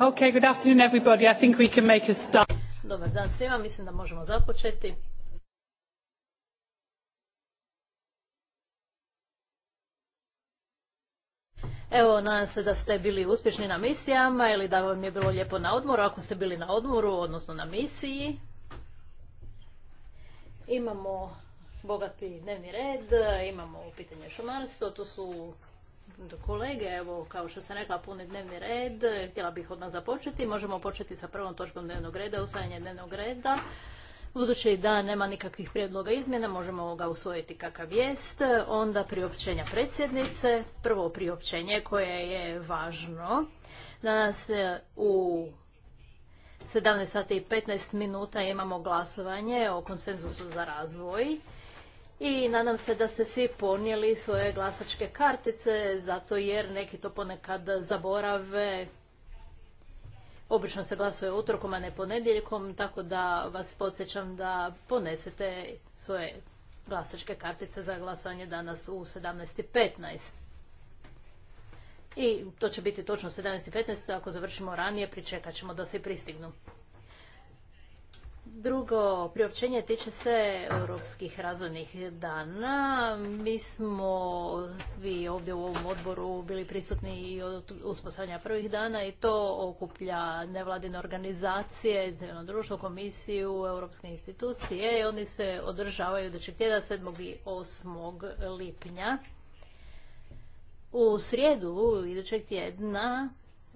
Okay, good Dobar dan svima, mislim da možemo započeti. Evo, nadam se da ste bili uspješni na misijama ili da vam je bilo lijepo na odmoru. Ako ste bili na odmoru, odnosno na misiji, imamo bogati dnevni red, imamo pitanje šumarstva, to su kolege. Evo, kao što sam rekla, puni dnevni red. Htjela bih odmah započeti. Možemo početi sa prvom točkom dnevnog reda, usvajanje dnevnog reda. Budući da nema nikakvih prijedloga izmjena, možemo ga usvojiti kakav jest. Onda priopćenja predsjednice. Prvo priopćenje koje je važno. Danas e, u 17 i 15 minuta imamo glasovanje o konsenzusu za razvoj i nadam se da se svi ponijeli svoje glasačke kartice, zato jer neki to ponekad zaborave. Obično se glasuje utorkom, a ne ponedjeljkom, tako da vas podsjećam da ponesete svoje glasačke kartice za glasanje danas u 17.15. I to će biti točno 17.15, ako završimo ranije, pričekat ćemo da se pristignu. Drugo priopćenje tiče se europskih razvojnih dana. Mi smo svi ovdje u ovom odboru bili prisutni i od uspostavljanja prvih dana i to okuplja nevladine organizacije, zemljeno društvo, komisiju, europske institucije i oni se održavaju idućeg tjedna 7. i 8. lipnja. U srijedu idućeg tjedna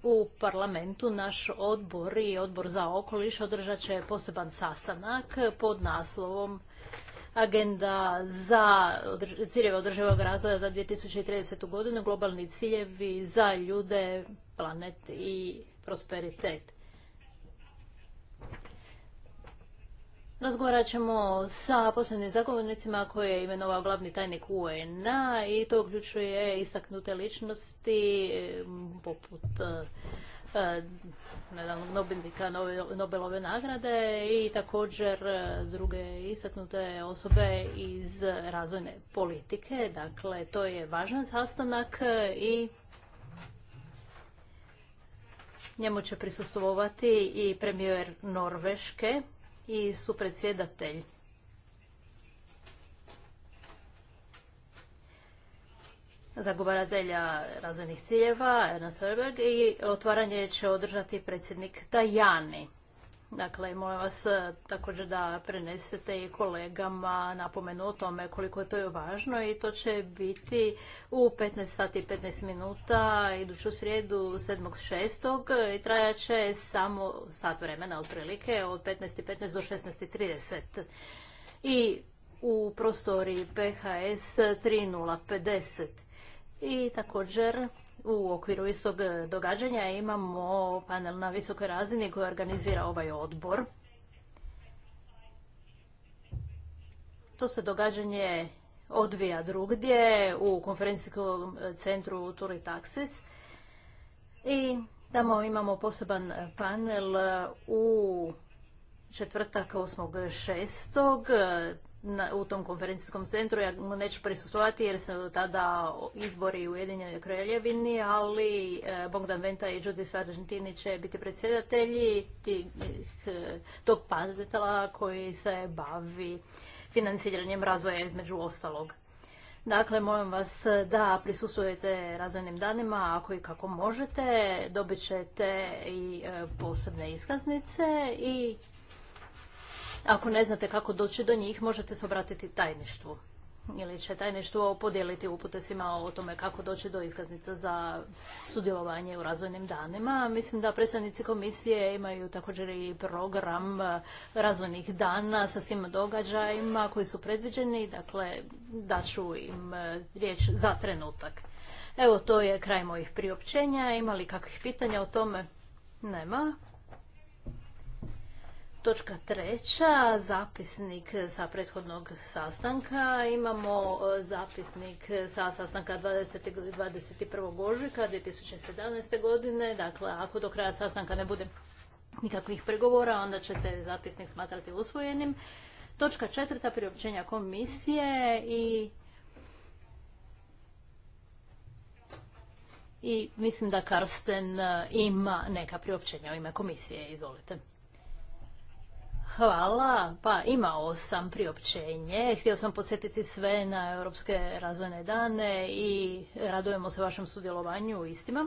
u parlamentu naš odbor i odbor za okoliš održat će poseban sastanak pod naslovom Agenda za ciljeve održivog razvoja za 2030. godinu, globalni ciljevi za ljude, planet i prosperitet. Razgovarat ćemo sa posebnim zagovornicima koje je imenovao glavni tajnik UN-a i to uključuje istaknute ličnosti mm, poput e, e, nedavnog Nobelnika Nobelove nagrade i također e, druge istaknute osobe iz razvojne politike. Dakle, to je važan sastanak i njemu će prisustvovati i premijer Norveške i supredsjedatelj. zagovaratelja razvojnih ciljeva na i otvaranje će održati predsjednik Tajani. Dakle, molim vas e, također da prenesete i kolegama napomenu o tome koliko je to važno i to će biti u 15 sati i 15 minuta iduću srijedu 7.6. i trajat će samo sat vremena otprilike od 15.15 do 16.30. I u prostori PHS 3050. I također u okviru istog e, događanja imamo panel na visokoj razini koji organizira ovaj odbor. To se događanje odvija drugdje u konferencijskom e, centru Turi Taxis i tamo imamo poseban panel u četvrtak 8.6 na, u tom konferencijskom centru. Ja mu neću prisustovati jer se do tada izbori u Ujedinjenoj Kraljevini, ali e, Bogdan Venta i Judis Argentini će biti predsjedatelji e, tog pazitela koji se bavi financiranjem razvoja između ostalog. Dakle, molim vas da prisustujete razvojnim danima, ako i kako možete, dobit ćete i e, posebne iskaznice i ako ne znate kako doći do njih, možete se obratiti tajništvu ili će tajništvo podijeliti upute svima o tome kako doći do iskaznica za sudjelovanje u razvojnim danima. Mislim da predstavnici komisije imaju također i program razvojnih dana sa svim događajima koji su predviđeni, dakle daću im e, riječ za trenutak. Evo, to je kraj mojih priopćenja. Ima li kakvih pitanja o tome? Nema. Točka treća, zapisnik sa prethodnog sastanka. Imamo e, zapisnik sa sastanka 20. 21. ožujka 2017. godine. Dakle, ako do kraja sastanka ne bude nikakvih pregovora, onda će se zapisnik smatrati usvojenim. Točka četvrta, priopćenja komisije i i mislim da Karsten e, ima neka priopćenja u ime komisije. Izvolite. Hvala. Pa imao sam priopćenje. Htio sam podsjetiti sve na Europske razvojne dane i radujemo se vašem sudjelovanju u istima.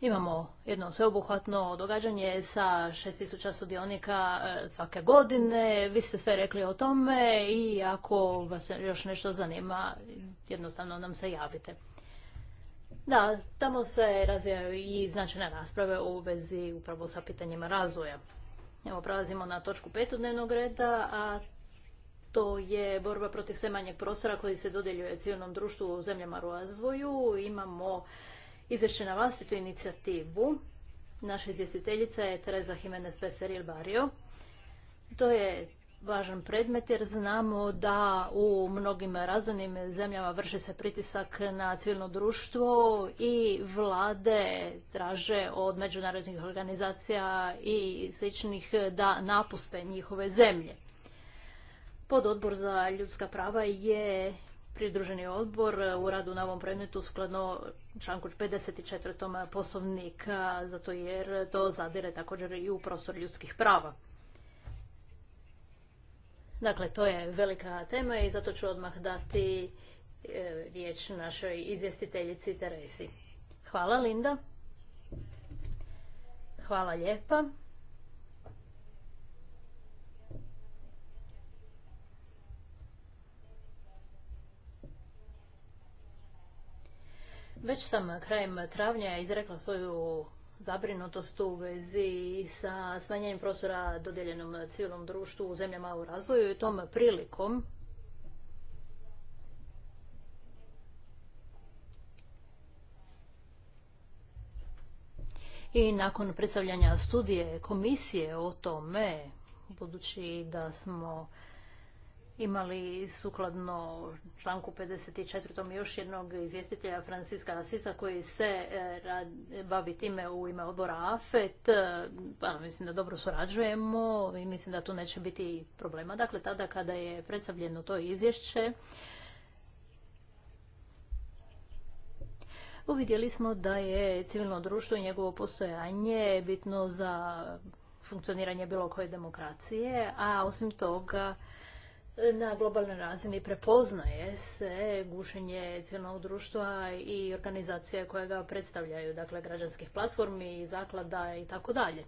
Imamo jedno sveobuhvatno događanje sa tisuća sudionika e, svake godine. Vi ste sve rekli o tome i ako vas još nešto zanima, jednostavno nam se javite. Da, tamo se razvijaju i značajne rasprave u vezi upravo sa pitanjima razvoja. Evo, prelazimo na točku petu dnevnog reda, a to je borba protiv sve manjeg prostora koji se dodjeljuje civilnom društvu u zemljama u razvoju. Imamo izvješće na vlastitu inicijativu. Naša izvjestiteljica je Teresa Jimenez Veseril Barrio. To je važan predmet jer znamo da u mnogim razvojnim zemljama vrši se pritisak na civilno društvo i vlade traže od međunarodnih organizacija i sličnih da napuste njihove zemlje. Pododbor za ljudska prava je pridruženi odbor u radu na ovom predmetu skladno članku 54. poslovnika, zato jer to zadire također i u prostor ljudskih prava. Dakle, to je velika tema i zato ću odmah dati e, riječ našoj izvjestiteljici Teresi. Hvala, Linda. Hvala lijepa. Već sam krajem travnja izrekla svoju zabrinutost u vezi sa smanjenjem prostora dodijeljenom civilnom društvu u zemljama u razvoju i tom prilikom I nakon predstavljanja studije komisije o tome, budući da smo imali sukladno članku 54. još jednog izvjestitelja Franciska Asisa koji se e, bavi time u ime odbora AFET. E, pa, mislim da dobro surađujemo i mislim da tu neće biti problema. Dakle, tada kada je predstavljeno to izvješće, uvidjeli smo da je civilno društvo i njegovo postojanje bitno za funkcioniranje bilo koje demokracije, a osim toga na globalnoj razini prepoznaje se gušenje civilnog društva i organizacije koje ga predstavljaju, dakle građanskih platformi, zaklada i tako dalje.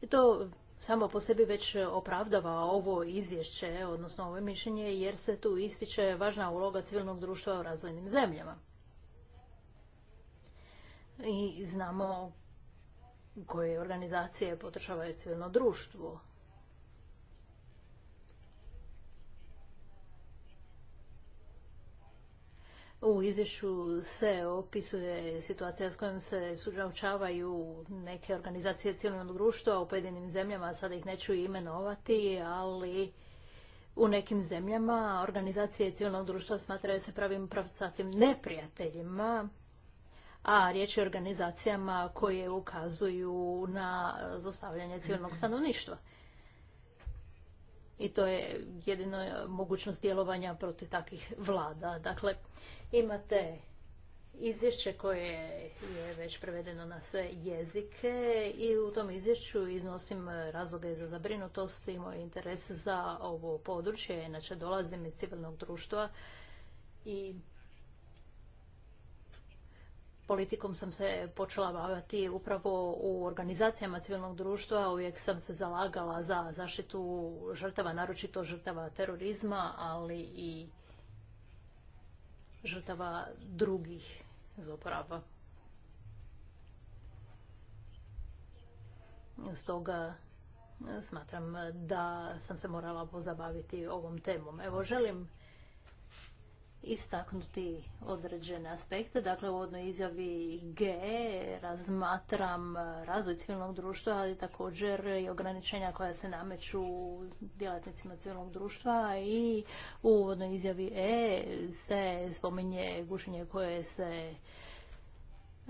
I to samo po sebi već opravdava ovo izvješće, odnosno ovo mišljenje, jer se tu ističe važna uloga civilnog društva u razvojnim zemljama. I znamo koje organizacije potrošavaju civilno društvo U izvješću se opisuje situacija s kojom se suočavaju neke organizacije civilnog društva u pojedinim zemljama, sada ih neću imenovati, ali u nekim zemljama organizacije civilnog društva smatraju se pravim pravcatim neprijateljima, a riječ je o organizacijama koje ukazuju na zostavljanje civilnog stanovništva. I to je jedino mogućnost djelovanja protiv takvih vlada. Dakle, Imate izvješće koje je već prevedeno na sve jezike i u tom izvješću iznosim razloge za zabrinutost i moj interes za ovo područje. Inače, dolazim iz civilnog društva i politikom sam se počela baviti upravo u organizacijama civilnog društva. Uvijek sam se zalagala za zaštitu žrtava, naročito žrtava terorizma, ali i žrtava drugih zloporaba. Stoga e, smatram da sam se morala pozabaviti ovom temom. Evo, želim istaknuti određene aspekte. Dakle, u odnoj izjavi G razmatram razvoj civilnog društva, ali također i ograničenja koja se nameću djelatnicima civilnog društva i u uvodnoj izjavi E se spominje gušenje koje se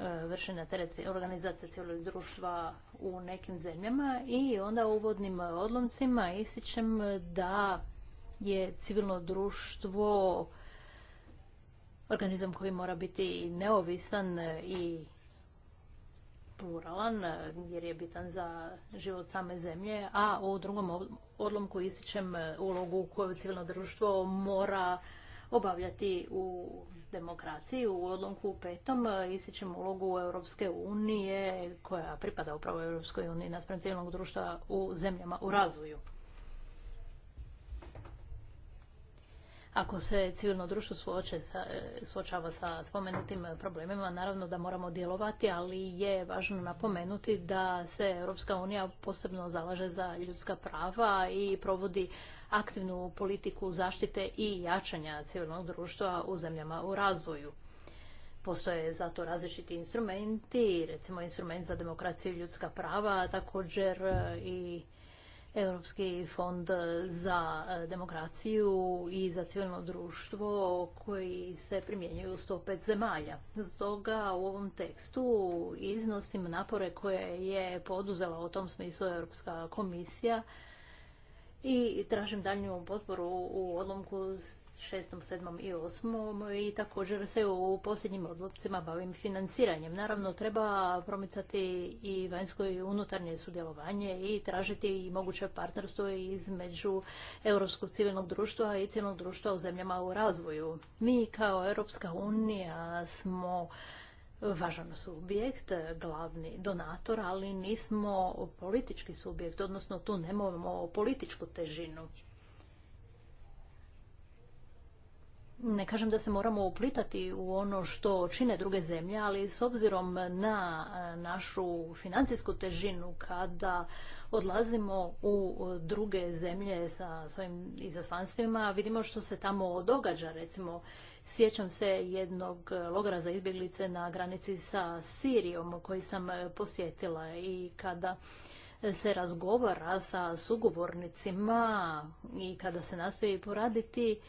e, vrše na teret organizacije civilnog društva u nekim zemljama i onda u uvodnim odlomcima ističem da je civilno društvo organizam koji mora biti neovisan i pluralan jer je bitan za život same zemlje, a u drugom odlomku ističem ulogu koju civilno društvo mora obavljati u demokraciji. U odlomku petom ističem ulogu Europske unije koja pripada upravo Europskoj uniji naspram civilnog društva u zemljama u razvoju. Ako se civilno društvo sa, suočava sa spomenutim problemima, naravno da moramo djelovati, ali je važno napomenuti da se Europska unija posebno zalaže za ljudska prava i provodi aktivnu politiku zaštite i jačanja civilnog društva u zemljama u razvoju. Postoje zato različiti instrumenti, recimo instrument za demokraciju i ljudska prava, također i Europski fond za e, demokraciju i za civilno društvo koji se primjenjuje u 105 zemalja. Stoga u ovom tekstu iznosim napore koje je poduzela u tom smislu Europska komisija i tražim daljnju potporu u odlomku šestom, sedmom i osmom i također se u posljednjim odlopcima bavim financiranjem. Naravno, treba promicati i vanjsko i unutarnje sudjelovanje i tražiti i moguće partnerstvo između Europskog civilnog društva i civilnog društva u zemljama u razvoju. Mi kao Europska unija smo važan subjekt, glavni donator, ali nismo politički subjekt, odnosno tu nemamo političku težinu. Ne kažem da se moramo uplitati u ono što čine druge zemlje, ali s obzirom na e, našu financijsku težinu kada odlazimo u druge zemlje sa svojim izaslanstvima, vidimo što se tamo događa. Recimo, sjećam se jednog logora za izbjeglice na granici sa Sirijom koji sam posjetila i kada se razgovara sa sugovornicima i kada se nastoji poraditi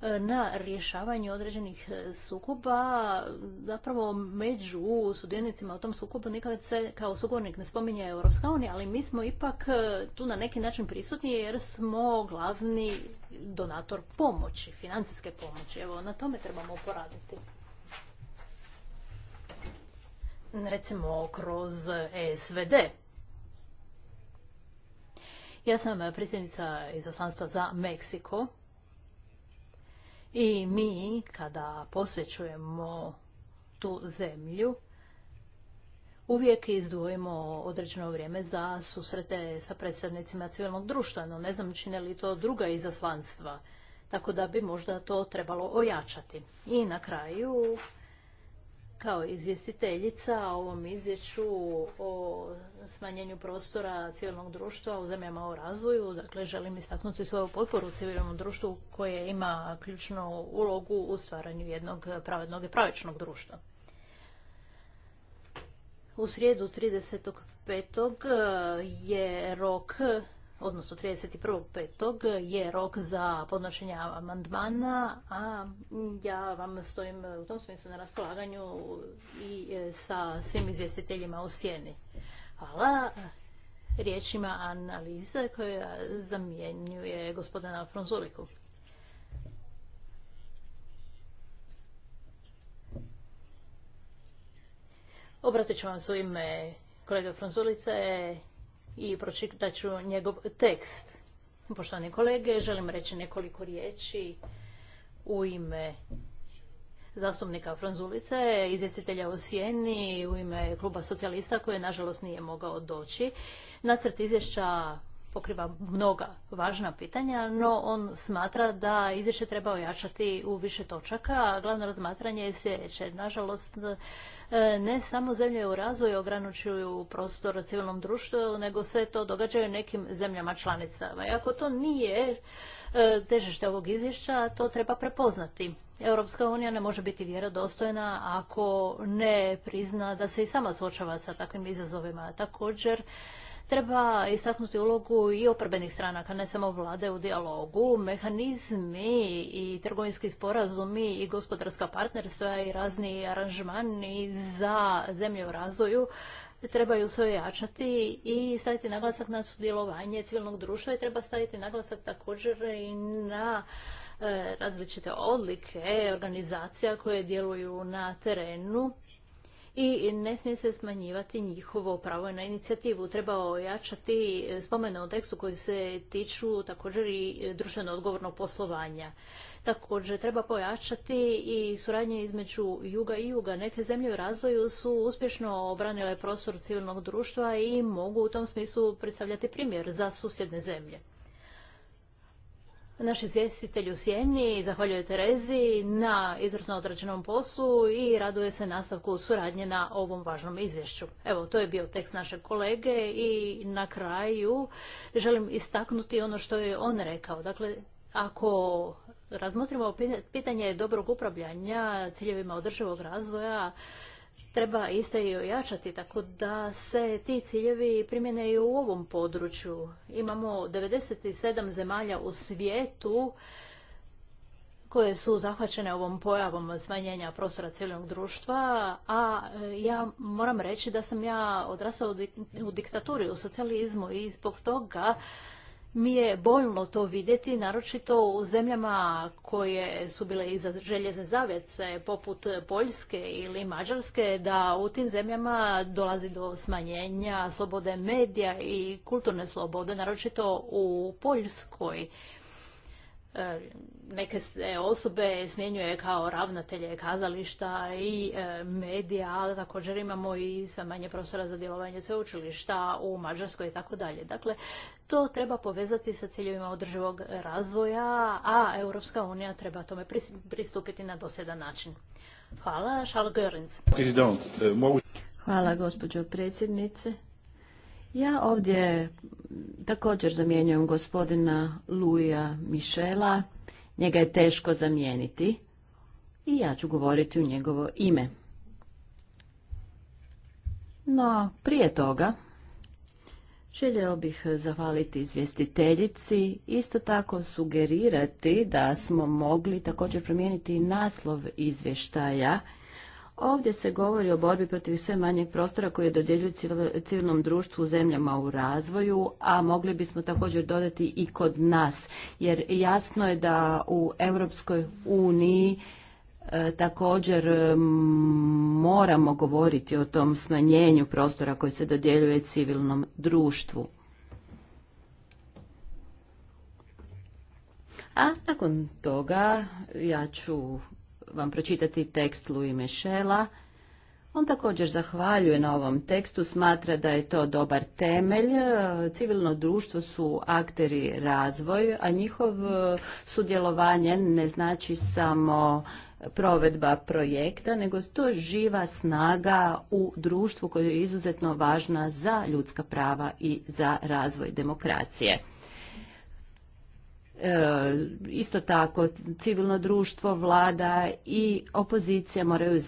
na rješavanju određenih e, sukoba, zapravo među sudionicima u tom sukobu nikad se kao sugovornik ne spominje Europska unija, ali mi smo ipak e, tu na neki način prisutni jer smo glavni donator pomoći, financijske pomoći. Evo, na tome trebamo poraditi. Recimo kroz e SVD. Ja sam predsjednica izaslanstva za Meksiko i mi kada posvećujemo tu zemlju, uvijek izdvojimo određeno vrijeme za susrete sa predstavnicima civilnog društva, no ne znam čine li to druga izaslanstva, tako da bi možda to trebalo ojačati. I na kraju kao izvjestiteljica o ovom izvješću o smanjenju prostora civilnog društva u zemljama u razvoju. Dakle, želim istaknuti svoju potporu civilnom društvu koje ima ključnu ulogu u stvaranju jednog pravednog i pravičnog društva. U srijedu 35. je rok odnosno 31.5. je rok za podnošenje amandmana, a ja vam stojim u tom smislu na raspolaganju i e, sa svim izvjestiteljima u sjeni. Hvala. Riječ ima analiza koja zamjenjuje gospodina Fronzuliku. Obratit ću vam svoj ime kolega Fronzulica je i pročitat ću njegov tekst. Poštovane kolege, želim reći nekoliko riječi u ime zastupnika Franzulice, izvjestitelja u Sjeni, u ime kluba socijalista koji nažalost nije mogao doći. Nacrt izvješća pokriva mnoga važna pitanja, no on smatra da izvješće treba ojačati u više točaka, a glavno razmatranje je sljedeće. Nažalost, e, ne samo zemlje u razvoju ograničuju prostor civilnom društvu, nego se to događaju nekim zemljama članicama. I ako to nije e, težište ovog izvješća, to treba prepoznati. Europska unija ne može biti vjerodostojna ako ne prizna da se i sama suočava sa takvim izazovima. Također, Treba istaknuti ulogu i oprbenih stranaka, ne samo vlade u dijalogu. Mehanizmi i trgovinski sporazumi i gospodarska partnerstva i razni aranžmani za zemlje u razvoju trebaju se ojačati i staviti naglasak na sudjelovanje civilnog društva i treba staviti naglasak također i na e, različite odlike organizacija koje djeluju na terenu i ne smije se smanjivati njihovo pravo na inicijativu. Treba ojačati e, spomene o tekstu koji se tiču također i e, društveno odgovornog poslovanja. Također treba pojačati i suradnje između juga i juga. Neke zemlje u razvoju su uspješno obranile prostor civilnog društva i mogu u tom smislu predstavljati primjer za susjedne zemlje naš izvjestitelj u Sjeni zahvaljuje Terezi na izvrtno odrađenom poslu i raduje se nastavku suradnje na ovom važnom izvješću. Evo, to je bio tekst naše kolege i na kraju želim istaknuti ono što je on rekao. Dakle, ako razmotrimo pitanje dobrog upravljanja ciljevima održivog razvoja, treba iste i ojačati, tako da se ti ciljevi primjene i u ovom području. Imamo 97 zemalja u svijetu koje su zahvaćene ovom pojavom smanjenja prostora cijelog društva, a e, ja moram reći da sam ja odrasla u diktaturi, u socijalizmu i zbog toga mi je boljno to vidjeti, naročito u zemljama koje su bile iza željezne zavjece, poput Poljske ili Mađarske, da u tim zemljama dolazi do smanjenja slobode medija i kulturne slobode, naročito u Poljskoj. E, neke se osobe smjenjuje kao ravnatelje kazališta i e, medija, ali također imamo i sve manje profesora za djelovanje sveučilišta u Mađarskoj i tako dalje. Dakle, to treba povezati sa ciljevima održivog razvoja, a Europska unija treba tome pristupiti na dosedan način. Hvala, Charles e, Hvala, gospođo predsjednice. Ja ovdje također zamjenjujem gospodina Luja Mišela. Njega je teško zamijeniti i ja ću govoriti u njegovo ime. No, prije toga, željeo bih zahvaliti izvjestiteljici, isto tako sugerirati da smo mogli također promijeniti naslov izvještaja, Ovdje se govori o borbi protiv sve manjeg prostora koji dodjeljuje civilnom društvu u zemljama u razvoju, a mogli bismo također dodati i kod nas, jer jasno je da u Europskoj uniji e, također moramo govoriti o tom smanjenju prostora koji se dodjeljuje civilnom društvu. A nakon toga ja ću vam pročitati tekst Louis Michela. On također zahvaljuje na ovom tekstu, smatra da je to dobar temelj. Civilno društvo su akteri razvoj, a njihov e, sudjelovanje ne znači samo provedba projekta, nego to živa snaga u društvu koja je izuzetno važna za ljudska prava i za razvoj demokracije. E, isto tako civilno društvo, vlada i opozicija moraju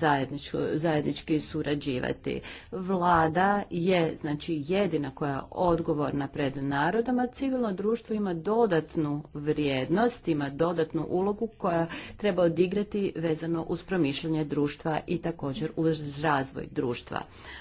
zajednički surađivati. Vlada je znači jedina koja je odgovorna pred narodom, a civilno društvo ima dodatnu vrijednost, ima dodatnu ulogu koja treba odigrati vezano uz promišljanje društva i također uz razvoj društva.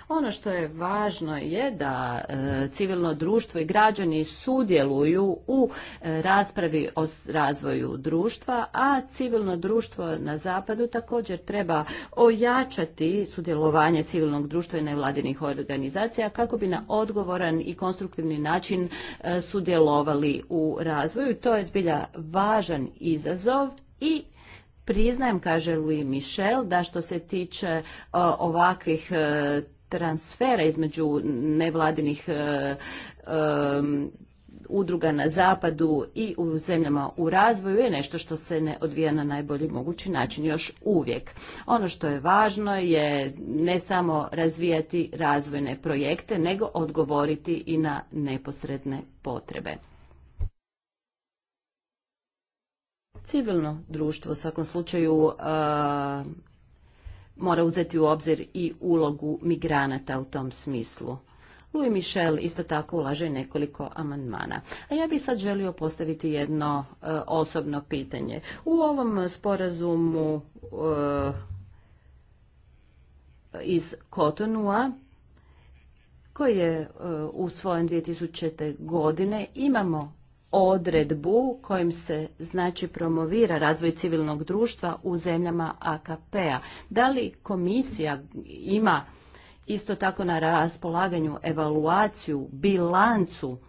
Ono što je važno je da e, civilno društvo i građani sudjeluju u e, raspravi o razvoju društva, a civilno društvo na zapadu također treba ojačati sudjelovanje civilnog društva i nevladinih organizacija kako bi na odgovoran i konstruktivni način e, sudjelovali u razvoju. To je zbilja važan izazov i priznajem, kaže Louis Michel, da što se tiče e, ovakvih e, transfera između nevladinih udruga na zapadu i u zemljama u razvoju je nešto što se ne odvija na najbolji mogući način još uvijek. Ono što je važno je ne samo razvijati razvojne projekte, nego odgovoriti i na neposredne potrebe. Civilno društvo u svakom slučaju uh, mora uzeti u obzir i ulogu migranata u tom smislu. Louis Michel isto tako ulaže nekoliko amandmana. A ja bih sad želio postaviti jedno e, osobno pitanje. U ovom sporazumu e, iz Kotonua koji je e, usvojen 2000. godine imamo odredbu kojim se znači promovira razvoj civilnog društva u zemljama AKP-a. Da li komisija ima isto tako na raspolaganju evaluaciju, bilancu,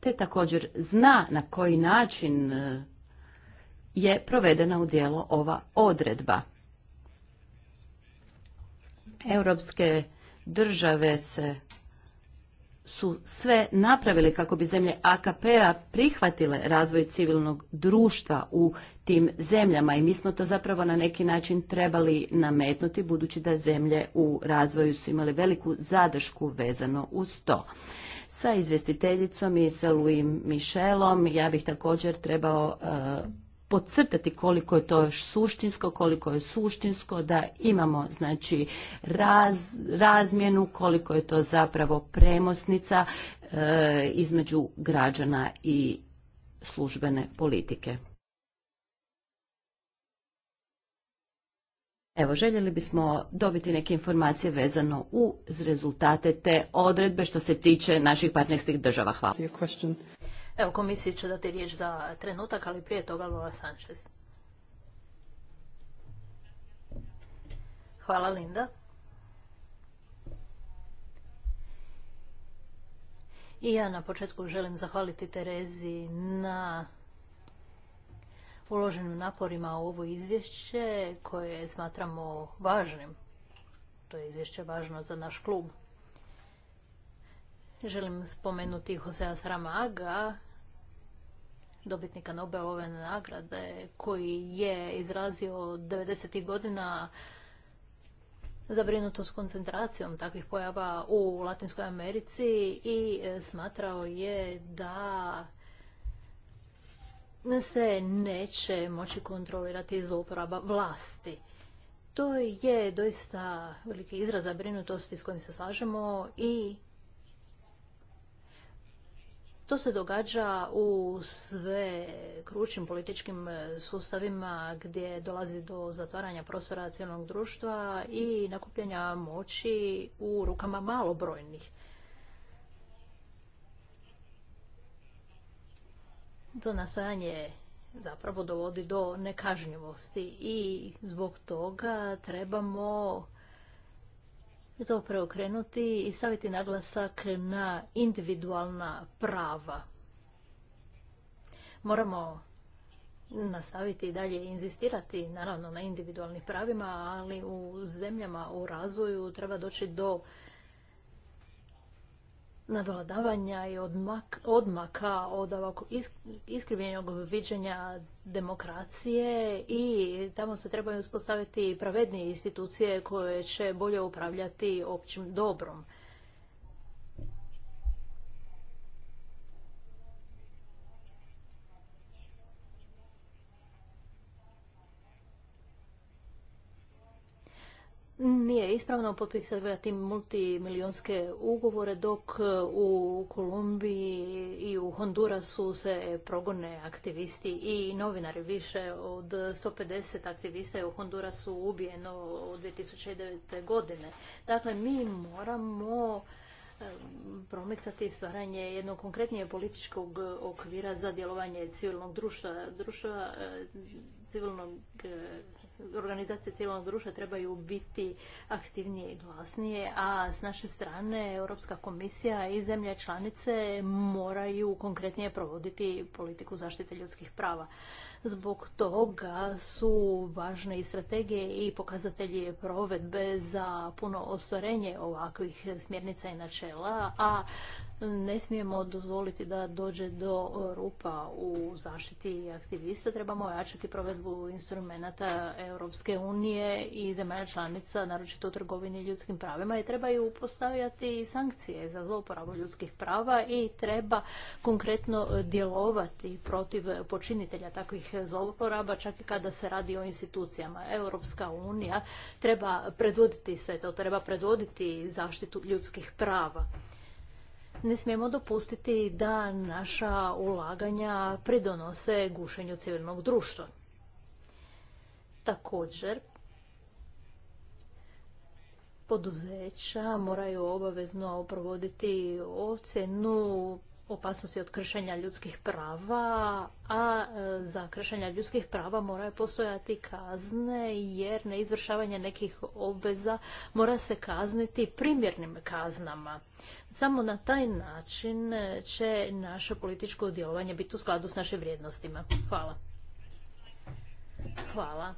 te također zna na koji način e, je provedena u dijelo ova odredba. Europske države se su sve napravili kako bi zemlje AKP-a prihvatile razvoj civilnog društva u tim zemljama i mi smo to zapravo na neki način trebali nametnuti budući da zemlje u razvoju su imale veliku zadršku vezano uz to. Sa izvjestiteljicom i sa Louis Michelom ja bih također trebao e, podcrtati koliko je to suštinsko, koliko je suštinsko da imamo znači razmjenu, koliko je to zapravo premosnica e, između građana i službene politike. Evo, željeli bismo dobiti neke informacije vezano uz rezultate te odredbe što se tiče naših partnerskih država. Hvala. Evo, komisiji ću dati riječ za trenutak, ali prije toga Lola Sanchez. Hvala, Linda. I ja na početku želim zahvaliti Terezi na uloženim naporima u ovo izvješće koje smatramo važnim. To je izvješće važno za naš klub. Želim spomenuti Hosea Sramaga dobitnika Nobelove nagrade koji je izrazio 90. godina zabrinutost koncentracijom takvih pojava u Latinskoj Americi i smatrao je da se neće moći kontrolirati zlouporaba vlasti. To je doista veliki izraz zabrinutosti s kojim se slažemo i to se događa u sve krućim političkim sustavima gdje dolazi do zatvaranja prostora cijelnog društva i nakupljanja moći u rukama malobrojnih. To nastojanje zapravo dovodi do nekažnjivosti i zbog toga trebamo to preokrenuti i staviti naglasak na individualna prava. Moramo nastaviti i dalje inzistirati naravno na individualnim pravima, ali u zemljama u razvoju treba doći do nadvladavanja i odmak, odmaka od iskrivljenog viđenja demokracije i tamo se trebaju uspostaviti pravednije institucije koje će bolje upravljati općim dobrom. nije ispravno potpisivati multimilijonske ugovore dok e, u Kolumbiji i u Hondurasu se progone aktivisti i novinari. Više od 150 aktivista je u Hondurasu ubijeno od 2009. godine. Dakle, mi moramo e, promicati stvaranje jednog konkretnijeg političkog okvira za djelovanje civilnog društva, društva e, civilnog, e, organizacije civilnog društva trebaju biti aktivnije i glasnije, a s naše strane Europska komisija i zemlje članice moraju konkretnije provoditi politiku zaštite ljudskih prava. Zbog toga su važne i strategije i pokazatelji provedbe za puno ostvarenje ovakvih smjernica i načela, a ne smijemo dozvoliti da dođe do e, rupa u zaštiti aktivista. Trebamo ojačati provedbu instrumenta Europske unije i zemalja članica, naročito u trgovini ljudskim pravima i trebaju postavljati sankcije za zlouporabu ljudskih prava i treba konkretno e, djelovati protiv počinitelja takvih zlouporaba, čak i kada se radi o institucijama. Europska unija treba predvoditi sve to, treba predvoditi zaštitu ljudskih prava ne smijemo dopustiti da naša ulaganja pridonose gušenju civilnog društva. Također, poduzeća moraju obavezno provoditi ocjenu opasnosti od kršenja ljudskih prava, a e, za kršenja ljudskih prava moraju postojati kazne jer neizvršavanje nekih obveza mora se kazniti primjernim kaznama. Samo na taj način će naše političko djelovanje biti u skladu s našim vrijednostima. Hvala. Hvala.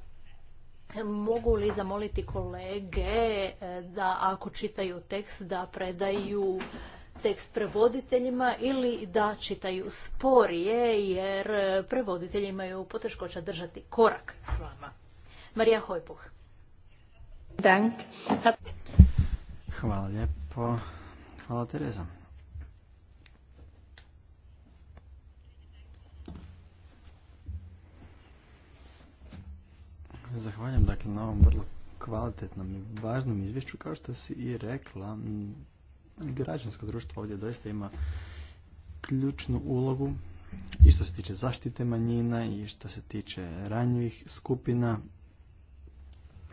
Mogu li zamoliti kolege e, da ako čitaju tekst da predaju tekst prevoditeljima ili da čitaju sporije jer prevoditelji imaju poteškoća držati korak s vama. Marija Hojpuh. Dank. Hvala lijepo. Hvala Tereza. Zahvaljujem dakle na ovom vrlo kvalitetnom i važnom izvješću. Kao što si i rekla, građansko društvo ovdje doista ima ključnu ulogu i što se tiče zaštite manjina i što se tiče ranjivih skupina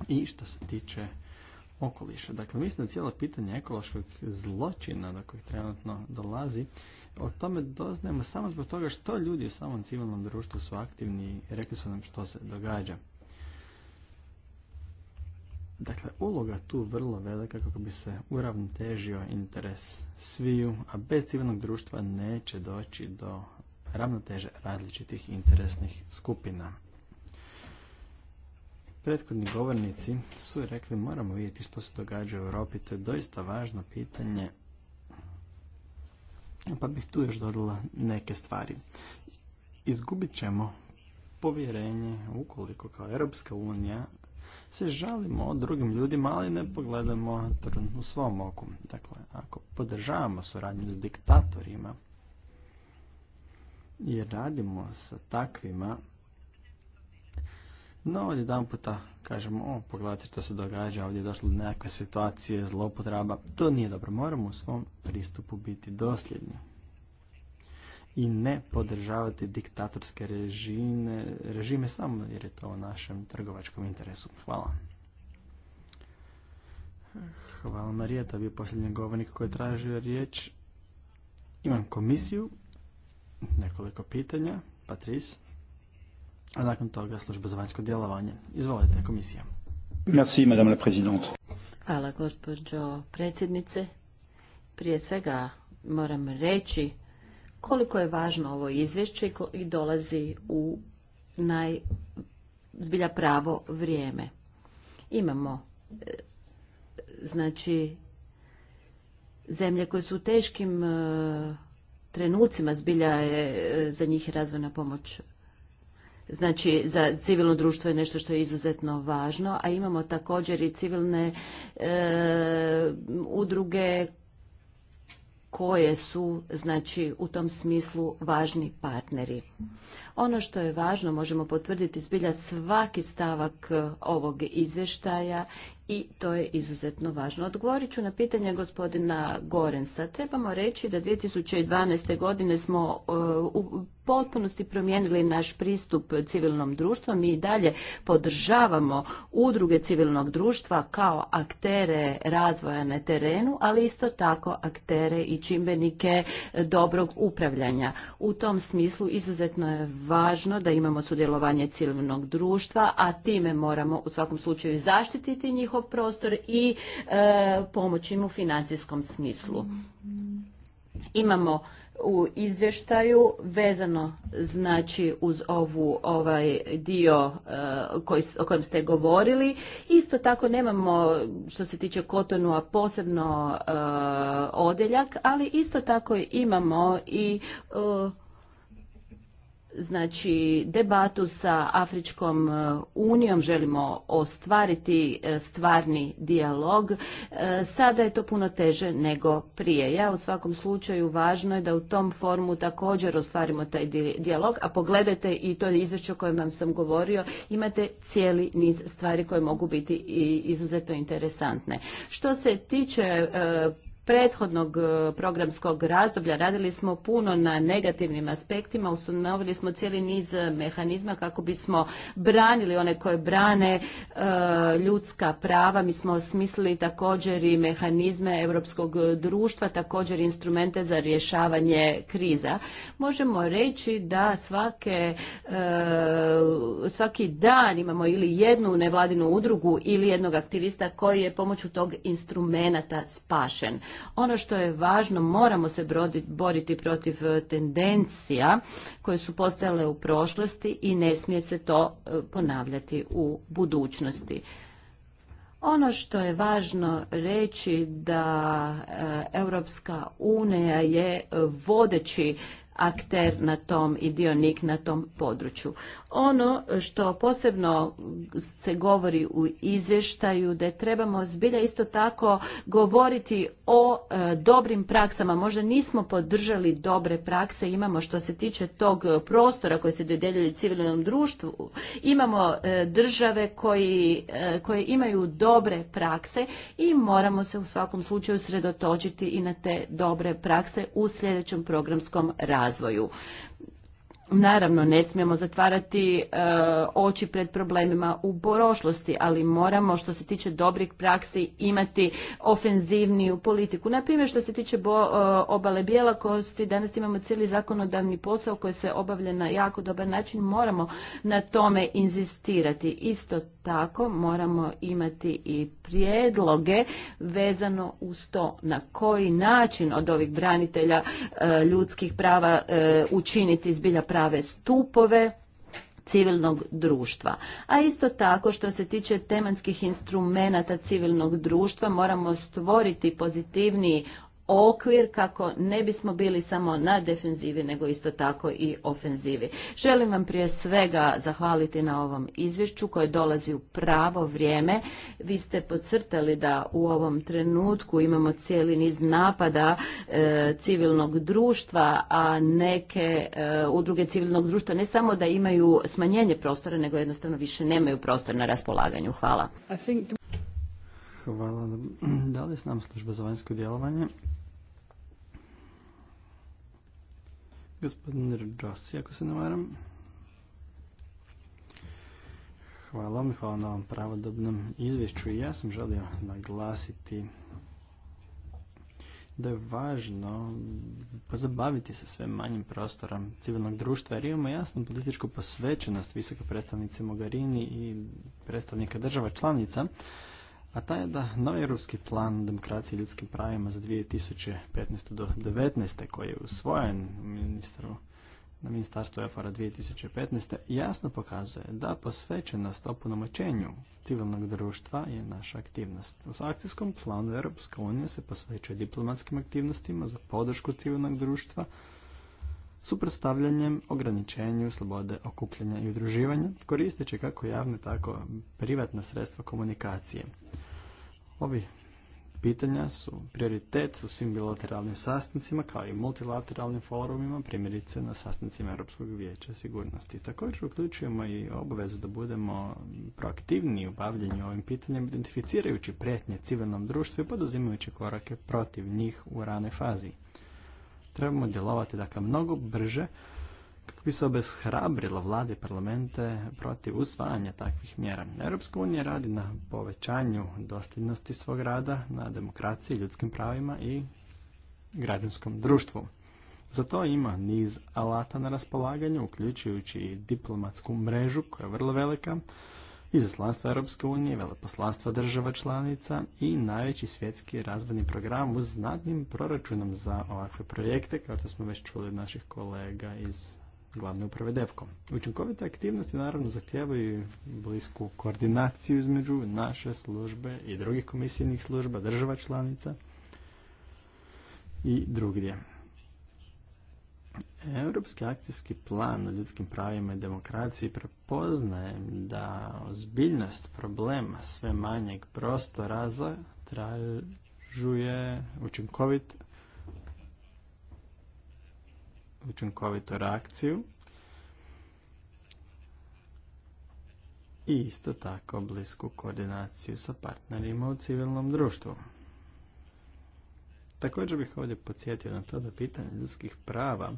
i što se tiče okoliša. Dakle, mislim da cijelo pitanje ekološkog zločina do kojih trenutno dolazi, o tome doznajemo samo zbog toga što ljudi u samom civilnom društvu su aktivni i rekli su nam što se događa. Dakle, uloga tu vrlo velika kako bi se uravnotežio interes sviju, a bez civilnog društva neće doći do ravnoteže različitih interesnih skupina. Prethodni govornici su rekli moramo vidjeti što se događa u Europi, to je doista važno pitanje, pa bih tu još dodala neke stvari. Izgubit ćemo povjerenje ukoliko kao Europska unija se žalimo drugim ljudima, ali ne pogledamo trn u svom oku. Dakle, ako podržavamo suradnju s diktatorima i radimo sa takvima, no, jedan puta kažemo, o, pogledajte što se događa, ovdje je došlo do nekakve situacije, zlopotraba. To nije dobro, moramo u svom pristupu biti dosljedni i ne podržavati diktatorske režime, režime samo jer je to u našem trgovačkom interesu. Hvala. Hvala Marija, to je bio posljednji govornik koji je tražio riječ. Imam komisiju, nekoliko pitanja, Patris, a nakon toga služba za vanjsko djelovanje. Izvolite, komisija. Merci, madame la Hvala, gospođo predsjednice. Prije svega moram reći koliko je važno ovo izvješće i dolazi u najzbilja zbilja pravo vrijeme. Imamo e, znači zemlje koje su u teškim e, trenucima zbilja je e, za njih razvojna pomoć Znači, za civilno društvo je nešto što je izuzetno važno, a imamo također i civilne udruge koje su znači u tom smislu važni partneri. Ono što je važno možemo potvrditi zbilja svaki stavak e, ovog izvještaja i to je izuzetno važno. Odgovorit ću na pitanje gospodina Gorensa. Trebamo reći da 2012. godine smo e, potpunosti promijenili naš pristup civilnom društvu. Mi i dalje podržavamo udruge civilnog društva kao aktere razvoja na terenu, ali isto tako aktere i čimbenike dobrog upravljanja. U tom smislu izuzetno je važno da imamo sudjelovanje civilnog društva, a time moramo u svakom slučaju zaštititi njihov prostor i e, pomoći im u financijskom smislu. Imamo u izvještaju vezano znači uz ovu ovaj dio e, koji, o kojem ste govorili. Isto tako nemamo što se tiče Kotonua posebno e, ali isto tako imamo i e, znači debatu sa Afričkom e, unijom želimo ostvariti e, stvarni dijalog. E, sada je to puno teže nego prije. Ja u svakom slučaju važno je da u tom formu također ostvarimo taj dijalog, a pogledajte i to izvješće o kojem vam sam govorio, imate cijeli niz stvari koje mogu biti i izuzetno interesantne. Što se tiče prethodnog e, programskog razdoblja radili smo puno na negativnim aspektima, ustanovili smo cijeli niz e, mehanizma kako bismo branili one koje brane e, ljudska prava. Mi smo osmislili također i mehanizme europskog društva, također instrumente za rješavanje kriza. Možemo reći da svake, svaki dan imamo ili jednu nevladinu udrugu ili jednog aktivista koji je pomoću tog instrumenta spašen. Ono što je važno, moramo se boriti protiv e, tendencija koje su postojale u prošlosti i ne smije se to e, ponavljati u budućnosti. Ono što je važno reći da e, Europska unija je vodeći akter na tom i dionik na tom području. Ono što posebno se govori u izvještaju da trebamo zbilja isto tako govoriti o e, dobrim praksama. Možda nismo podržali dobre prakse, imamo što se tiče tog prostora koji se dodjeljuje civilnom društvu, imamo e, države koji, e, koje imaju dobre prakse i moramo se u svakom slučaju sredotočiti i na te dobre prakse u sljedećem programskom radu razvoju. Naravno, ne smijemo zatvarati e, oči pred problemima u prošlosti, ali moramo što se tiče dobrih praksi imati ofenzivniju politiku. Naprimjer, što se tiče bo, e, obale bijelakosti, danas imamo cijeli zakonodavni posao koji se obavlja na jako dobar način, moramo na tome inzistirati. Isto tako moramo imati i prijedloge vezano uz to na koji način od ovih branitelja e, ljudskih prava učiniti zbilja prave stupove civilnog društva. A isto tako što se tiče tematskih instrumenata civilnog društva moramo stvoriti pozitivniji okvir kako ne bismo bili samo na defenzivi nego isto tako i ofenzivi. Želim vam prije svega zahvaliti na ovom izvješću koje dolazi u pravo vrijeme. Vi ste podcrtali da u ovom trenutku imamo cijeli niz napada e, civilnog društva, a neke e, udruge civilnog društva ne samo da imaju smanjenje prostora nego jednostavno više nemaju prostor na raspolaganju. Hvala. Hvala. Da li s nam služba za vanjsko djelovanje? Gospodin Rossi, ako se ne varam. Hvala vam, hvala na ovom pravodobnom izvješću. Ja sam želio naglasiti da je važno pozabaviti se sve manjim prostorom civilnog društva jer imamo jasnu političku posvećenost visoke predstavnice Mogarini i predstavnika država članica a taj je da novi europski plan demokracije i ljudskim pravima za 2015. do 2019. koji je usvojen ministru na ministarstvu EFORA 2015. jasno pokazuje da posvećenost opunomoćenju civilnog društva je naša aktivnost. U akcijskom planu Europska unija se posvećuje diplomatskim aktivnostima za podršku civilnog društva, suprotstavljanjem ograničenju slobode okupljanja i udruživanja, koristeći kako javne, tako privatna sredstva komunikacije. Ovi pitanja su prioritet u svim bilateralnim sastancima kao i multilateralnim forumima, primjerice na sastancima Europskog vijeća sigurnosti. Također uključujemo i obavezu da budemo proaktivni u bavljanju ovim pitanjem, identificirajući prijetnje civilnom društvu i poduzimajući korake protiv njih u ranoj fazi. Trebamo djelovati dakle mnogo brže kako bi se obeshrabrila vlade i parlamente protiv usvajanja takvih mjera. Europska unija radi na povećanju dosljednosti svog rada, na demokraciji, ljudskim pravima i građanskom društvu. Za to ima niz alata na raspolaganju, uključujući i diplomatsku mrežu koja je vrlo velika, izaslanstva Europske unije, veleposlanstva država članica i najveći svjetski razvojni program uz znatnim proračunom za ovakve projekte, kao što smo već čuli od naših kolega iz glavne uprave DEVKOM. Učinkovite aktivnosti naravno zahtijevaju blisku koordinaciju između naše službe i drugih komisijnih služba, država članica i drugdje. Europski akcijski plan o ljudskim pravima i demokraciji prepoznaje da ozbiljnost problema sve manjeg prostora za tražuje učinkovit učinkovitu reakciju i isto tako blisku koordinaciju sa partnerima u civilnom društvu. Također bih ovdje podsjetio na to da pitanje ljudskih prava,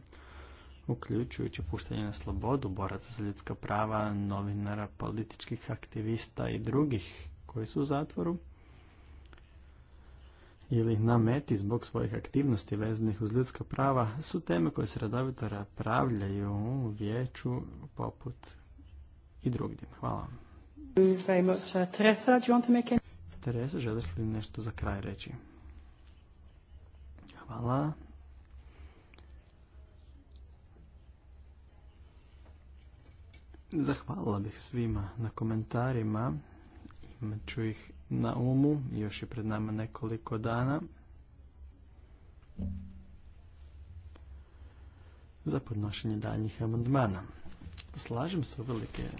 uključujući puštanje na slobodu boraca za ljudska prava, novinara, političkih aktivista i drugih koji su u zatvoru, ili nameti zbog svojih aktivnosti vezanih uz ljudska prava su teme koje se redovito raspravljaju u vijeću poput i drugdje. Hvala. Uh, Teresa, želiš li nešto za kraj reći? Hvala. Zahvalila bih svima na komentarima. Imat ću ih na umu. Još je pred nama nekoliko dana. Za podnošenje daljnjih amandmana. Slažem se velike e,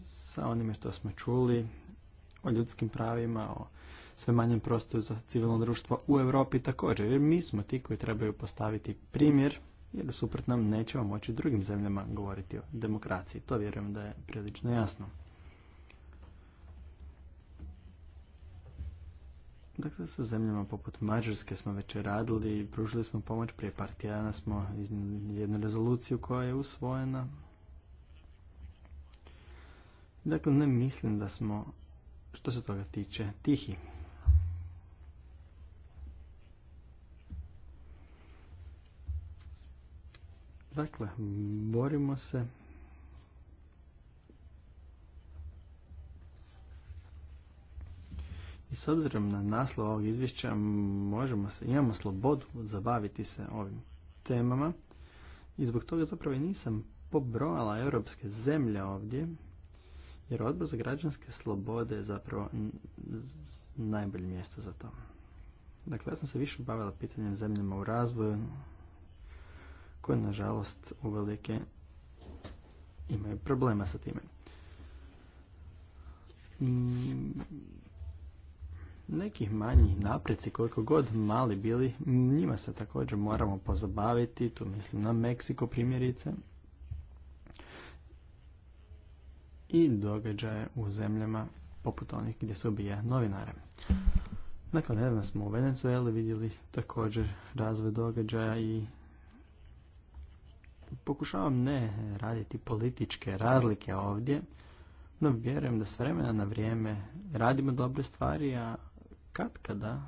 sa onime što smo čuli o ljudskim pravima, o sve manjem prostoru za civilno društvo u Europi također, jer mi smo ti koji trebaju postaviti primjer, jer suprot nam nećemo moći drugim zemljama govoriti o demokraciji. To vjerujem da je prilično jasno. Dakle, sa zemljama poput Mađarske smo već radili i pružili smo pomoć. Prije par tjedana smo iznijeli jednu rezoluciju koja je usvojena. Dakle, ne mislim da smo, što se toga tiče, tihi. Dakle, borimo se I s obzirom na naslov ovog izvješća možemo se, imamo slobodu zabaviti se ovim temama i zbog toga zapravo nisam pobrojala europske zemlje ovdje jer odbor za građanske slobode je zapravo najbolje mjesto za to. Dakle, ja sam se više bavila pitanjem zemljama u razvoju, koje nažalost uvelike imaju problema sa time. Mm, nekih manji napreci, koliko god mali bili, njima se također moramo pozabaviti, tu mislim na Meksiko primjerice, i događaje u zemljama poput onih gdje se ubija novinare. Nakon dakle, nedavno smo u Venezueli vidjeli također razvoj događaja i Pokušavam ne raditi političke razlike ovdje, no vjerujem da s vremena na vrijeme radimo dobre stvari, a kad kada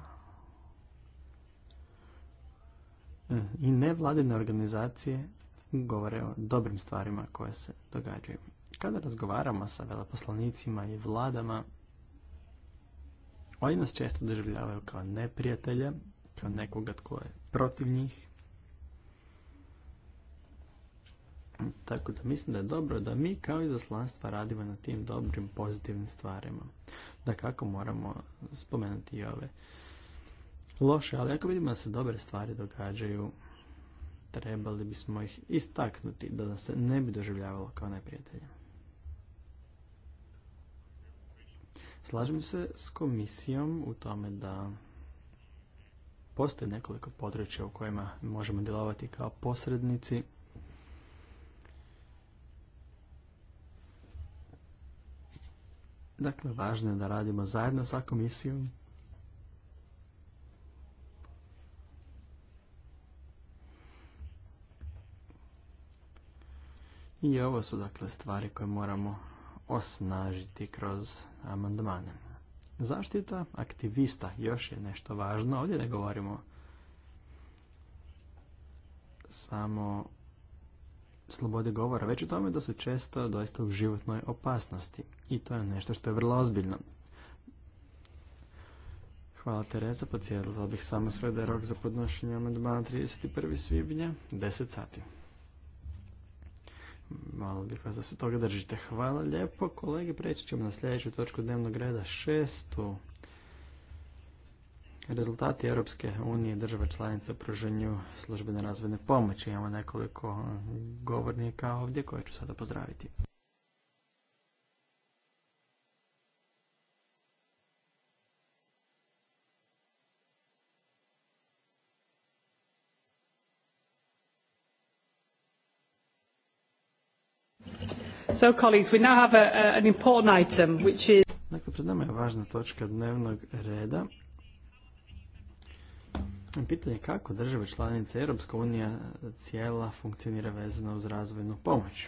e, i nevladine organizacije govore o dobrim stvarima koje se događaju. Kada razgovaramo sa veleposlanicima i vladama, oni nas često doživljavaju kao neprijatelja, kao nekoga tko je protiv njih. Tako da mislim da je dobro da mi kao izaslanstva radimo na tim dobrim, pozitivnim stvarima. Da kako moramo spomenuti i ove loše, ali ako vidimo da se dobre stvari događaju, trebali bismo ih istaknuti da se ne bi doživljavalo kao neprijatelje. Slažem se s komisijom u tome da postoje nekoliko područja u kojima možemo djelovati kao posrednici Dakle, važno je da radimo zajedno sa komisijom. I ovo su dakle stvari koje moramo osnažiti kroz amandmane. Zaštita aktivista još je nešto važno. Ovdje ne govorimo samo slobode govora, već o tome da su često doista u životnoj opasnosti. I to je nešto što je vrlo ozbiljno. Hvala Tereza, podsjetila bih samo sve da je rok za podnošenje amandmana 31. svibnja, 10 sati. Malo bih vas da se toga držite. Hvala lijepo, kolege, preći ćemo na sljedeću točku dnevnog reda, šestu. Rezultati Europske unije države članice u pruženju službene razvojne pomoći. Imamo nekoliko govornika ovdje koje ću sada pozdraviti. So colleagues, we now have an important item which is Dakle, pred nama je važna točka dnevnog reda, Pitanje kako države članice Europska unija cijela funkcionira vezano uz razvojnu pomoć.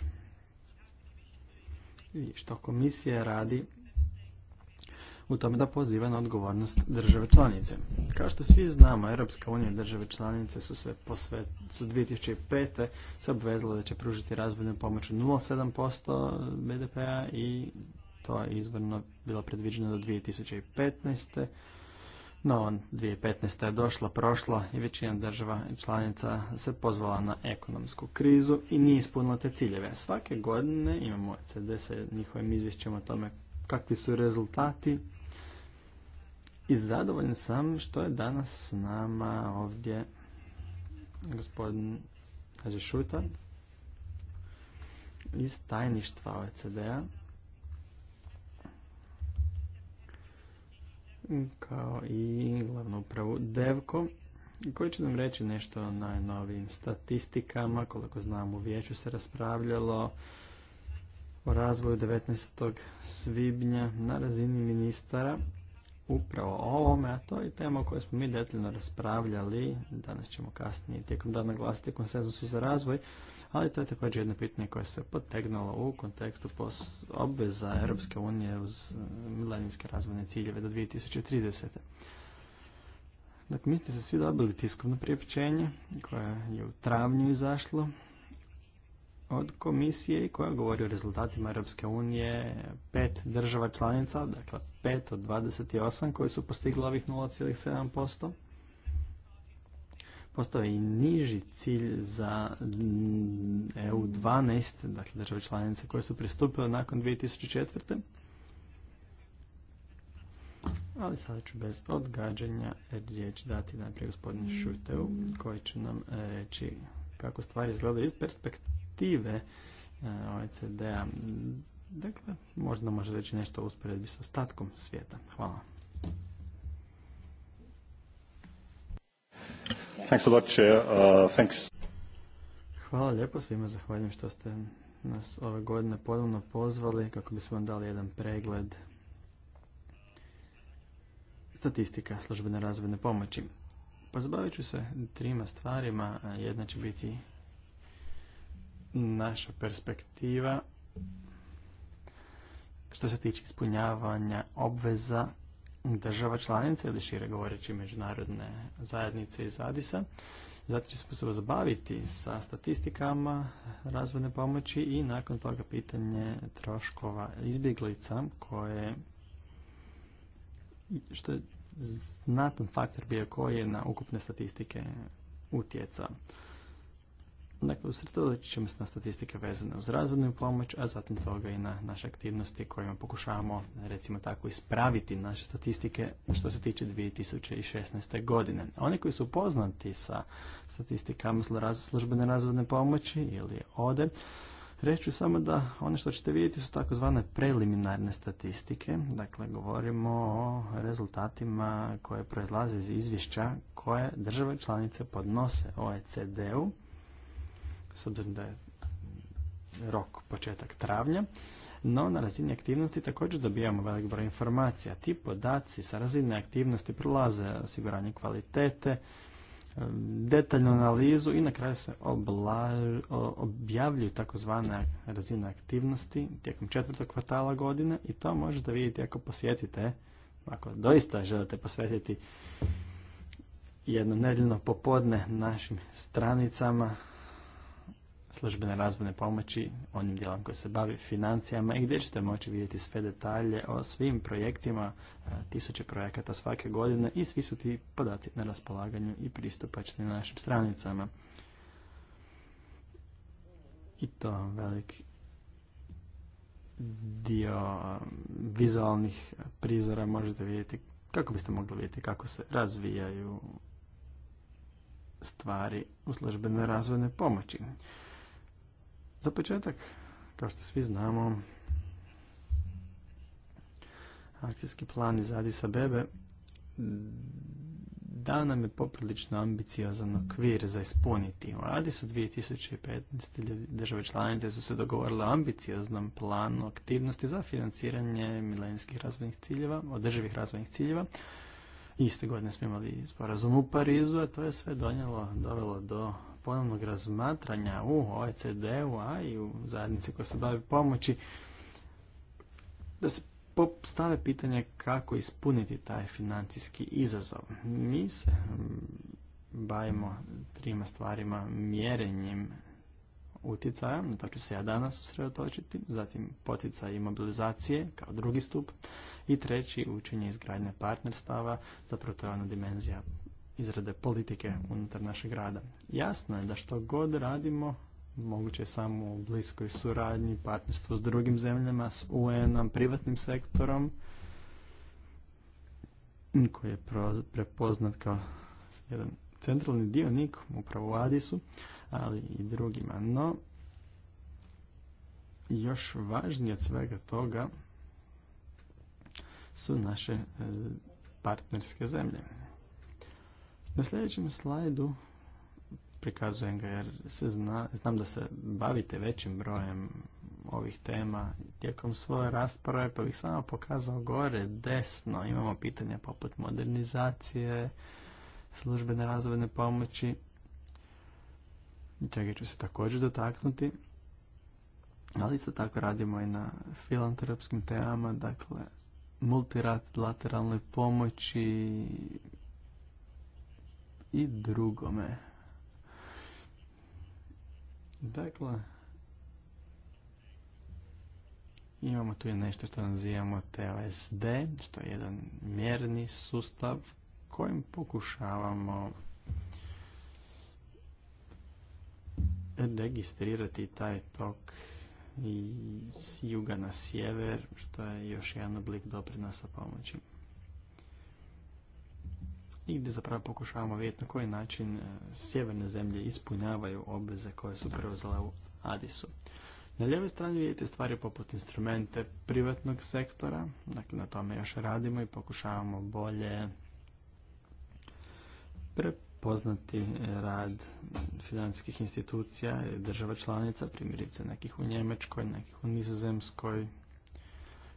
I što komisija radi u tome da poziva na odgovornost države članice. Kao što svi znamo, Europska unija i države članice su se posve, su 2005. se obvezale da će pružiti razvojnu pomoć 0,7% BDP-a i to je izvorno bilo predviđeno do 2015. No, 2015. je došla, prošla i većina država i članica se pozvala na ekonomsku krizu i nije ispunila te ciljeve. Svake godine imamo CD sa njihovim izvješćima o tome kakvi su rezultati i zadovoljan sam što je danas s nama ovdje gospodin Haže Šutar iz tajništva OECD-a. kao i glavnu upravu Devko koji će nam reći nešto o najnovijim statistikama. Koliko znam u vijeću se raspravljalo o razvoju 19. svibnja na razini ministara upravo o ovome, a to je tema o kojoj smo mi detaljno raspravljali. Danas ćemo kasnije tijekom dana glasiti konsenzusu za razvoj ali to je također jedno pitanje koje se potegnulo u kontekstu obveza Europske unije uz eh, milenijske razvojne ciljeve do 2030. Dakle, mi ste se svi dobili tiskovno priopćenje koje je u travnju izašlo od komisije koja govori o rezultatima Europske unije pet država članica, dakle pet od 28 koji su postigli ovih 0,7%. Postoji i niži cilj za EU12, dakle države članice koje su pristupile nakon 2004. Ali sada ću bez odgađanja riječ dati najprije gospodinu Šuteu koji će nam e, reći kako stvari izgledaju iz perspektive e, OECD-a. Dakle, možda može reći nešto u usporedbi sa ostatkom svijeta. Hvala. Uh, thanks Hvala lijepo svima, zahvaljujem što ste nas ove godine ponovno pozvali kako bismo vam dali jedan pregled statistika službene razvojne pomoći. Pozbavit ću se trima stvarima, jedna će biti naša perspektiva što se tiče ispunjavanja obveza država članica ili šire govoreći međunarodne zajednice iz Adisa. Zato će se zabaviti sa statistikama razvojne pomoći i nakon toga pitanje troškova izbjeglica koje što je znatan faktor bio koji je na ukupne statistike utjecao. Dakle, usredotočit ćemo se na statistike vezane uz razvodnu pomoć, a zatim toga i na naše aktivnosti kojima pokušavamo, recimo tako, ispraviti naše statistike što se tiče 2016. godine. Oni koji su poznati sa statistikama službene razvodne pomoći ili ODE, Reću samo da ono što ćete vidjeti su takozvane preliminarne statistike, dakle govorimo o rezultatima koje proizlaze iz izvješća koje države članice podnose OECD-u s obzirom da je rok početak travnja, no na razini aktivnosti također dobijamo velik broj informacija. Ti podaci sa razine aktivnosti prolaze osiguranje kvalitete, detaljnu analizu i na kraju se objavljuju takozvane razine aktivnosti tijekom četvrtog kvartala godine i to možete vidjeti ako posjetite, ako doista želite posvetiti jedno nedeljno popodne našim stranicama službene razvojne pomoći, onim dijelom koji se bavi financijama i gdje ćete moći vidjeti sve detalje o svim projektima, e, tisuće projekata svake godine i svi su ti podaci na raspolaganju i pristupačni na našim stranicama. I to velik dio e, vizualnih prizora možete vidjeti kako biste mogli vidjeti kako se razvijaju stvari u službenoj razvojnoj pomoći. Za početak, kao što svi znamo, akcijski plan iz Adisa Bebe da nam je poprilično ambiciozan okvir za ispuniti. U Adisu 2015. države članice su se dogovorile o ambicioznom planu aktivnosti za financiranje milenijskih razvojnih ciljeva, održivih razvojnih ciljeva. Iste godine smo imali sporazum u Parizu, a to je sve donijelo, dovelo do ponovnog razmatranja u OECD-u, a i u zajednici koja se bavi pomoći, da se postave pitanje kako ispuniti taj financijski izazov. Mi se mm, bavimo trima stvarima mjerenjem utjecaja, na to ću se ja danas usredotočiti, zatim poticaj i mobilizacije kao drugi stup i treći učenje izgradnje partnerstava, zapravo to je ona dimenzija izrade politike unutar našeg rada. Jasno je da što god radimo, moguće je samo u bliskoj suradnji, partnerstvu s drugim zemljama, s UN-om, privatnim sektorom, koji je prepoznat kao jedan centralni dionik upravo u Adisu, ali i drugima. No, još važnije od svega toga su naše e, partnerske zemlje. Na sljedećem slajdu prikazujem ga jer se znam da se bavite većim brojem ovih tema tijekom svoje rasprave, pa bih samo pokazao gore desno. Imamo pitanja poput modernizacije, službene razvojne pomoći, čega ću se također dotaknuti. Ali isto tako radimo i na filantropskim temama, dakle multilateralnoj pomoći, i drugome. Dakle, imamo tu i nešto što nazivamo TLSD, što je jedan mjerni sustav kojim pokušavamo registrirati taj tok i s juga na sjever, što je još jedan oblik doprinosa pomoći i gdje zapravo pokušavamo vidjeti na koji način e, sjeverne zemlje ispunjavaju obveze koje su preuzele u Adisu. Na ljevoj strani vidite stvari poput instrumente privatnog sektora, dakle na tome još radimo i pokušavamo bolje prepoznati e, rad financijskih institucija i država članica, primjerice nekih u Njemačkoj, nekih u Nizozemskoj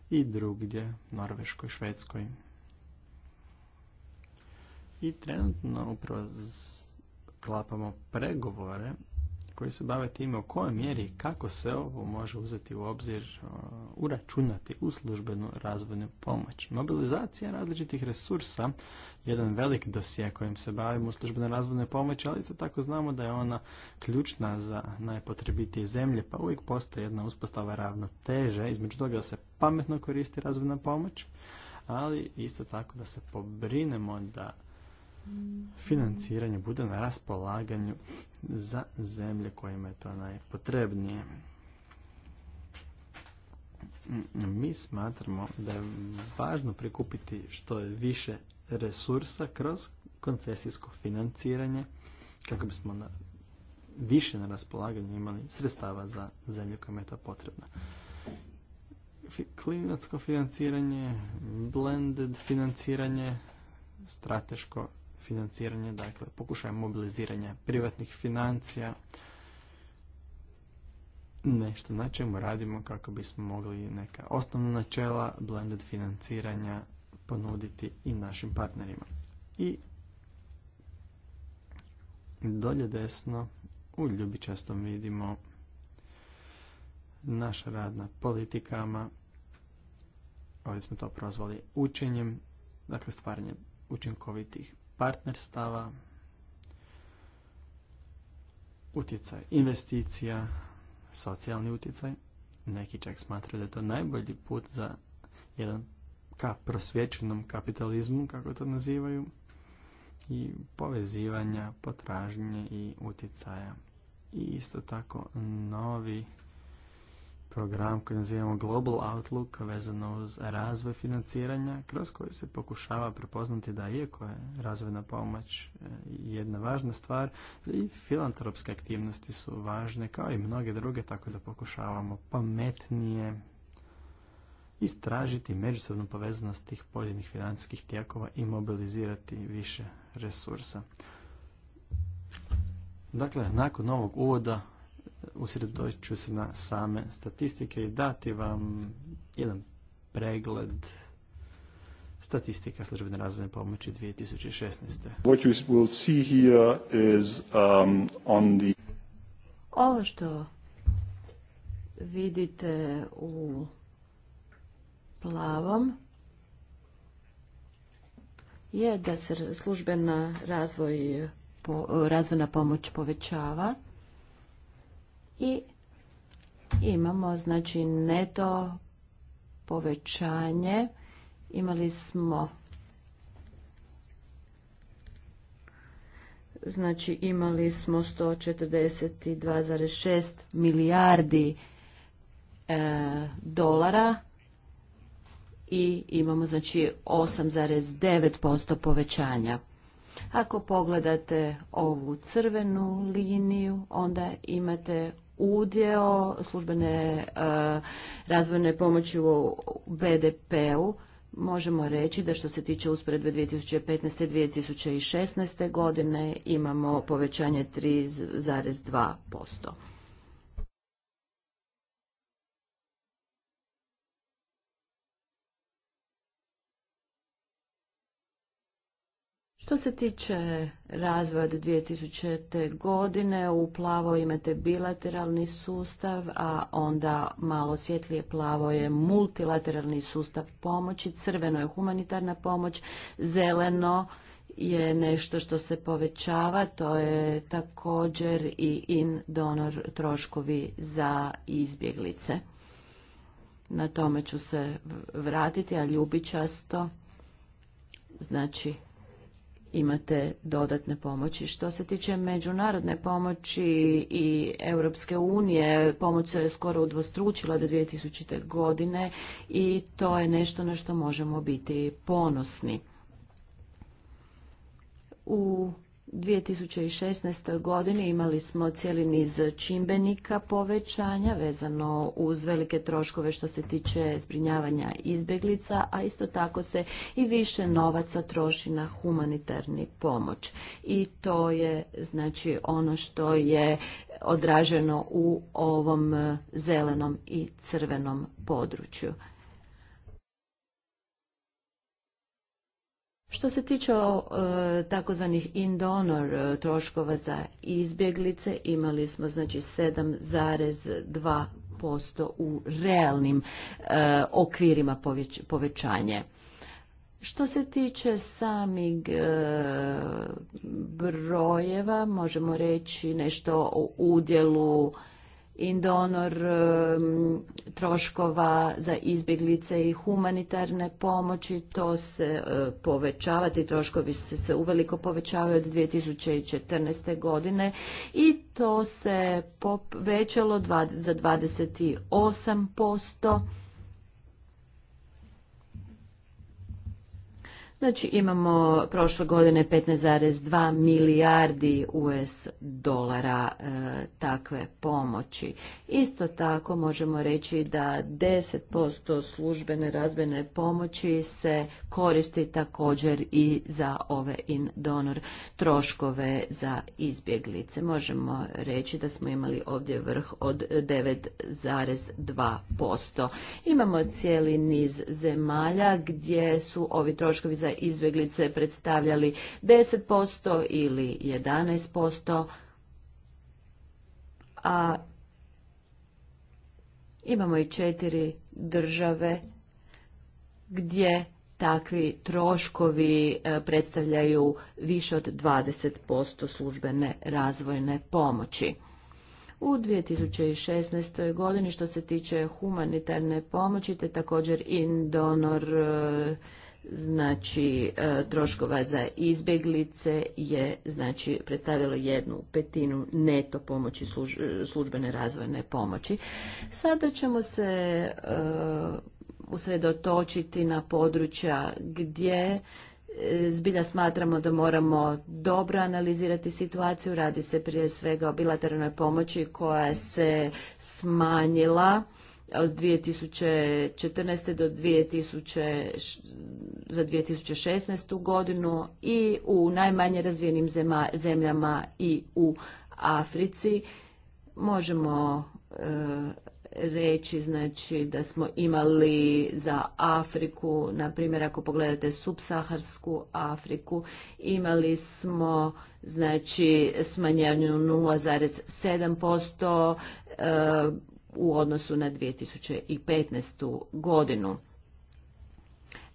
i drugdje, Norveškoj, Švedskoj i trenutno upravo klapamo pregovore koji se bave time u kojoj mjeri i kako se ovo može uzeti u obzir, uračunati u službenu razvojnu pomoć. Mobilizacija različitih resursa, jedan velik dosje kojim se bavimo u službenoj razvojnoj pomoći, ali isto tako znamo da je ona ključna za najpotrebitije zemlje, pa uvijek postoji jedna uspostava ravnoteže, između toga da se pametno koristi razvojna pomoć, ali isto tako da se pobrinemo da financiranje bude na raspolaganju za zemlje kojima je to najpotrebnije. Mi smatramo da je važno prikupiti što je više resursa kroz koncesijsko financiranje kako bismo na, više na raspolaganju imali sredstava za zemlje kojima je to potrebno. Klimatsko financiranje, blended financiranje, strateško financiranje, dakle pokušaj mobiliziranja privatnih financija, nešto na čemu radimo kako bismo mogli neka osnovna načela blended financiranja ponuditi i našim partnerima. I dolje desno u ljubičastom vidimo naš rad na politikama. Ovdje smo to prozvali učenjem, dakle stvaranje učinkovitih partnerstava, utjecaj investicija, socijalni utjecaj. Neki čak smatraju da je to najbolji put za jedan ka prosvjećenom kapitalizmu, kako to nazivaju, i povezivanja, potražnje i utjecaja. I isto tako novi program koji nazivamo Global Outlook vezano uz razvoj financiranja kroz koji se pokušava prepoznati da iako je razvojna pomoć e, jedna važna stvar i filantropske aktivnosti su važne kao i mnoge druge tako da pokušavamo pametnije istražiti međusobnu povezanost tih pojedinih financijskih tijekova i mobilizirati više resursa. Dakle, nakon ovog uvoda usredotočit ću se na same statistike i dati vam jedan pregled statistika službene razvojne pomoći 2016. What you will see here is, um, on the... Ovo što vidite u plavom je da se službena razvoj, po, razvojna pomoć povećava i imamo znači neto povećanje. Imali smo znači imali smo 142,6 milijardi e, dolara i imamo znači 8,9% povećanja. Ako pogledate ovu crvenu liniju, onda imate udio službene e, razvojne pomoći u BDP-u možemo reći da što se tiče usporedbe 2015. i 2016. godine imamo povećanje 3,2%. Što se tiče razvoja do 2000. godine, u plavo imate bilateralni sustav, a onda malo svjetlije plavo je multilateralni sustav pomoći, crveno je humanitarna pomoć, zeleno je nešto što se povećava, to je također i in donor troškovi za izbjeglice. Na tome ću se vratiti, a ljubičasto, znači imate dodatne pomoći. Što se tiče međunarodne pomoći i Europske unije, pomoć se je skoro udvostručila do 2000. godine i to je nešto na što možemo biti ponosni. U 2016. godini imali smo cijeli niz čimbenika povećanja vezano uz velike troškove što se tiče zbrinjavanja izbjeglica, a isto tako se i više novaca troši na humanitarni pomoć. I to je znači ono što je odraženo u ovom zelenom i crvenom području. Što se tiče e, takozvanih in-donor e, troškova za izbjeglice, imali smo znači 7,2% u realnim e, okvirima povećanje. Što se tiče samih brojeva, možemo reći nešto o udjelu in donor um, troškova za izbjeglice i humanitarne pomoći. To se uh, povećava, ti troškovi se, se uveliko povećavaju od 2014. godine i to se povećalo za 28%. Znači imamo prošle godine 15,2 milijardi US dolara e, takve pomoći. Isto tako možemo reći da 10% službene razbene pomoći se koristi također i za ove in donor troškove za izbjeglice. Možemo reći da smo imali ovdje vrh od 9,2%. Imamo cijeli niz zemalja gdje su ovi troškovi za izbjeglice predstavljali 10% ili 11%, a imamo i četiri države gdje takvi troškovi e, predstavljaju više od 20% službene razvojne pomoći. U 2016. godini što se tiče humanitarne pomoći te također i donor e, znači e, troškova za izbjeglice je znači predstavilo jednu petinu neto pomoći službene razvojne pomoći. Sada ćemo se e, usredotočiti na područja gdje e, zbilja smatramo da moramo dobro analizirati situaciju. Radi se prije svega o bilateralnoj pomoći koja se smanjila od 2014. do 2000, za 2016. godinu i u najmanje razvijenim zemljama i u Africi. Možemo e, reći znači da smo imali za Afriku, na primjer ako pogledate subsaharsku Afriku, imali smo znači smanjenju 0,7%, u odnosu na 2015. godinu.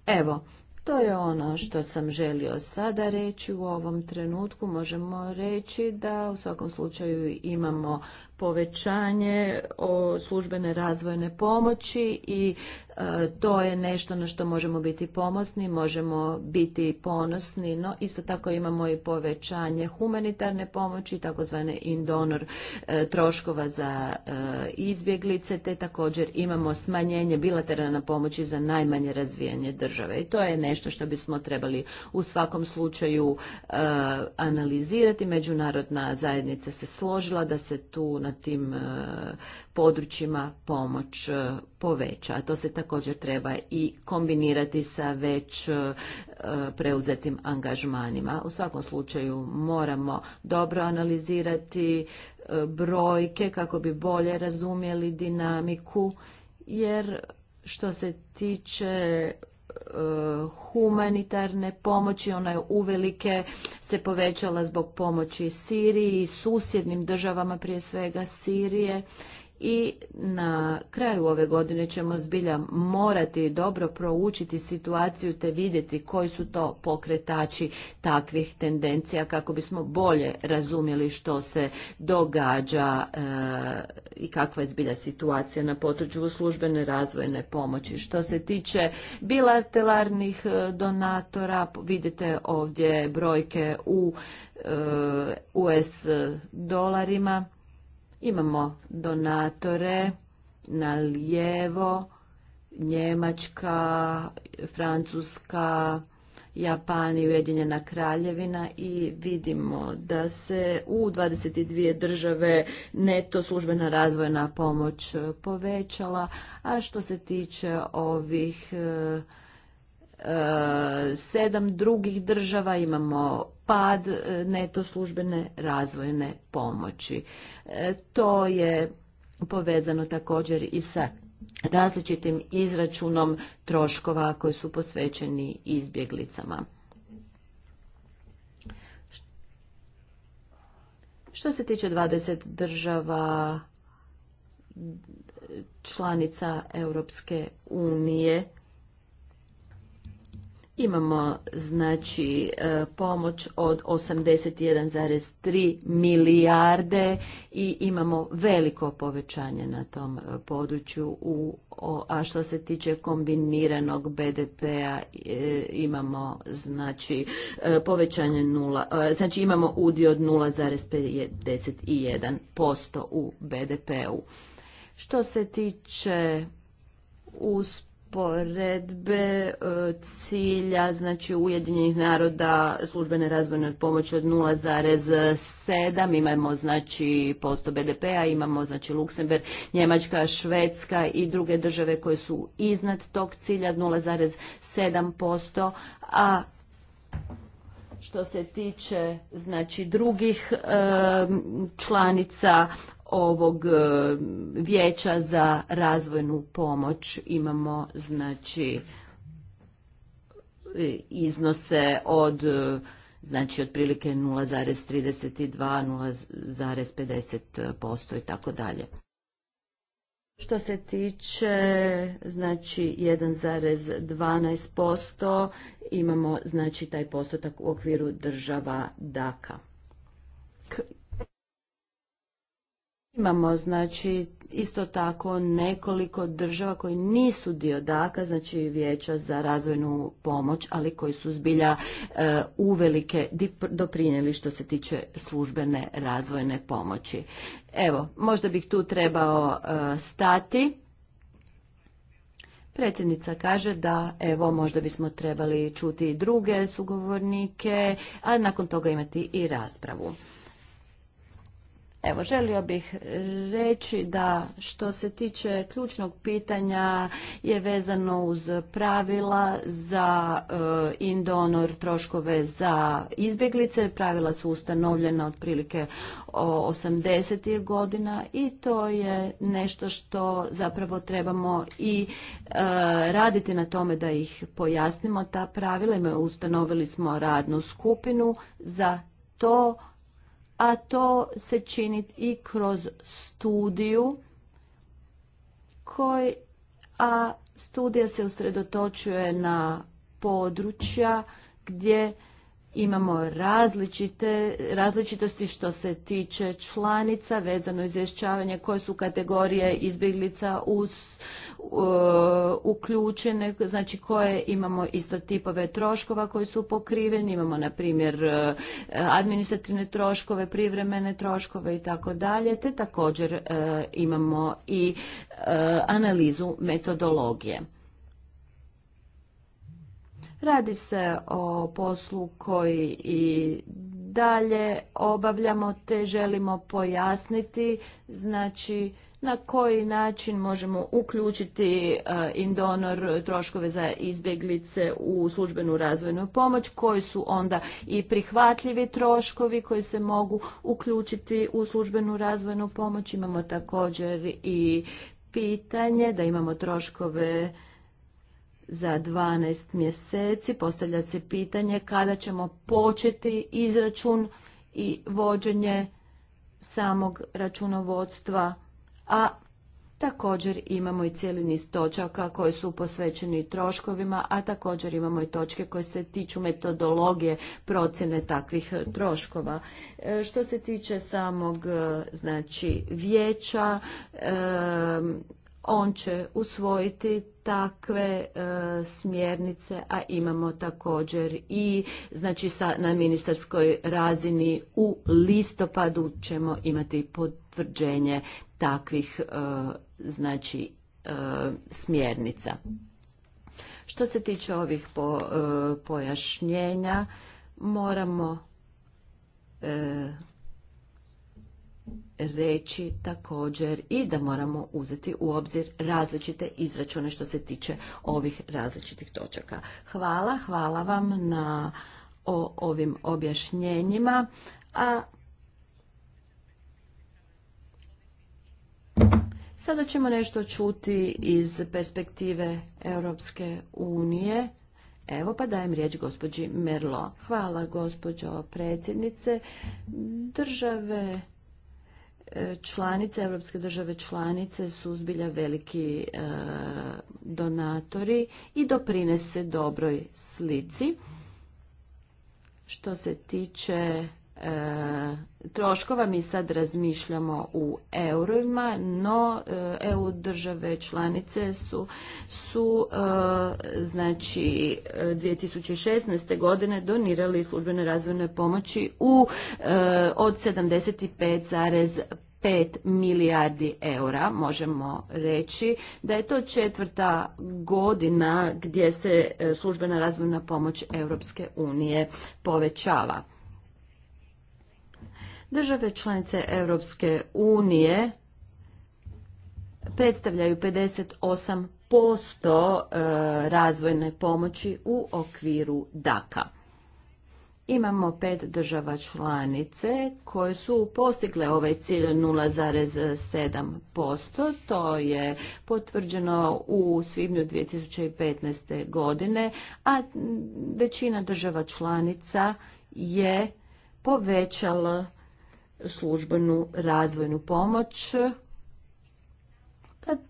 Evo, to je ono što sam želio sada reći u ovom trenutku. Možemo reći da u svakom slučaju imamo povećanje o službene razvojne pomoći i e, to je nešto na što možemo biti pomosni, možemo biti ponosni, no isto tako imamo i povećanje humanitarne pomoći, takozvane indonor donor e, troškova za e, izbjeglice, te također imamo smanjenje bilateralne pomoći za najmanje razvijanje države. I to je nešto što bismo trebali u svakom slučaju analizirati. Međunarodna zajednica se složila da se tu na tim e, područjima pomoć e, poveća. to se također treba i kombinirati sa već e, preuzetim angažmanima. U svakom slučaju moramo dobro analizirati brojke kako bi bolje razumjeli dinamiku jer što se tiče E, humanitarne pomoći, ona je uvelike se povećala zbog pomoći Siriji i susjednim državama prije svega Sirije i na kraju ove godine ćemo zbilja morati dobro proučiti situaciju te vidjeti koji su to pokretači takvih tendencija kako bismo bolje razumjeli što se događa e, i kakva je zbilja situacija na području službene razvojne pomoći. Što se tiče bilateralnih e, donatora, vidite ovdje brojke u e, US dolarima Imamo donatore na lijevo, Njemačka, Francuska, Japan i Ujedinjena kraljevina i vidimo da se u 22 države neto službena razvojna pomoć e, povećala, a što se tiče ovih e, e, sedam drugih država imamo pad e, neto službene razvojne pomoći. E, to je povezano također i sa različitim izračunom troškova koji su posvećeni izbjeglicama. Što se tiče 20 država e, članica Europske unije, Imamo znači e, pomoć od 81,3 milijarde i imamo veliko povećanje na tom e, području u a što se tiče kombiniranog BDP-a e, imamo znači povećanje nula, znači imamo udio od 0,51% u BDP-u. Što se tiče uz poredbe e, cilja znači Ujedinjenih naroda službene razvojne pomoći od 0,7 imamo znači posto BDP-a imamo znači Luksemburg, Njemačka, Švedska i druge države koje su iznad tog cilja 0,7% a što se tiče znači drugih e, članica ovog e, vijeća za razvojnu pomoć imamo znači e, iznose od e, znači otprilike 0,32, 0,50% i tako dalje. Što se tiče znači 1,12% imamo znači taj postotak u okviru država DAKA. Imamo znači isto tako nekoliko država koji nisu dio daka, znači vijeća za razvojnu pomoć, ali koji su zbilja e, uvelike doprinijeli što se tiče službene razvojne pomoći. Evo, možda bih tu trebao e, stati. Predsjednica kaže da evo možda bismo trebali čuti i druge sugovornike, a nakon toga imati i raspravu. Evo, želio bih reći da što se tiče ključnog pitanja je vezano uz pravila za e, indonor troškove za izbjeglice. Pravila su ustanovljena otprilike 80. godina i to je nešto što zapravo trebamo i e, raditi na tome da ih pojasnimo ta pravila. Ustanovili smo radnu skupinu za to a to se čini i kroz studiju koji, a studija se usredotočuje na područja gdje imamo različite, različitosti što se tiče članica vezano izvješćavanje koje su kategorije izbjeglica uz, uključene, znači koje imamo isto tipove troškova koji su pokriveni, imamo na primjer e, administrativne troškove, privremene troškove i tako dalje, te također e, imamo i e, analizu metodologije. Radi se o poslu koji i dalje obavljamo te želimo pojasniti znači na koji način možemo uključiti e, donor troškove za izbjeglice u službenu razvojnu pomoć, koji su onda i prihvatljivi troškovi koji se mogu uključiti u službenu razvojnu pomoć. Imamo također i pitanje da imamo troškove za 12 mjeseci. Postavlja se pitanje kada ćemo početi izračun i vođenje samog računovodstva, a također imamo i cijeli niz točaka koji su posvećeni troškovima, a također imamo i točke koje se tiču metodologije procjene takvih troškova. E, što se tiče samog e, znači vijeća, e, on će usvojiti takve e, smjernice, a imamo također i znači sa, na ministarskoj razini u listopadu ćemo imati potvrđenje takvih e, znači e, smjernica. Što se tiče ovih po, pojašnjenja, moramo reći također i da moramo uzeti u obzir različite izračune što se tiče ovih različitih točaka. Hvala, hvala vam na o ovim objašnjenjima. A sada ćemo nešto čuti iz perspektive Europske unije. Evo pa dajem riječ gospođi Merlo. Hvala gospođo predsjednice. Države E, članice, evropske države članice su zbilja veliki e, donatori i doprinese dobroj slici. Što se tiče E, troškova. Mi sad razmišljamo u eurojima, no e, EU države članice su, su e, znači 2016. godine donirali službene razvojne pomoći u od 75,5 5 milijardi eura, možemo reći da je to četvrta godina gdje se službena razvojna pomoć Europske unije povećava. Države članice Europske unije predstavljaju 58% e, razvojne pomoći u okviru DAKA. Imamo pet država članice koje su postigle ovaj cilj 0,7%. To je potvrđeno u svibnju 2015. godine, a većina država članica je povećala službenu razvojnu pomoć kad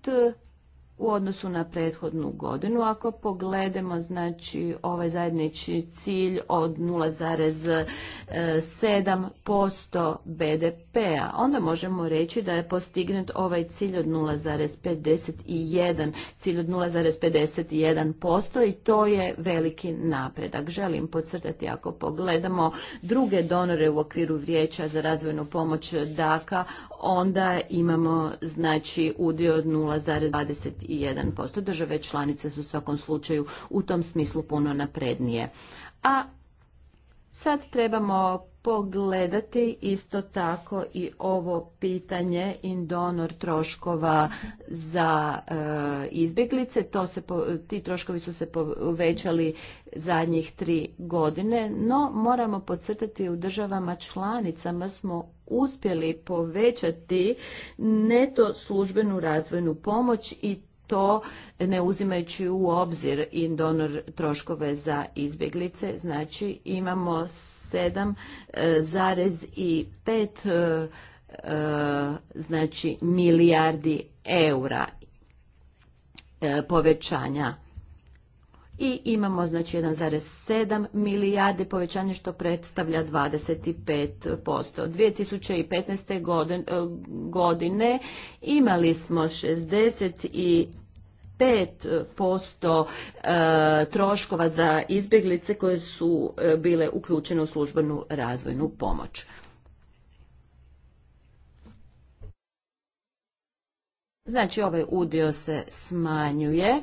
u odnosu na prethodnu godinu. Ako pogledamo znači ovaj zajednički cilj od 0,7% BDP-a, onda možemo reći da je postignut ovaj cilj od 0,51, cilj od 0,51% i to je veliki napredak. Želim podcrtati ako pogledamo druge donore u okviru vijeća za razvojnu pomoć DAKA, onda imamo znači udio od 0,21%. 21%. Države članice su u svakom slučaju u tom smislu puno naprednije. A sad trebamo pogledati isto tako i ovo pitanje in donor troškova za e, izbjeglice. To se ti troškovi su se povećali zadnjih tri godine, no moramo podcrtati u državama članicama smo uspjeli povećati neto službenu razvojnu pomoć i to ne uzimajući u obzir i donor troškove za izbjeglice. Znači imamo 7,5 e, e, e, znači milijardi eura povećanja i imamo znači 1,7 milijardi povećanje što predstavlja 25%. 2015. godine, godine imali smo 60 pet posto e, troškova za izbjeglice koje su e, bile uključene u službenu razvojnu pomoć. Znači ovaj udio se smanjuje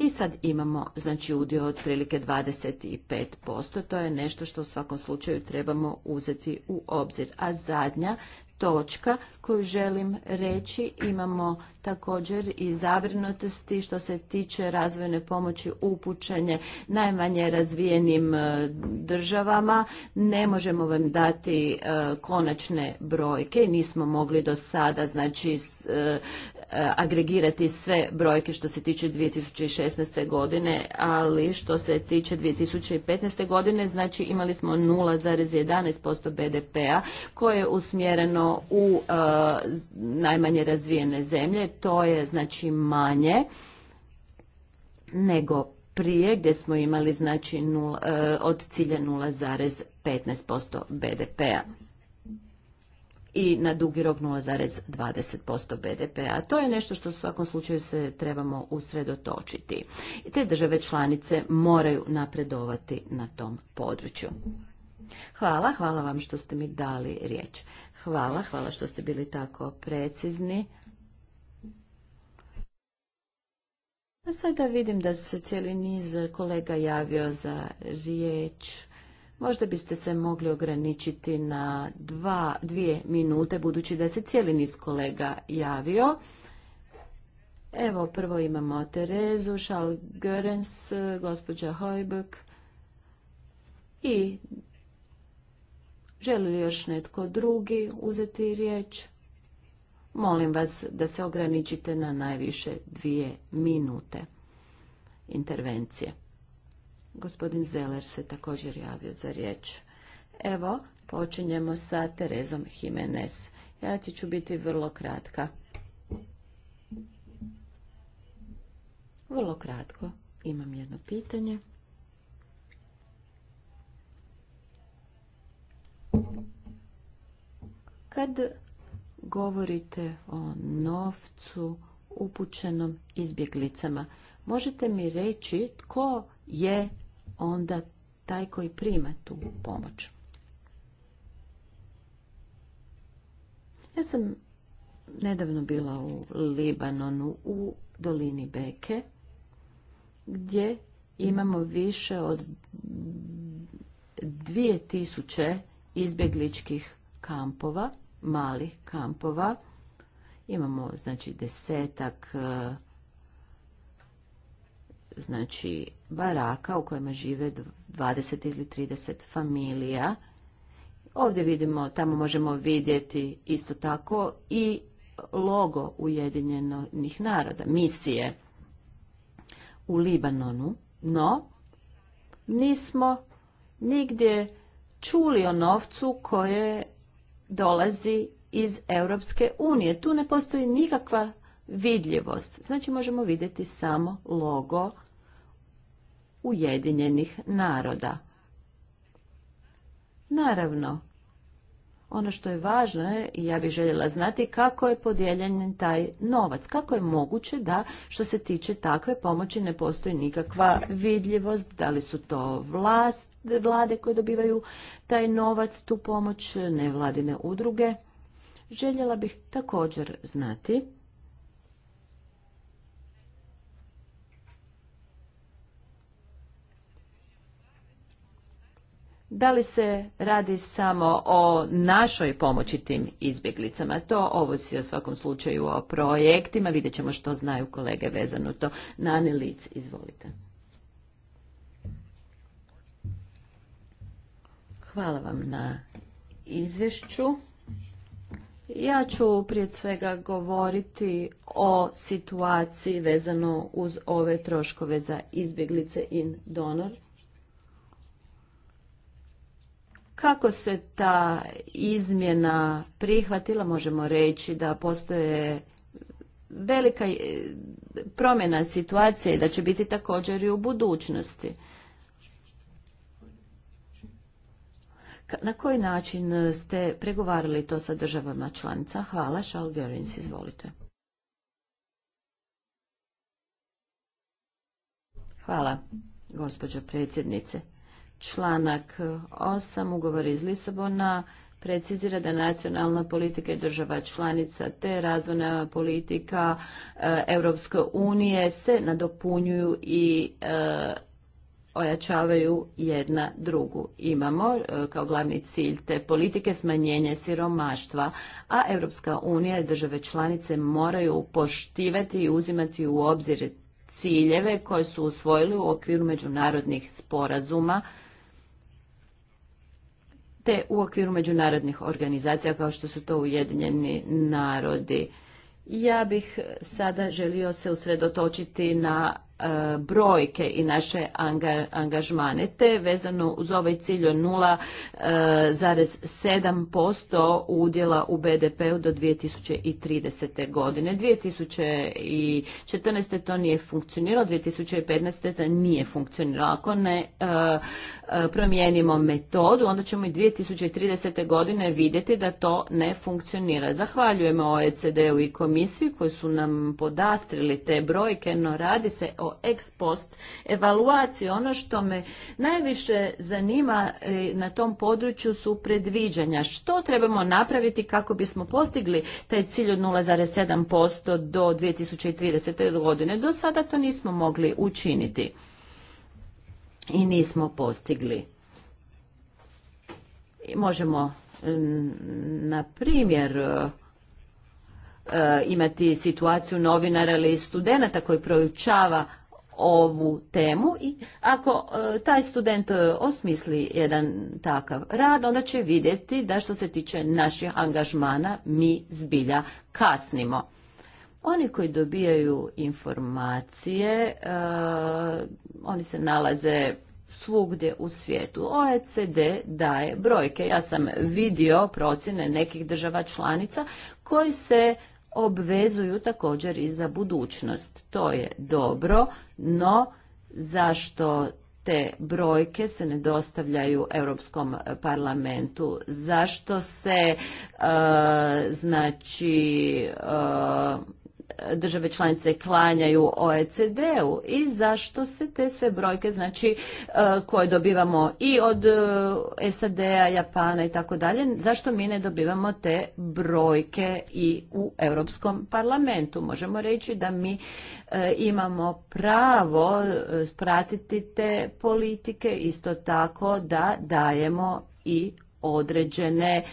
i sad imamo znači udio otprilike 25%, to je nešto što u svakom slučaju trebamo uzeti u obzir. A zadnja točka koju želim reći imamo također i zabrinutosti što se tiče razvojne pomoći upućenje najmanje razvijenim e, državama. Ne možemo vam dati e, konačne brojke i nismo mogli do sada znači e, agregirati sve brojke što se tiče 2016. godine, ali što se tiče 2015. godine, znači imali smo 0,11% BDP-a koje je usmjereno u najmanje razvijene zemlje to je znači manje nego prije gdje smo imali znači e, od cilja 0,15% BDP-a i na dugi rok 0,20% BDP-a. To je nešto što u svakom slučaju se trebamo usredotočiti. I te države članice moraju napredovati na tom području. Hvala, hvala vam što ste mi dali riječ. Hvala, hvala što ste bili tako precizni. Sada vidim da se cijeli niz kolega javio za riječ. Možda biste se mogli ograničiti na dva, dvije minute, budući da se cijeli niz kolega javio. Evo, prvo imamo Terezu, Šal Görens, gospođa Hojbuk. i želi li još netko drugi uzeti riječ? Molim vas da se ograničite na najviše dvije minute intervencije. Gospodin Zeler se također javio za riječ. Evo, počinjemo sa Terezom Jimenez. Ja ti ću biti vrlo kratka. Vrlo kratko. Imam jedno pitanje. Kad govorite o novcu upućenom izbjeglicama. Možete mi reći tko je onda taj koji prima tu pomoć? Ja sam nedavno bila u Libanonu u dolini Beke gdje imamo više od 2000 izbjegličkih kampova malih kampova. Imamo znači desetak e, znači baraka u kojima žive 20 ili 30 familija. Ovdje vidimo, tamo možemo vidjeti isto tako i logo Ujedinjenih naroda, misije u Libanonu, no nismo nigdje čuli o novcu koje dolazi iz Europske unije. Tu ne postoji nikakva vidljivost. Znači možemo vidjeti samo logo Ujedinjenih naroda. Naravno, ono što je važno je, i ja bih željela znati, kako je podijeljen taj novac. Kako je moguće da, što se tiče takve pomoći, ne postoji nikakva vidljivost, da li su to vlast, vlade koje dobivaju taj novac, tu pomoć nevladine udruge. Željela bih također znati Da li se radi samo o našoj pomoći tim izbjeglicama? To ovo ovisi o svakom slučaju o projektima. Vidjet ćemo što znaju kolege vezano to. nani Lic, izvolite. Hvala vam na izvješću. Ja ću prije svega govoriti o situaciji vezano uz ove troškove za izbjeglice in donor. Kako se ta izmjena prihvatila, možemo reći da postoje velika e, promjena situacije i da će biti također i u budućnosti. Na koji način e, ste pregovarali to sa državama članica? Hvala, Charles izvolite. Hvala, gospođo predsjednice. Članak 8 ugovora iz Lisabona precizira da nacionalna politika i država članica te razvojna politika EU Europske unije se nadopunjuju i e, ojačavaju jedna drugu. Imamo e, kao glavni cilj te politike smanjenje siromaštva, a Europska unija i države članice moraju poštivati i uzimati u obzir ciljeve koje su usvojili u okviru međunarodnih sporazuma te u okviru međunarodnih organizacija kao što su to Ujedinjeni narodi. Ja bih sada želio se usredotočiti na E, brojke i naše angažmane, te vezano uz ovaj cilj od 0,7% e, udjela u BDP-u do 2030. godine. 2014. to nije funkcioniralo, 2015. to nije funkcioniralo. Ako ne e, promijenimo metodu, onda ćemo i 2030. godine vidjeti da to ne funkcionira. Zahvaljujemo OECD-u i komisiji koji su nam podastrili te brojke, no radi se o kao ex post evaluacije. Ono što me najviše zanima e, na tom području su predviđanja. Što trebamo napraviti kako bismo postigli taj cilj od 0,7% do 2030. godine? Do sada to nismo mogli učiniti i nismo postigli. možemo na primjer E, imati situaciju novinara ili studenta koji proučava ovu temu i ako e, taj student e, osmisli jedan takav rad, onda će vidjeti da što se tiče naših angažmana mi zbilja kasnimo. Oni koji dobijaju informacije, oni se nalaze svugdje u svijetu. OECD daje brojke. Ja sam vidio procjene nekih država članica koji se obvezuju također i za budućnost. To je dobro, no zašto te brojke se ne dostavljaju Europskom parlamentu? Zašto se e, znači e, države članice klanjaju OECD-u i zašto se te sve brojke znači e, koje dobivamo i od e, SAD-a, Japana i tako dalje, zašto mi ne dobivamo te brojke i u Europskom parlamentu? Možemo reći da mi e, imamo pravo pratiti te politike isto tako da dajemo i određene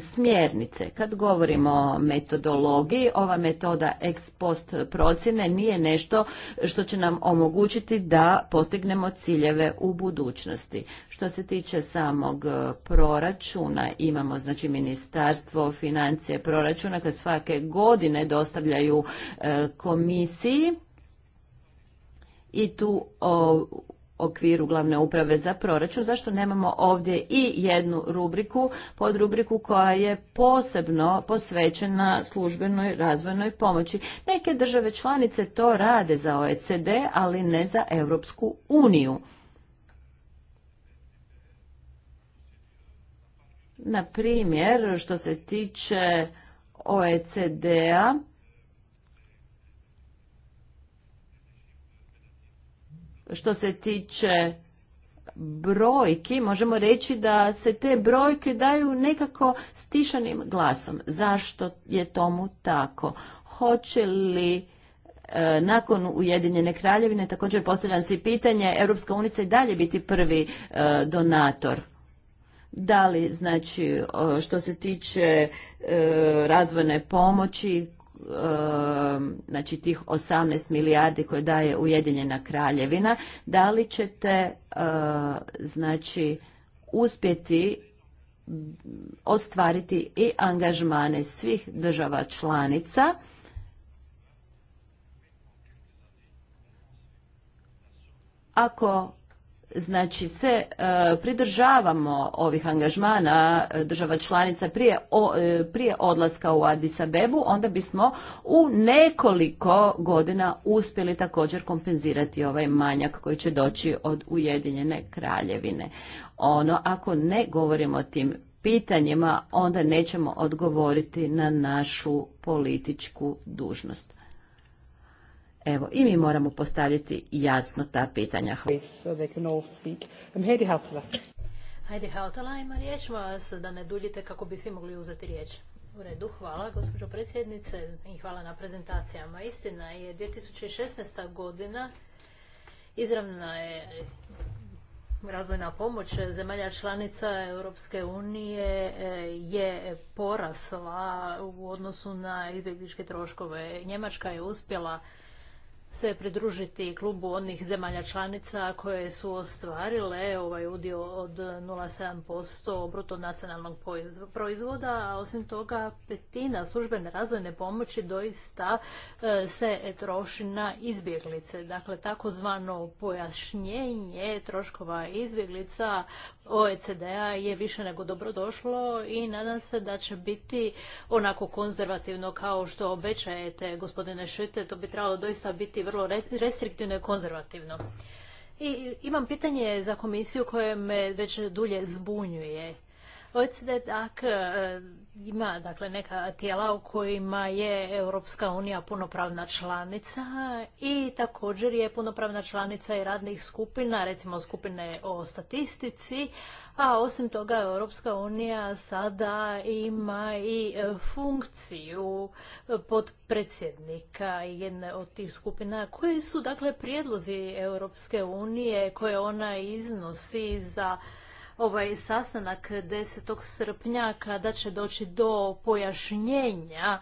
smjernice. Kad govorimo o metodologiji, ova metoda ex post procjene nije nešto što će nam omogućiti da postignemo ciljeve u budućnosti. Što se tiče samog e, proračuna, imamo znači ministarstvo financije proračuna koje svake godine dostavljaju e, komisiji i tu okviru glavne uprave za proračun, zašto nemamo ovdje i jednu rubriku, pod rubriku koja je posebno posvećena službenoj razvojnoj pomoći. Neke države članice to rade za OECD, ali ne za Europsku uniju. Na primjer, što se tiče OECD-a, što se tiče brojki, možemo reći da se te brojke daju nekako stišanim glasom. Zašto je tomu tako? Hoće li e, nakon Ujedinjene kraljevine, također postavljam si pitanje, Europska unica i dalje biti prvi e, donator? Da li, znači, što se tiče e, razvojne pomoći, Um, znači tih 18 milijardi koje daje Ujedinjena kraljevina, da li ćete uh, znači uspjeti ostvariti i angažmane svih država članica ako znači se e, pridržavamo ovih angažmana e, država članica prije, e, prije odlaska u Addis Abebu, onda bismo u nekoliko godina uspjeli također kompenzirati ovaj manjak koji će doći od Ujedinjene kraljevine. Ono, ako ne govorimo o tim pitanjima, onda nećemo odgovoriti na našu političku dužnost. Evo, i mi moramo postaviti jasno ta pitanja. Um, Hajde, Hautala ima riječ vas da ne duljite kako bi svi mogli uzeti riječ. U redu, hvala gospođo predsjednice i hvala na prezentacijama. Istina je 2016. godina izravna je razvojna pomoć zemalja članica Europske unije e, je porasla u odnosu na izbjegličke troškove. Njemačka je uspjela se pridružiti klubu onih zemalja članica koje su ostvarile ovaj udio od 0,7% bruto nacionalnog proizvoda, a osim toga petina službene razvojne pomoći doista e, se troši na izbjeglice. Dakle, takozvano pojašnjenje troškova izbjeglica OECD-a je više nego dobrodošlo i nadam se da će biti onako konzervativno kao što obećajete, gospodine Šite, to bi trebalo doista biti vrlo restriktivno i konzervativno. I imam pitanje za komisiju koje me već dulje zbunjuje. OECD e, ima dakle neka tijela u kojima je Europska unija punopravna članica i također je punopravna članica i radnih skupina, recimo skupine o statistici, a osim toga Europska unija sada ima i funkciju predsjednika jedne od tih skupina. Koji su dakle prijedlozi Europske unije koje ona iznosi za ovaj sastanak 10. srpnja kada će doći do pojašnjenja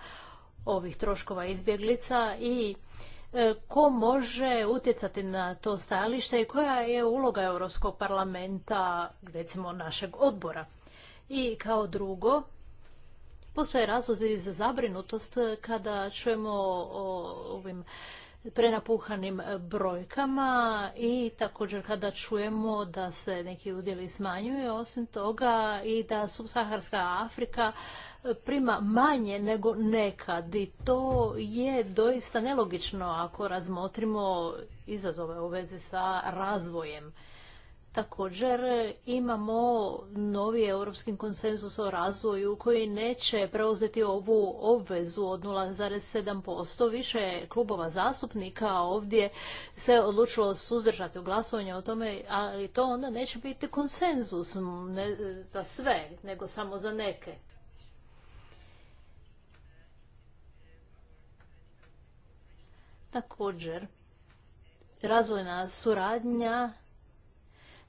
ovih troškova izbjeglica i e, ko može utjecati na to stajalište i koja je uloga Europskog parlamenta, recimo našeg odbora. I kao drugo, postoje razlozi za zabrinutost kada čujemo o ovim prenapuhanim e, brojkama i također kada čujemo da se neki udjeli smanjuju, e, osim toga i da subsaharska Afrika e, prima manje nego nekad i to je doista nelogično ako razmotrimo izazove u vezi sa razvojem. Također imamo novi europski konsenzus o razvoju koji neće preuzeti ovu obvezu od 0,7%. Više klubova zastupnika ovdje se odlučilo suzdržati u glasovanju o tome, ali to onda neće biti konsenzus za sve, nego samo za neke. Također, razvojna suradnja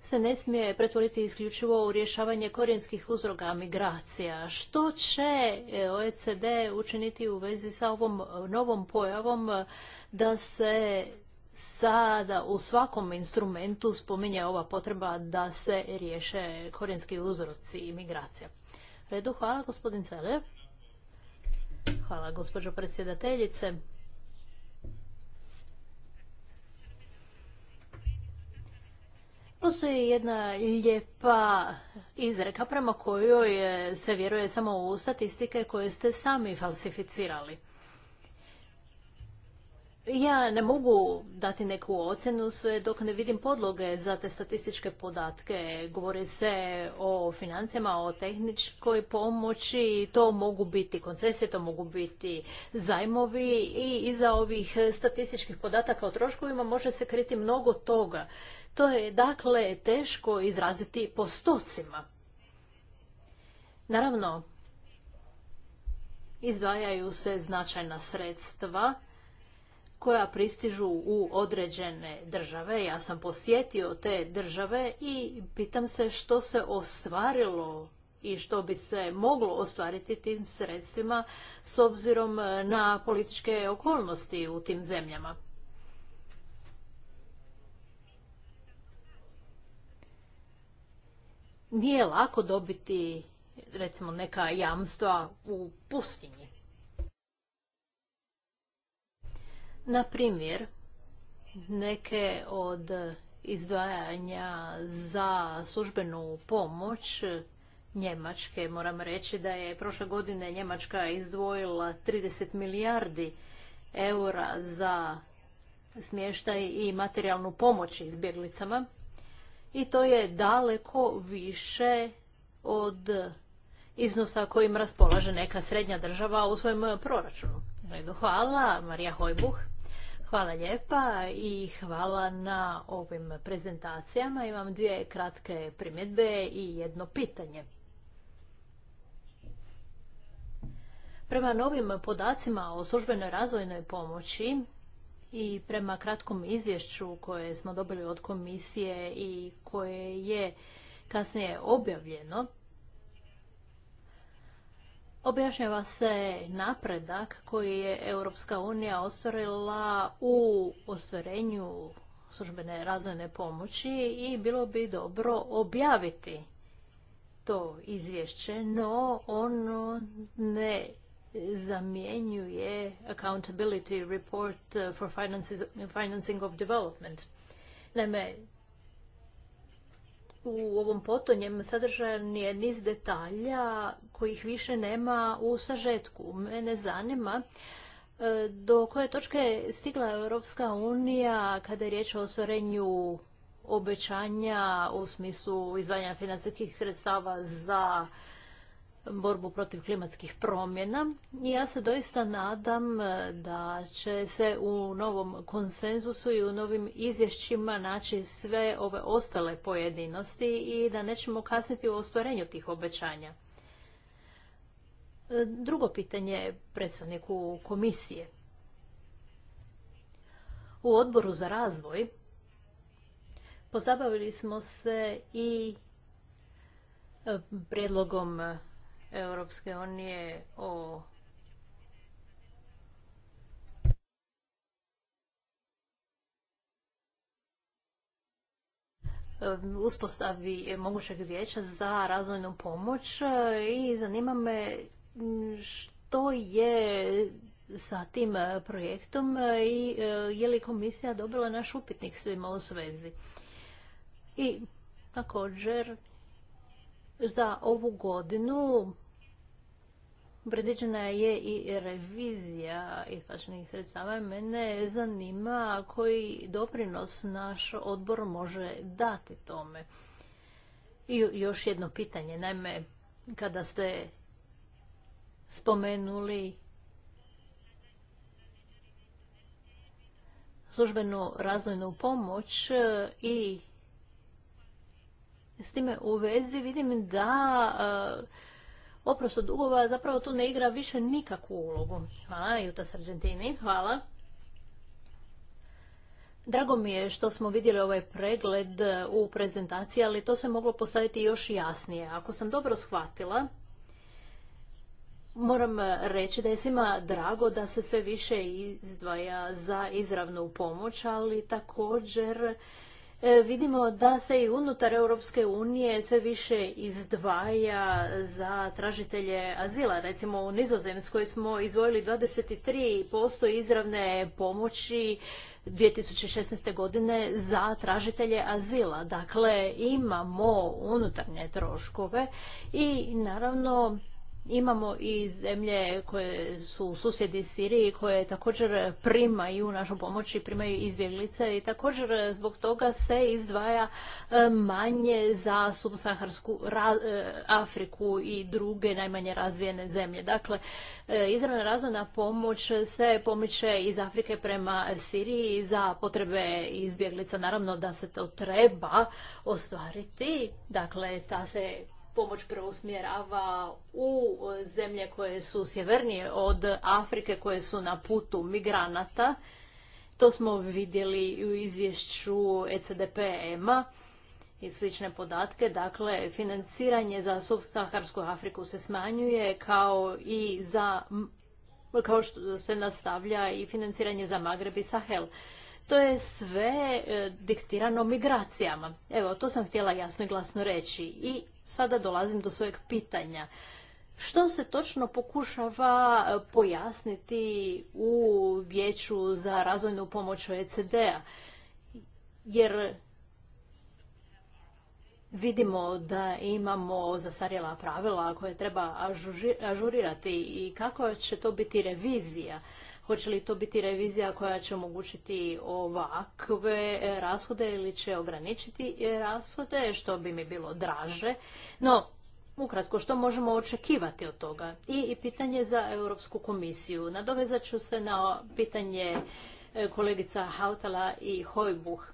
se ne smije pretvoriti isključivo u rješavanje korijenskih uzroga migracija. Što će e, OECD učiniti u vezi sa ovom novom pojavom da se sada u svakom instrumentu spominje ova potreba da se riješe korijenski uzroci migracija? Redu, hvala gospodin Celer. Hvala gospođo predsjedateljice. Postoji jedna lijepa izreka prema kojoj se vjeruje samo u statistike koje ste sami falsificirali. Ja ne mogu dati neku ocjenu sve dok ne vidim podloge za te statističke podatke. Govori se o financijama, o tehničkoj pomoći, to mogu biti koncesije, to mogu biti zajmovi i iza ovih statističkih podataka o troškovima može se kriti mnogo toga. To je dakle teško izraziti stocima. Naravno, izdvajaju se značajna sredstva koja pristižu u određene države. Ja sam posjetio te države i pitam se što se ostvarilo i što bi se moglo ostvariti tim sredstvima s obzirom na političke okolnosti u tim zemljama. nije lako dobiti recimo neka jamstva u pustinji. Na primjer, neke od izdvajanja za službenu pomoć Njemačke, moram reći da je prošle godine Njemačka izdvojila 30 milijardi eura za smještaj i materijalnu pomoć izbjeglicama i to je daleko više od iznosa kojim raspolaže neka srednja država u svojem proračunu. Hvala, Marija Hojbuh. Hvala lijepa i hvala na ovim prezentacijama. Imam dvije kratke primjedbe i jedno pitanje. Prema novim podacima o službenoj razvojnoj pomoći, i prema kratkom izvješću koje smo dobili od komisije i koje je kasnije objavljeno, Objašnjava se napredak koji je Europska unija ostvarila u ostvarenju službene razvojne pomoći i bilo bi dobro objaviti to izvješće, no ono ne zamjenjuje Accountability Report uh, for Financing of Development. Naime, u ovom potonjem sadržan je niz detalja kojih više nema u sažetku. Mene zanima uh, do koje točke stigla Europska unija kada je riječ o ostvarenju obećanja u smislu izvanja financijskih sredstava za borbu protiv klimatskih promjena i ja se doista nadam e, da će se u novom konsenzusu i u novim izvješćima naći sve ove ostale pojedinosti i da nećemo kasniti u ostvarenju tih obećanja. E, drugo pitanje je predstavniku komisije. U odboru za razvoj pozabavili smo se i e, prijedlogom Europske unije o uspostavi mogućeg vijeća za razvojnu pomoć i zanima me što je sa tim projektom i e, je li komisija dobila naš upitnik svima u svezi. I također za ovu godinu predviđena je i revizija isplaćenih sredstava. Mene zanima koji doprinos naš odbor može dati tome. I još jedno pitanje. Naime, kada ste spomenuli službenu razvojnu pomoć i s time u vezi vidim da e, oprost dugova zapravo tu ne igra više nikakvu ulogu. Hvala, Juta Sargentini, hvala. Drago mi je što smo vidjeli ovaj pregled u prezentaciji, ali to se moglo postaviti još jasnije. Ako sam dobro shvatila, moram reći da je svima drago da se sve više izdvaja za izravnu pomoć, ali također E, vidimo da se i unutar Europske unije sve više izdvaja za tražitelje azila. Recimo u Nizozemskoj smo izdvojili 23% izravne pomoći 2016. godine za tražitelje azila. Dakle, imamo unutarnje troškove i naravno Imamo i zemlje koje su susjedi Siriji koje također primaju našu pomoć i primaju izbjeglice i također zbog toga se izdvaja e, manje za subsaharsku e, Afriku i druge najmanje razvijene zemlje. Dakle, e, izravna razvojna pomoć se pomiče iz Afrike prema Siriji za potrebe izbjeglica. Naravno da se to treba ostvariti. Dakle, ta se pomoć preusmjerava u zemlje koje su sjevernije od Afrike, koje su na putu migranata. To smo vidjeli u izvješću ECDPM-a e i slične podatke. Dakle, financiranje za subsaharsku Afriku se smanjuje kao i za kao što se nastavlja i financiranje za Magreb i Sahel. To je sve e, diktirano migracijama. Evo, to sam htjela jasno i glasno reći. I sada dolazim do svojeg pitanja. Što se točno pokušava e, pojasniti u vijeću za razvojnu pomoć OECD-a? Jer vidimo da imamo zasarjela pravila koje treba ažurirati i kako će to biti revizija. Hoće li to biti revizija koja će omogućiti ovakve rashode ili će ograničiti rashode, što bi mi bilo draže. No, ukratko, što možemo očekivati od toga? I, pitanje za Europsku komisiju. Nadovezat ću se na pitanje e, kolegica Hautala i Hojbuh,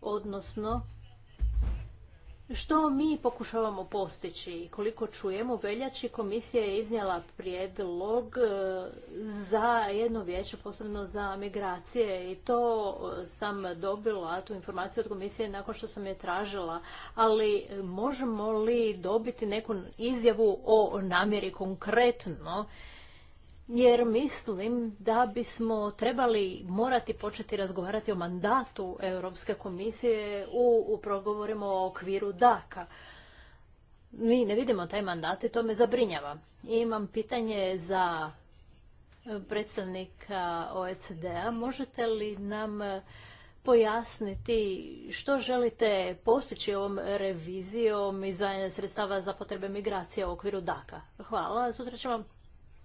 odnosno što mi pokušavamo postići? Koliko čujemo, veljači komisija je iznijela prijedlog e, za jedno vijeće, posebno za migracije i to e, sam dobila tu informaciju od komisije nakon što sam je tražila, ali e, možemo li dobiti neku izjavu o namjeri konkretno jer mislim da bismo trebali morati početi razgovarati o mandatu Europske komisije u, u progovorima o okviru DAKA. Mi ne vidimo taj mandat i to me zabrinjava. imam pitanje za predstavnika OECD-a. Možete li nam pojasniti što želite postići ovom revizijom izvajanja sredstava za potrebe migracije u okviru DAKA? Hvala. Sutra ćemo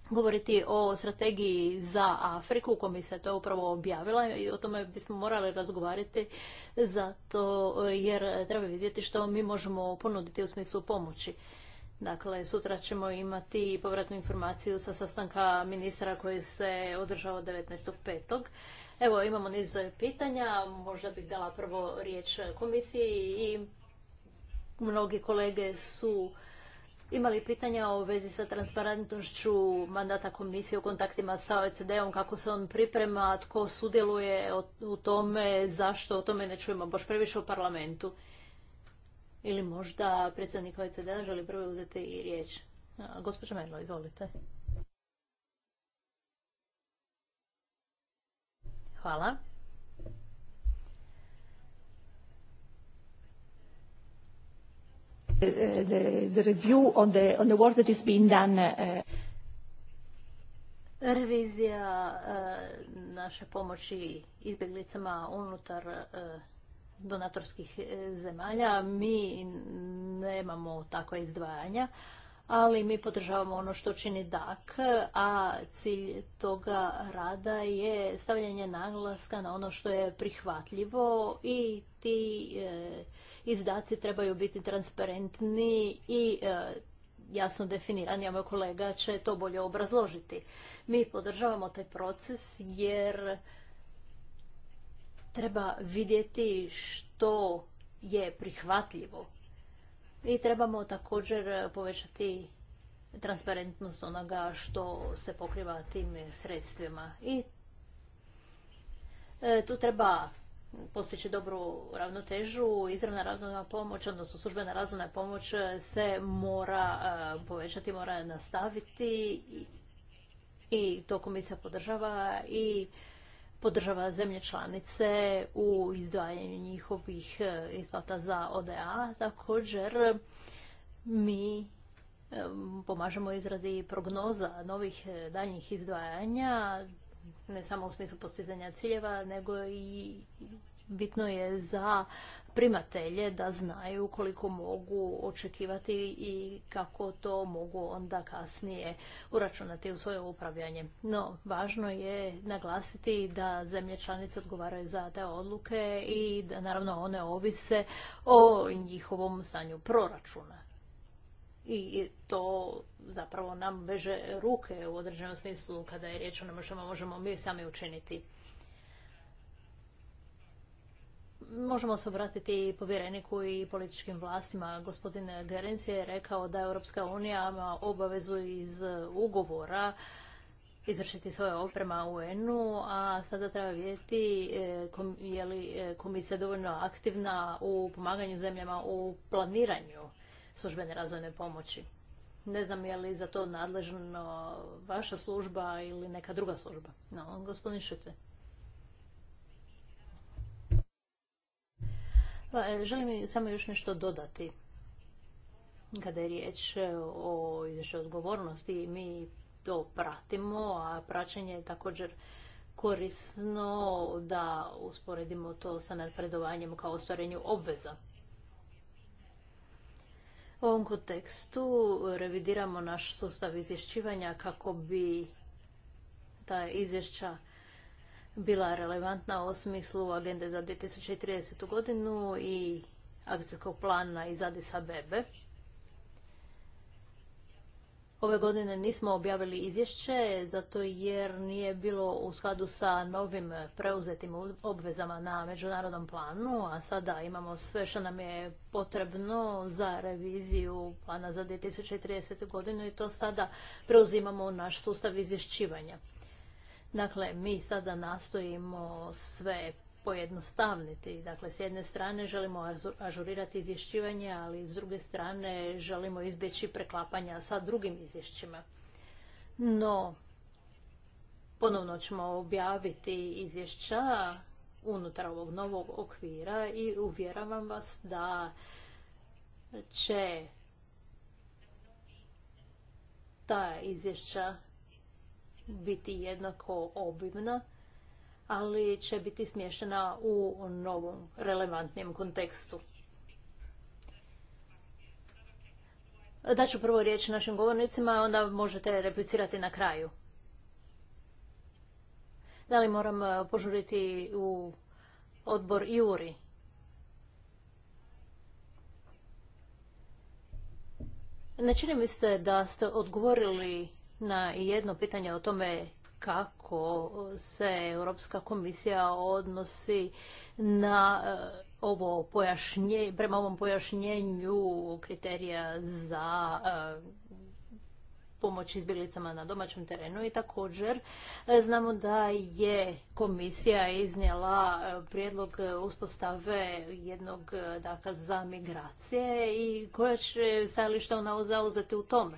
govoriti o strategiji za Afriku, komisija to upravo objavila i o tome bismo morali razgovarati zato jer treba vidjeti što mi možemo ponuditi u smislu pomoći. Dakle, sutra ćemo imati povratnu informaciju sa sastanka ministra koji se održao 19.5. Evo, imamo niz pitanja, možda bih dala prvo riječ komisiji i mnogi kolege su imali pitanja u vezi sa transparentnošću mandata komisije u kontaktima sa OECD-om, kako se on priprema, tko sudjeluje u tome, zašto o tome ne čujemo baš previše u parlamentu. Ili možda predsjednik OECD-a želi prvo uzeti i riječ. Gospođa Merlo, izvolite. Hvala. on Revizija naše pomoći izbjeglicama unutar uh, donatorskih uh, zemalja. Mi nemamo takva izdvajanja, ali mi podržavamo ono što čini DAK, a cilj toga rada je stavljanje naglaska na ono što je prihvatljivo i ti e, izdaci trebaju biti transparentni i e, jasno definirani, a moj kolega će to bolje obrazložiti. Mi podržavamo taj proces jer treba vidjeti što je prihvatljivo i trebamo također e, povećati transparentnost onoga što se pokriva tim sredstvima. I e, tu treba postići dobru ravnotežu, izravna razvojna pomoć, odnosno službena razvojna pomoć se mora e, povećati, mora nastaviti i to komisija podržava i podržava zemlje članice u izdvajanju njihovih e, isplata za ODA. Također mi e, pomažemo izradi prognoza novih e, daljnjih izdvajanja, ne samo u smislu postizanja ciljeva, nego i bitno je za primatelje da znaju koliko mogu očekivati i kako to mogu onda kasnije uračunati u svoje upravljanje. No, važno je naglasiti da zemlje članice odgovaraju za te odluke i da naravno one ovise o njihovom stanju proračuna. I to zapravo nam veže ruke u određenom smislu kada je riječ o nama što možemo mi sami učiniti. možemo se obratiti i povjereniku i političkim vlastima. Gospodin Gerenc je rekao da Europska unija ima obavezu iz ugovora izvršiti svoje oprema UN-u, a sada treba vidjeti e, je li e, komisija dovoljno aktivna u pomaganju zemljama u planiranju službene razvojne pomoći. Ne znam je li za to nadležna vaša služba ili neka druga služba. No, gospodin Šute. Pa, e, želim samo još nešto dodati. Kada je riječ e, o izvješću odgovornosti, mi to pratimo, a praćenje je također korisno da usporedimo to sa napredovanjem kao ostvarenju obveza. U ovom kontekstu revidiramo naš sustav izvješćivanja kako bi ta izvješća bila relevantna u smislu agende za 2030. godinu i akcijskog plana iz Adis Abebe. Ove godine nismo objavili izvješće zato jer nije bilo u skladu sa novim preuzetim obvezama na međunarodnom planu, a sada imamo sve što nam je potrebno za reviziju plana za 2030. godinu i to sada preuzimamo u naš sustav izvješćivanja. Dakle, mi sada nastojimo sve pojednostavniti. Dakle, s jedne strane želimo ažurirati izvješćivanje, ali s druge strane želimo izbjeći preklapanja sa drugim izvješćima. No, ponovno ćemo objaviti izvješća unutar ovog novog okvira i uvjeravam vas da će ta izvješća biti jednako obimna, ali će biti smješena u novom relevantnijem kontekstu. Daću prvo riječ našim govornicima, onda možete replicirati na kraju. Da li moram e, požuriti u odbor Juri? Ne čini mi se da ste odgovorili na jedno pitanje o tome kako se Europska komisija odnosi na e, ovo pojašnjenje prema ovom pojašnjenju kriterija za e, pomoć izbjeglicama na domaćem terenu i također e, znamo da je komisija iznijela prijedlog uspostave jednog daka za migracije i koja će stajališta ona zauzeti u tome.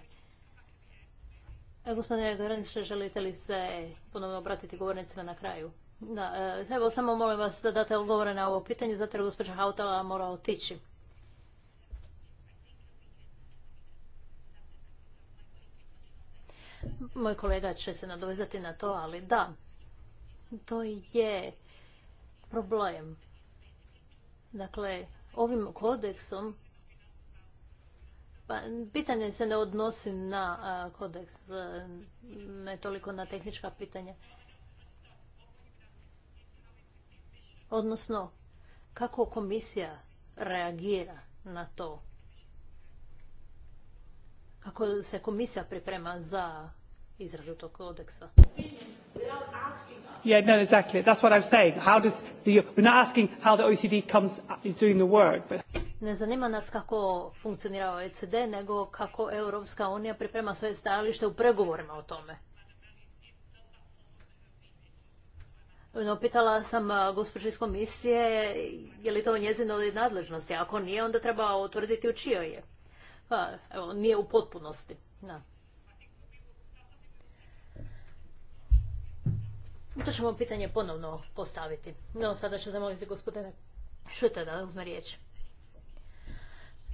E, gospodine što želite li se ponovno obratiti govornicima na kraju? Da, e, evo samo molim vas da date odgovore na ovo pitanje, zato je gospođa Hautala mora otići. Moj kolega će se nadovezati na to, ali da, to je problem. Dakle, ovim kodeksom pa, pitanje se ne odnosi na a, kodeks, e, ne toliko na tehnička pitanja. Odnosno, kako komisija reagira na to? Kako se komisija priprema za izradu tog kodeksa? Yeah, no, exactly. That's what I'm saying. How does the, we're not asking how the OECD comes, is doing the work, but... Ne zanima nas kako funkcionira OECD, nego kako Europska unija priprema svoje stajalište u pregovorima o tome. pitala sam gospođu iz komisije je li to njezino nadležnosti. Ako nije, onda treba utvrditi u čijoj je. Pa, evo, nije u potpunosti. Da. To ćemo pitanje ponovno postaviti. No, sada ću zamoliti gospodine Šuta da uzme riječ.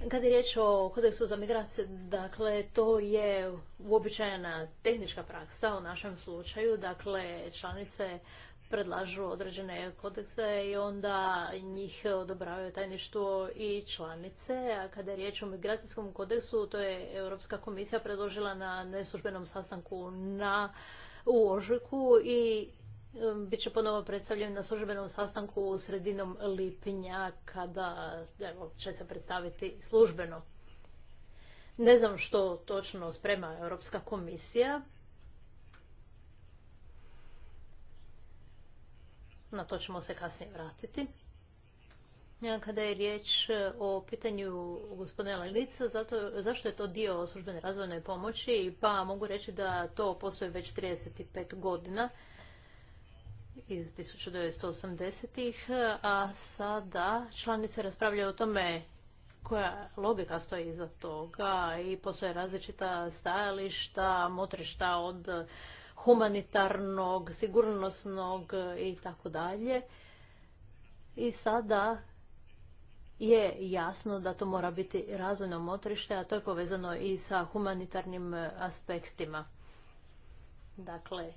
Kada je riječ o kodeksu za migracije, dakle, to je uobičajena tehnička praksa u našem slučaju. Dakle, članice predlažu određene kodekse i onda njih odobravaju tajništvo i članice. A kada je riječ o migracijskom kodeksu, to je Europska komisija predložila na neslužbenom sastanku na, u Ožujku i bit će ponovo predstavljen na službenom sastanku u sredinom lipnja kada evo, će se predstaviti službeno. Ne znam što točno sprema Europska komisija. Na to ćemo se kasnije vratiti. Kada je riječ e, o pitanju gospodina Lelica, zato, zašto je to dio službene razvojne pomoći? Pa mogu reći da to postoji već 35 godina iz 1980-ih, a sada članice raspravljaju o tome koja logika stoji iza toga i postoje različita stajališta, motrišta od humanitarnog, sigurnosnog i tako dalje. I sada je jasno da to mora biti razvojno motrište, a to je povezano i sa humanitarnim aspektima. Dakle,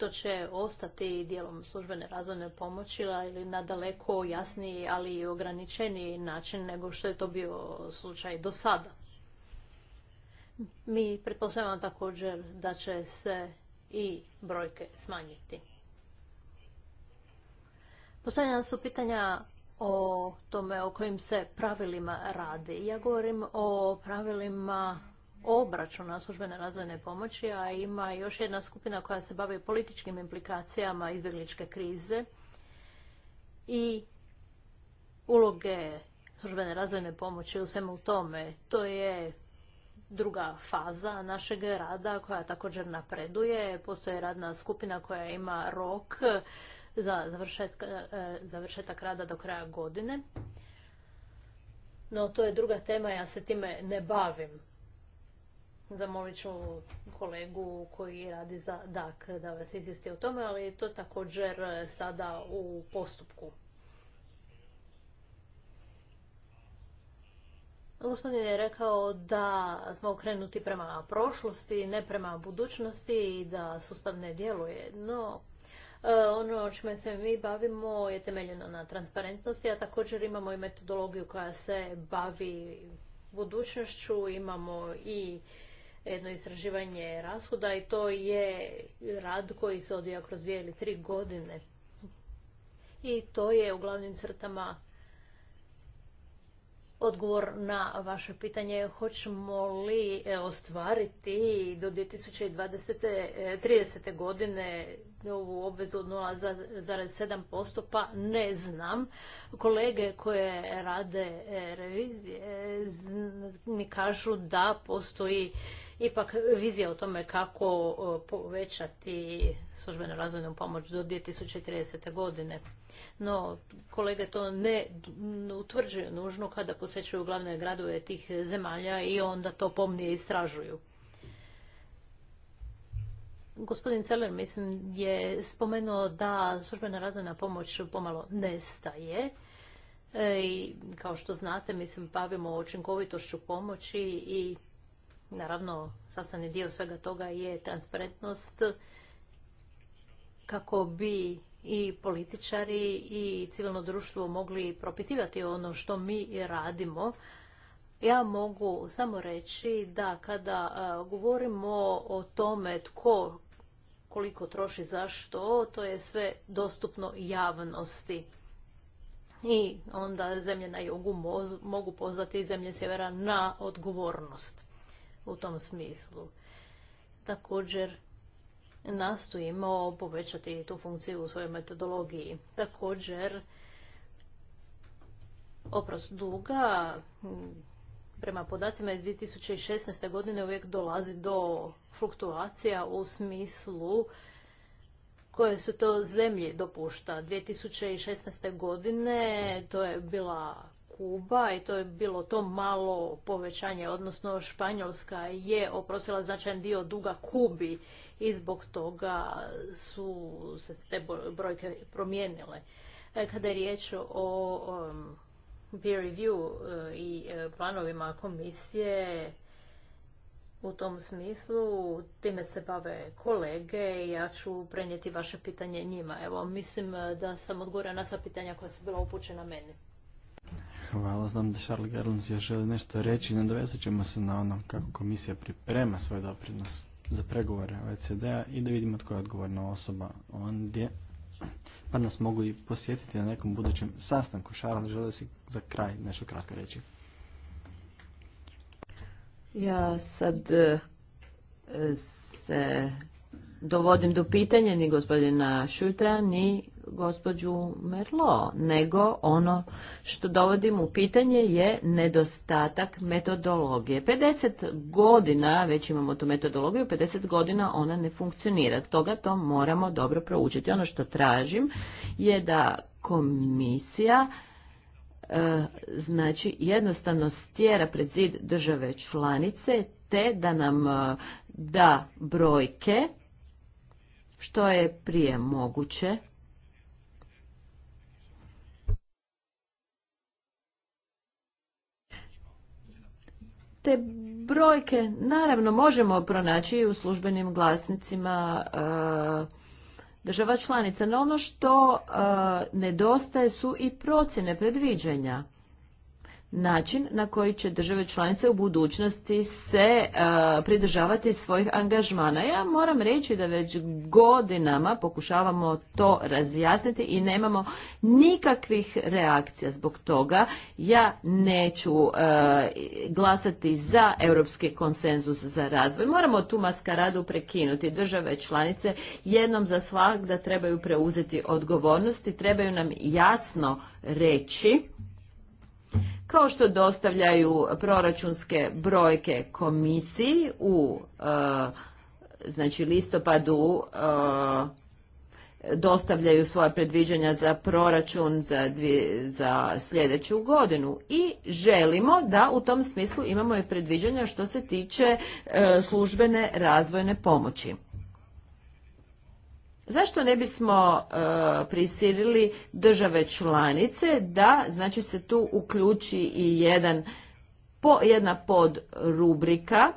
to će ostati dijelom službene razvojne pomoći ili na daleko jasniji, ali i ograničeniji način nego što je to bio slučaj do sada. Mi pretpostavljamo također da će se i brojke smanjiti. Postavljena su pitanja o tome o kojim se pravilima radi. Ja govorim o pravilima obračuna službene razvojne pomoći, a ima još jedna skupina koja se bavi političkim implikacijama izbjegličke krize i uloge službene razvojne pomoći u svemu tome. To je druga faza našeg rada koja također napreduje. Postoje radna skupina koja ima rok za završetak, e, završetak rada do kraja godine. No, to je druga tema, ja se time ne bavim. Zamolit ću kolegu koji radi za DAK da vas izvijesti o tome, ali je to također sada u postupku. Gospodin je rekao da smo okrenuti prema prošlosti, ne prema budućnosti i da sustav ne djeluje. No, e, ono čime se mi bavimo je temeljeno na transparentnosti, a također imamo i metodologiju koja se bavi budućnošću, imamo i jedno istraživanje rashoda i to je rad koji se odvija kroz dvije ili tri godine. I to je u glavnim crtama odgovor na vaše pitanje hoćemo li e, ostvariti do 2020. E, godine ovu obvezu od 0,7% pa ne znam. Kolege koje rade e, revizije mi kažu da postoji ipak vizija o tome kako povećati službenu razvojnu pomoć do 2030. godine. No, kolege to ne utvrđuju nužno kada posjećuju glavne gradove tih zemalja i onda to pomnije istražuju. Gospodin Celer, mislim, je spomenuo da službena razvojna pomoć pomalo nestaje. E, I kao što znate, mislim, bavimo učinkovitošću pomoći i Naravno, sastavni dio svega toga je transparentnost kako bi i političari i civilno društvo mogli propitivati ono što mi radimo. Ja mogu samo reći da kada govorimo o tome tko koliko troši zašto, to je sve dostupno javnosti. I onda zemlje na jugu mogu pozvati zemlje sjevera na odgovornost u tom smislu. Također nastojimo povećati tu funkciju u svojoj metodologiji. Također oprost duga prema podacima iz 2016. godine uvijek dolazi do fluktuacija u smislu koje su to zemlje dopušta. 2016. godine to je bila Kuba i to je bilo to malo povećanje, odnosno Španjolska je oprostila značajan dio duga Kubi i zbog toga su se te brojke promijenile. E, kada je riječ o um, peer review e, i e, planovima komisije, u tom smislu, time se bave kolege i ja ću prenijeti vaše pitanje njima. Evo, mislim da sam odgovorila na sva pitanja koja su bila upućena meni. Hvala, znam da Charles Gerlens još želi nešto reći i nadovezat ćemo se na ono kako komisija priprema svoj doprinos za pregovore OECD-a i da vidimo tko je odgovorna osoba ondje. Pa nas mogu i posjetiti na nekom budućem sastanku. Charles, želi si za kraj nešto kratko reći? Ja sad eh, se dovodim do pitanja ni gospodina Šutra, ni gospođu Merlo, nego ono što dovodim u pitanje je nedostatak metodologije. 50 godina, već imamo tu metodologiju, 50 godina ona ne funkcionira, stoga to moramo dobro proučiti. Ono što tražim je da komisija e, znači jednostavno stjera pred zid države članice te da nam e, da brojke što je prije moguće. Te brojke naravno možemo pronaći u službenim glasnicima e, država članica, no ono što e, nedostaje su i procjene predviđanja način na koji će države članice u budućnosti se e, pridržavati svojih angažmana. Ja moram reći da već godinama pokušavamo to razjasniti i nemamo nikakvih reakcija zbog toga. Ja neću e, glasati za europski konsenzus za razvoj. Moramo tu maskaradu prekinuti. Države članice jednom za svak da trebaju preuzeti odgovornosti, trebaju nam jasno reći kao što dostavljaju proračunske brojke komisiji u e, znači listopadu e, dostavljaju svoja predviđanja za proračun za, dvije, za sljedeću godinu i želimo da u tom smislu imamo i predviđanja što se tiče e, službene razvojne pomoći. Zašto ne bismo e, prisilili države članice da znači se tu uključi i jedan po, jedna pod rubrika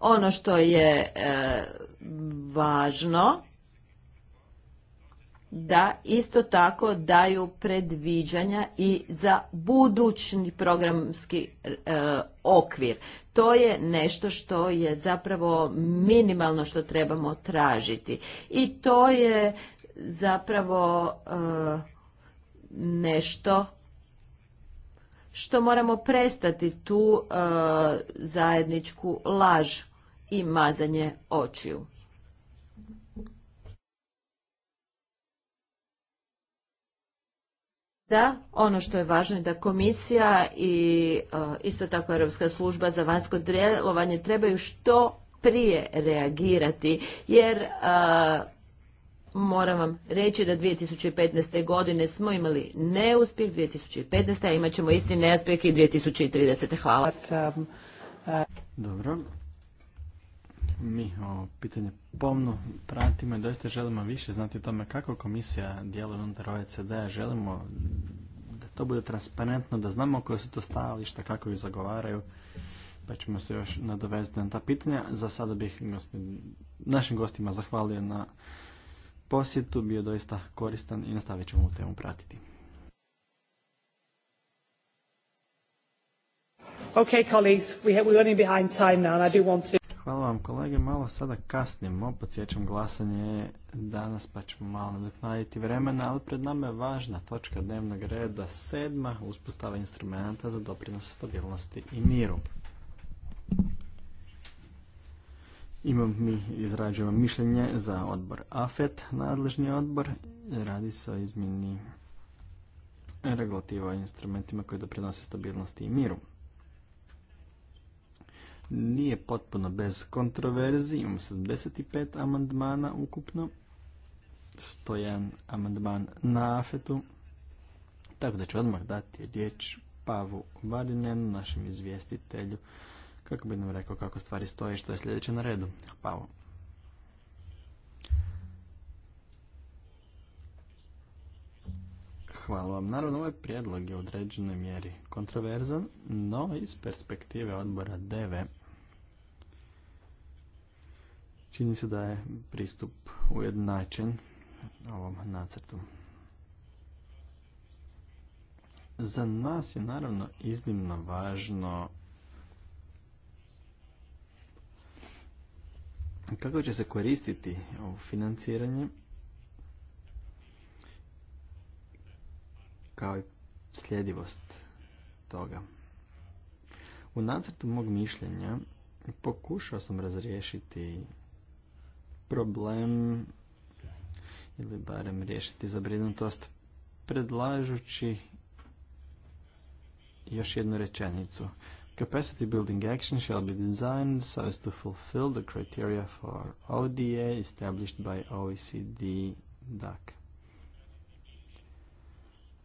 ono što je e, važno da isto tako daju predviđanja i za budućni programski e, okvir. To je nešto što je zapravo minimalno što trebamo tražiti. I to je zapravo e, nešto što moramo prestati tu e, zajedničku laž i mazanje očiju. da ono što je važno je da komisija i e, isto tako Europska služba za vanjsko djelovanje trebaju što prije reagirati jer e, moram vam reći da 2015. godine smo imali neuspjeh 2015. a imat ćemo isti neuspjeh i 2030. Hvala. Dobro mi ovo pitanje pomno pratimo i doista želimo više znati o tome kako komisija djeluje unutar oecd Želimo da to bude transparentno, da znamo koje su to stajališta, kako ih zagovaraju, pa ćemo se još nadovezati na ta pitanja. Za sada bih našim gostima zahvalio na posjetu, bio doista koristan i nastavit ćemo u temu pratiti. Okay, colleagues, we have, we're running behind time now and I do want to... Hvala vam kolege, malo sada kasnimo, podsjećam glasanje danas pa ćemo malo nadoknaditi vremena, ali pred nama je važna točka dnevnog reda sedma, uspostava instrumenta za doprinos stabilnosti i miru. Imam mi, izrađujemo mišljenje za odbor AFET, nadležni odbor, radi se o izmjeni regulativa o instrumentima koji doprinose stabilnosti i miru nije potpuno bez kontroverzi, imamo 75 amandmana ukupno, 101 amandman na afetu, tako da ću odmah dati riječ Pavu Varinenu, našem izvjestitelju, kako bi nam rekao kako stvari stoje i što je sljedeće na redu. Pavo. Hvala vam. Naravno, ovaj prijedlog je u određenoj mjeri kontroverzan, no iz perspektive odbora DV Čini se da je pristup ujednačen ovom nacrtu. Za nas je naravno iznimno važno kako će se koristiti ovo financiranje kao i sljedivost toga. U nacrtu mog mišljenja pokušao sam razriješiti problem ili barem riješiti zabrinutost predlažući još jednu rečenicu. Capacity building action shall be designed so as to fulfill the criteria for ODA established by OECD DAC.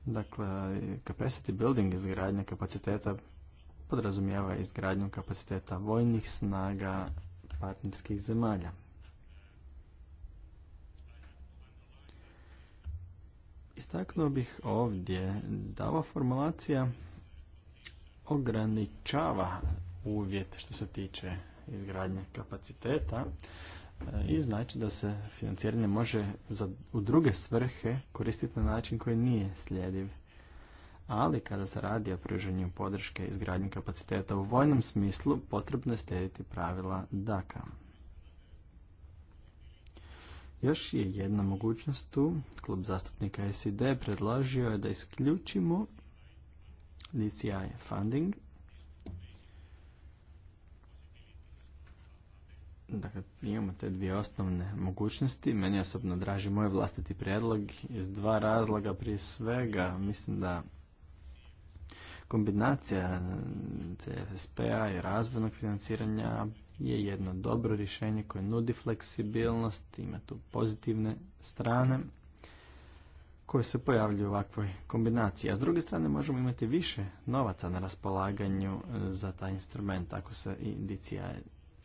Dakle, capacity building, izgradnja kapaciteta, podrazumijeva izgradnju kapaciteta vojnih snaga partnerskih zemalja. Istaknuo bih ovdje da ova formulacija ograničava uvjet što se tiče izgradnje kapaciteta e, i znači da se financiranje može za, u druge svrhe koristiti na način koji nije sljediv. Ali kada se radi o pruženju podrške izgradnje kapaciteta u vojnom smislu, potrebno je slijediti pravila DAKA. Još je jedna mogućnost tu. Klub zastupnika SID predložio je da isključimo DCI funding. Dakle, imamo te dvije osnovne mogućnosti. Meni osobno draži moj vlastiti prijedlog iz dva razloga. Prije svega, mislim da kombinacija cfsp i razvojnog financiranja je jedno dobro rješenje koje nudi fleksibilnost, ima tu pozitivne strane koje se pojavljuju u ovakvoj kombinaciji. A s druge strane možemo imati više novaca na raspolaganju e, za taj instrument ako se indicija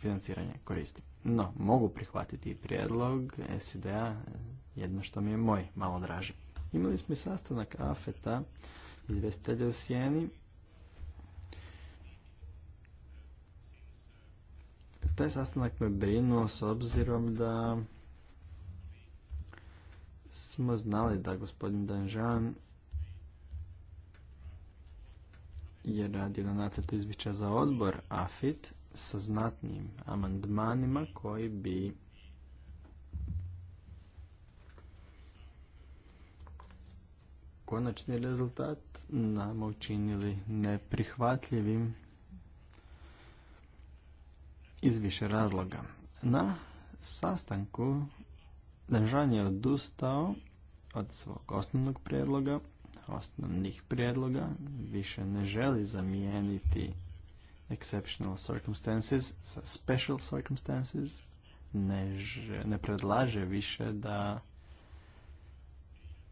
financiranja koristi. No, mogu prihvatiti i prijedlog SDA, e, jedno što mi je moj malo draži. Imali smo i sastanak AFETA, izvestitelja u Sijeni, taj sastanak me brinuo s obzirom da smo znali da gospodin Danžan je radio na nacrtu izvješća za odbor AFIT sa znatnim amandmanima koji bi konačni rezultat nama učinili neprihvatljivim iz više razloga. Na sastanku dežan je odustao od svog osnovnog prijedloga, osnovnih prijedloga, više ne želi zamijeniti exceptional circumstances sa special circumstances, ne, predlaže više da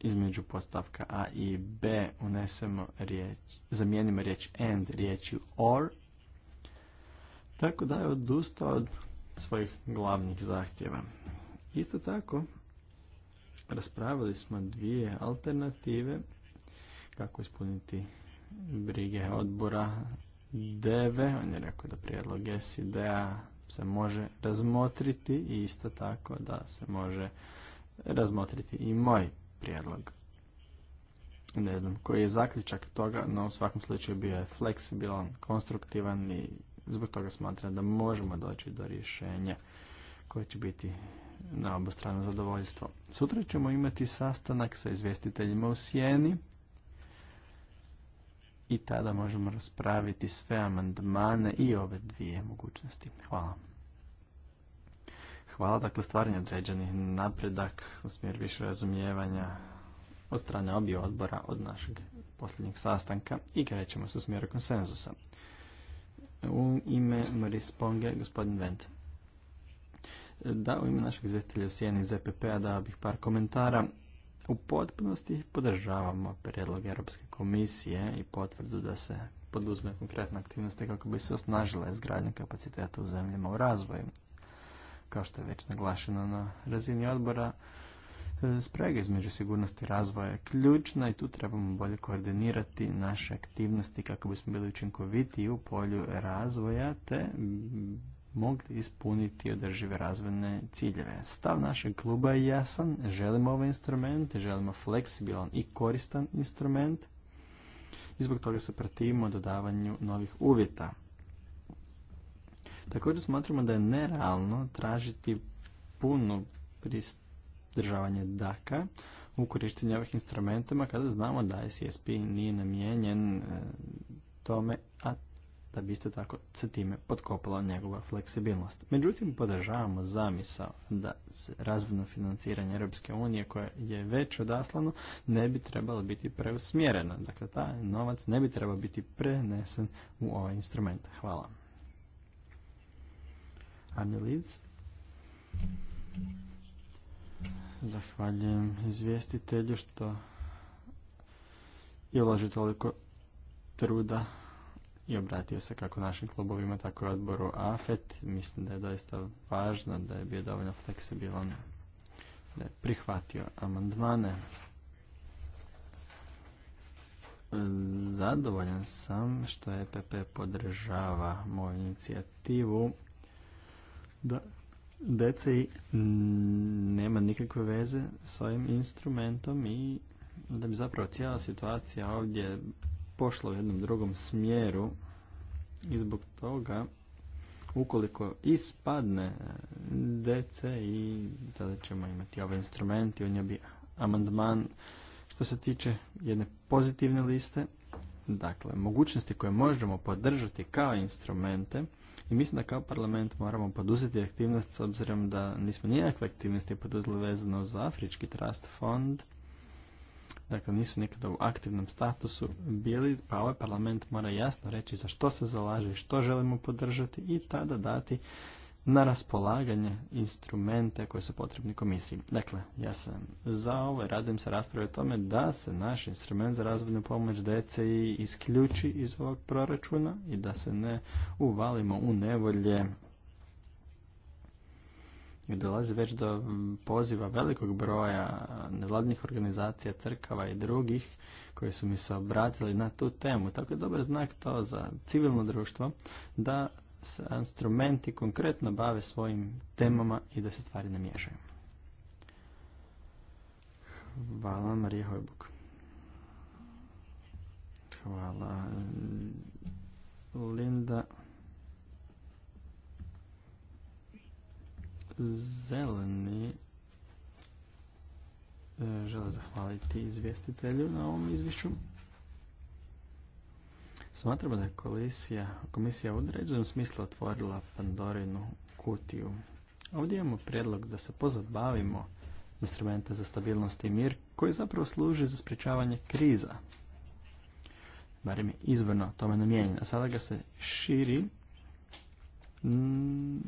između postavka A i B unesemo riječ, zamijenimo riječ and riječi or, tako da je odustao od svojih glavnih zahtjeva. Isto tako, raspravili smo dvije alternative kako ispuniti brige odbora DEVE. On je rekao da prijedlog sid se može razmotriti i isto tako da se može razmotriti i moj prijedlog. Ne znam koji je zaključak toga, no u svakom slučaju bio je fleksibilan, konstruktivan i Zbog toga smatram da možemo doći do rješenja koje će biti na obostrano zadovoljstvo. Sutra ćemo imati sastanak sa izvjestiteljima u Sjeni i tada možemo raspraviti sve amandmane i ove dvije mogućnosti. Hvala. Hvala, dakle, stvaranje određeni napredak u smjer više razumijevanja od strane obje odbora od našeg posljednjeg sastanka i krećemo se u smjeru konsenzusa. U ime Maris Ponge, gospodin Vent. Da, u ime našeg izvjetelja Sijeni ZPP-a e da bih par komentara. U potpunosti podržavamo predlog Europske komisije i potvrdu da se poduzme konkretne aktivnosti kako bi se osnažila izgradnja kapaciteta u zemljama u razvoju. Kao što je već naglašeno na razini odbora, sprega između sigurnosti i razvoja je ključna i tu trebamo bolje koordinirati naše aktivnosti kako bismo bili učinkoviti u polju razvoja te mogli ispuniti održive razvojne ciljeve. Stav našeg kluba je jasan, želimo ovaj instrument, želimo fleksibilan i koristan instrument i zbog toga se protivimo dodavanju novih uvjeta. Također smatramo da je nerealno tražiti punu pristup državanje daka u korištenju ovih instrumentima kada znamo da ICSP nije namijenjen e, tome, a da bi isto tako se time potkopala njegova fleksibilnost. Međutim, podržavamo zamisao da razvojno financiranje Europske unije koje je već odaslano ne bi trebalo biti preusmjereno. Dakle, taj novac ne bi trebao biti prenesen u ovaj instrument. Hvala. Annelies? Zahvaljujem izvjestitelju što je uložio toliko truda i obratio se kako našim klubovima, tako i odboru AFET. Mislim da je doista važno da je bio dovoljno fleksibilan, da je prihvatio amandmane. Zadovoljan sam što EPP podržava moju inicijativu da DCI nema nikakve veze s ovim instrumentom i da bi zapravo cijela situacija ovdje pošla u jednom drugom smjeru i zbog toga ukoliko ispadne DC i tada ćemo imati ove ovaj instrumenti, i on bi amandman što se tiče jedne pozitivne liste dakle mogućnosti koje možemo podržati kao instrumente i mislim da kao parlament moramo poduzeti aktivnost s obzirom da nismo nijakve aktivnosti poduzeli vezano za Afrički Trust Fond. Dakle, nisu nikada u aktivnom statusu bili, pa ovaj parlament mora jasno reći za što se zalaže i što želimo podržati i tada dati na raspolaganje instrumente koje su potrebni komisiji. Dakle, ja sam za ovo i radim se rasprave o tome da se naš instrument za razvojnu pomoć i isključi iz ovog proračuna i da se ne uvalimo u nevolje i dolazi već do poziva velikog broja nevladnih organizacija, crkava i drugih koji su mi se obratili na tu temu. Tako je dobar znak to za civilno društvo da se instrumenti konkretno bave svojim temama i da se stvari namješaju. Hvala Marija Hojbuk. Hvala Linda. Zeleni e, žele zahvaliti izvjestitelju na ovom izvješću. Smatramo da je komisija, komisija u određenom smislu otvorila Pandorinu kutiju. Ovdje imamo prijedlog da se pozabavimo instrumenta za stabilnost i mir koji zapravo služi za sprječavanje kriza. Barem je izvorno tome namijenjen. A sada ga se širi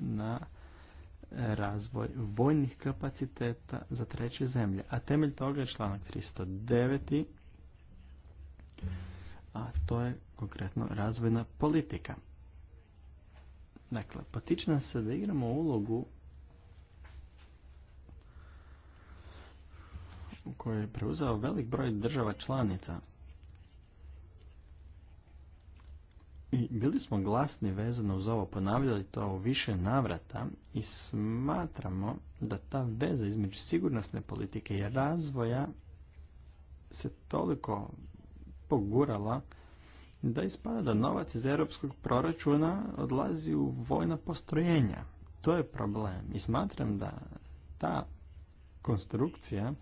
na razvoj vojnih kapaciteta za treće zemlje. A temelj toga je članak 309 a to je konkretno razvojna politika. Dakle, potiče nas se da igramo ulogu koju je preuzeo velik broj država članica. I bili smo glasni vezano uz ovo, ponavljali to u više navrata i smatramo da ta veza između sigurnosne politike i razvoja se toliko pogurala da ispada da novac iz europskog proračuna odlazi u vojna postrojenja. To je problem i smatram da ta konstrukcija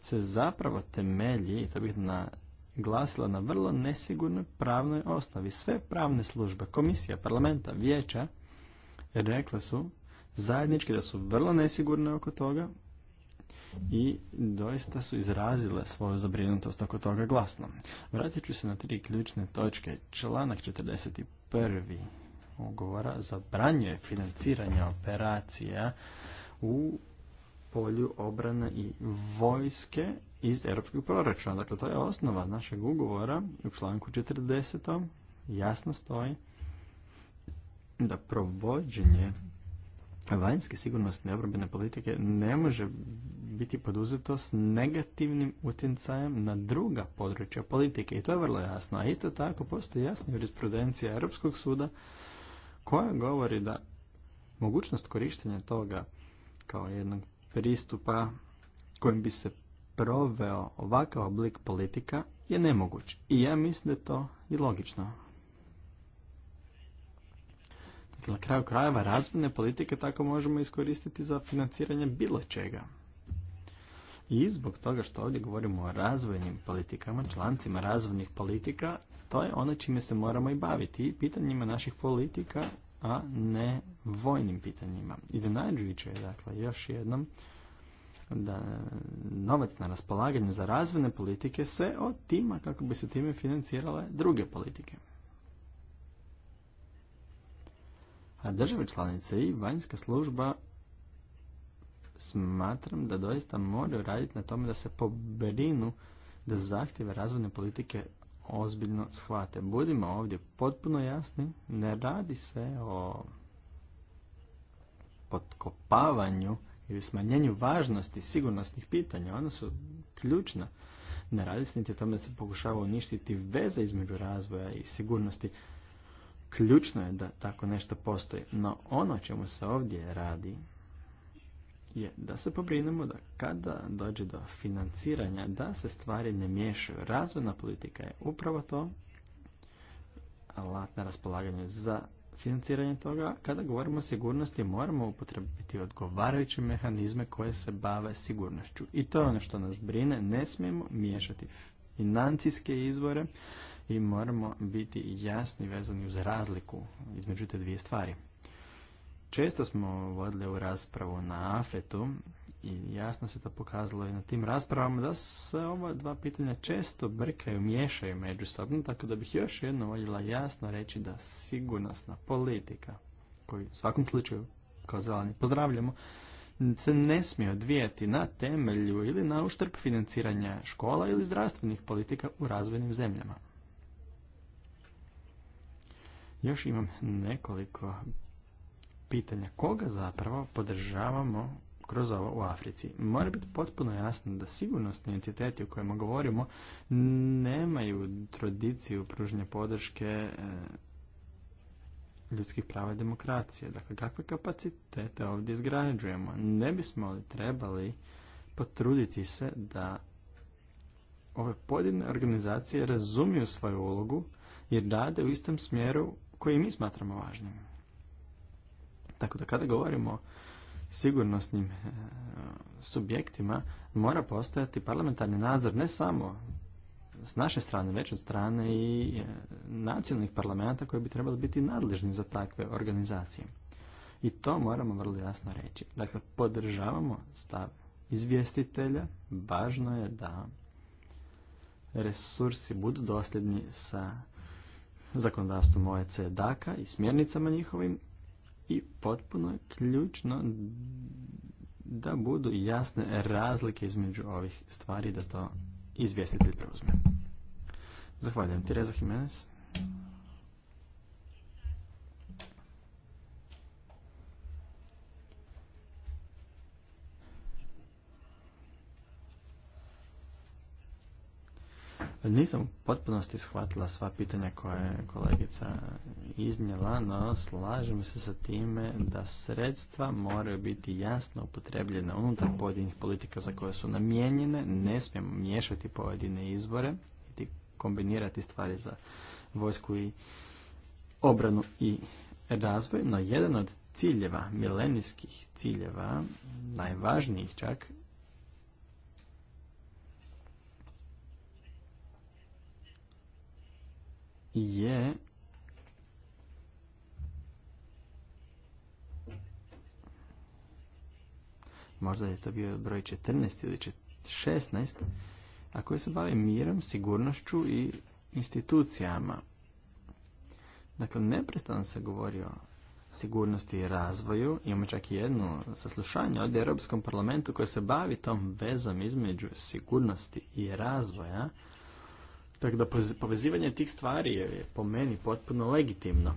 se zapravo temelji, to bih na glasila na vrlo nesigurnoj pravnoj osnovi. Sve pravne službe, komisija, parlamenta, vijeća rekla su zajednički da su vrlo nesigurne oko toga i doista su izrazile svoju zabrinutost oko toga glasno. Vratit ću se na tri ključne točke. Članak 41. ugovora zabranjuje financiranje operacija u polju obrane i vojske iz europskog proračuna. Dakle, to je osnova našeg ugovora u članku 40. jasno stoji da provođenje vanjske sigurnosne obrambene politike ne može biti poduzeto s negativnim utjecajem na druga područja politike. I to je vrlo jasno. A isto tako postoji jasna jurisprudencija Europskog suda koja govori da mogućnost korištenja toga kao jednog pristupa kojim bi se proveo ovakav oblik politika je nemoguć. I ja mislim da je to i logično. Dakle, na kraju krajeva razvojne politike tako možemo iskoristiti za financiranje bilo čega. I zbog toga što ovdje govorimo o razvojnim politikama, člancima razvojnih politika, to je ono čime se moramo i baviti, pitanjima naših politika, a ne vojnim pitanjima. Iznenađujuće je, dakle, još jednom, da novac na raspolaganju za razvojne politike se otima kako bi se time financirale druge politike. A države članice i vanjska služba smatram da doista moraju raditi na tome da se pobrinu da zahtjeve razvojne politike ozbiljno shvate. Budimo ovdje potpuno jasni, ne radi se o potkopavanju ili smanjenju važnosti sigurnosnih pitanja. Ona su ključna. Ne radi se niti o tome da se pokušava uništiti veze između razvoja i sigurnosti. Ključno je da tako nešto postoji. No ono čemu se ovdje radi je da se pobrinemo da kada dođe do financiranja, da se stvari ne miješaju. Razvojna politika je upravo to, alat na raspolaganju za financiranje toga. Kada govorimo o sigurnosti, moramo upotrebiti odgovarajuće mehanizme koje se bave sigurnošću. I to je ono što nas brine. Ne smijemo miješati financijske izvore i moramo biti jasni vezani uz razliku između te dvije stvari. Često smo vodili u raspravu na afetu i jasno se to pokazalo i na tim raspravama da se ova dva pitanja često brkaju, miješaju međusobno, tako da bih još jedno voljela jasno reći da sigurnosna politika, koju u svakom slučaju kao zeleni pozdravljamo, se ne smije odvijati na temelju ili na uštrb financiranja škola ili zdravstvenih politika u razvojnim zemljama. Još imam nekoliko pitanja koga zapravo podržavamo kroz ovo u Africi. Mora biti potpuno jasno da sigurnosni entiteti o kojima govorimo nemaju tradiciju pružnje podrške e, ljudskih prava i demokracije. Dakle, kakve kapacitete ovdje izgrađujemo? Ne bismo li trebali potruditi se da ove pojedine organizacije razumiju svoju ulogu jer rade u istom smjeru koji mi smatramo važnim. Tako da kada govorimo o sigurnosnim e, subjektima, mora postojati parlamentarni nadzor ne samo s naše strane, već od strane i e, nacionalnih parlamenta koji bi trebali biti nadležni za takve organizacije. I to moramo vrlo jasno reći. Dakle, podržavamo stav izvjestitelja. Važno je da resursi budu dosljedni sa zakonodavstvom OECD-a i smjernicama njihovim, i potpuno je ključno da budu jasne razlike između ovih stvari da to izvjestitelj preuzme. Zahvaljujem. Tereza Jimenez. Nisam u potpunosti shvatila sva pitanja koja je kolegica iznijela, no slažem se sa time da sredstva moraju biti jasno upotrebljena unutar pojedinih politika za koje su namijenjene, ne smijemo miješati pojedine izvore i kombinirati stvari za vojsku i obranu i razvoj, no jedan od ciljeva, milenijskih ciljeva, najvažnijih čak, je možda je to bio broj 14 ili 16, a koji se bavi mirom, sigurnošću i institucijama. Dakle, neprestano se govori o sigurnosti i razvoju. Imamo čak i jedno saslušanje ovdje u Europskom parlamentu koje se bavi tom vezom između sigurnosti i razvoja. Tako da povezivanje tih stvari je po meni potpuno legitimno.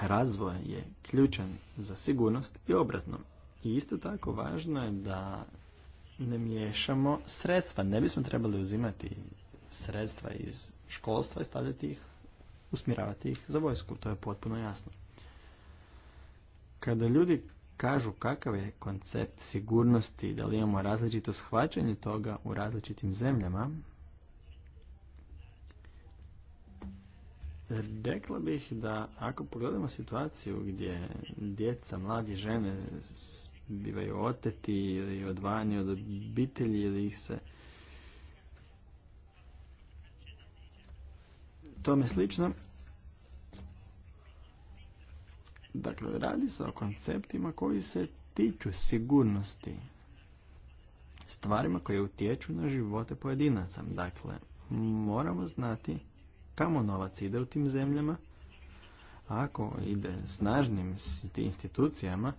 Razvoj je ključan za sigurnost i obratno. I isto tako važno je da ne miješamo sredstva. Ne bismo trebali uzimati sredstva iz školstva i stavljati ih, usmjeravati ih za vojsku. To je potpuno jasno. Kada ljudi kažu kakav je koncept sigurnosti, da li imamo različito shvaćanje toga u različitim zemljama, Rekla bih da ako pogledamo situaciju gdje djeca, mladi žene bivaju oteti ili odvajani od obitelji ili ih se tome slično. Dakle, radi se o konceptima koji se tiču sigurnosti. Stvarima koje utječu na živote pojedinaca. Dakle, moramo znati kamo novac ide u tim zemljama, ako ide snažnim institucijama,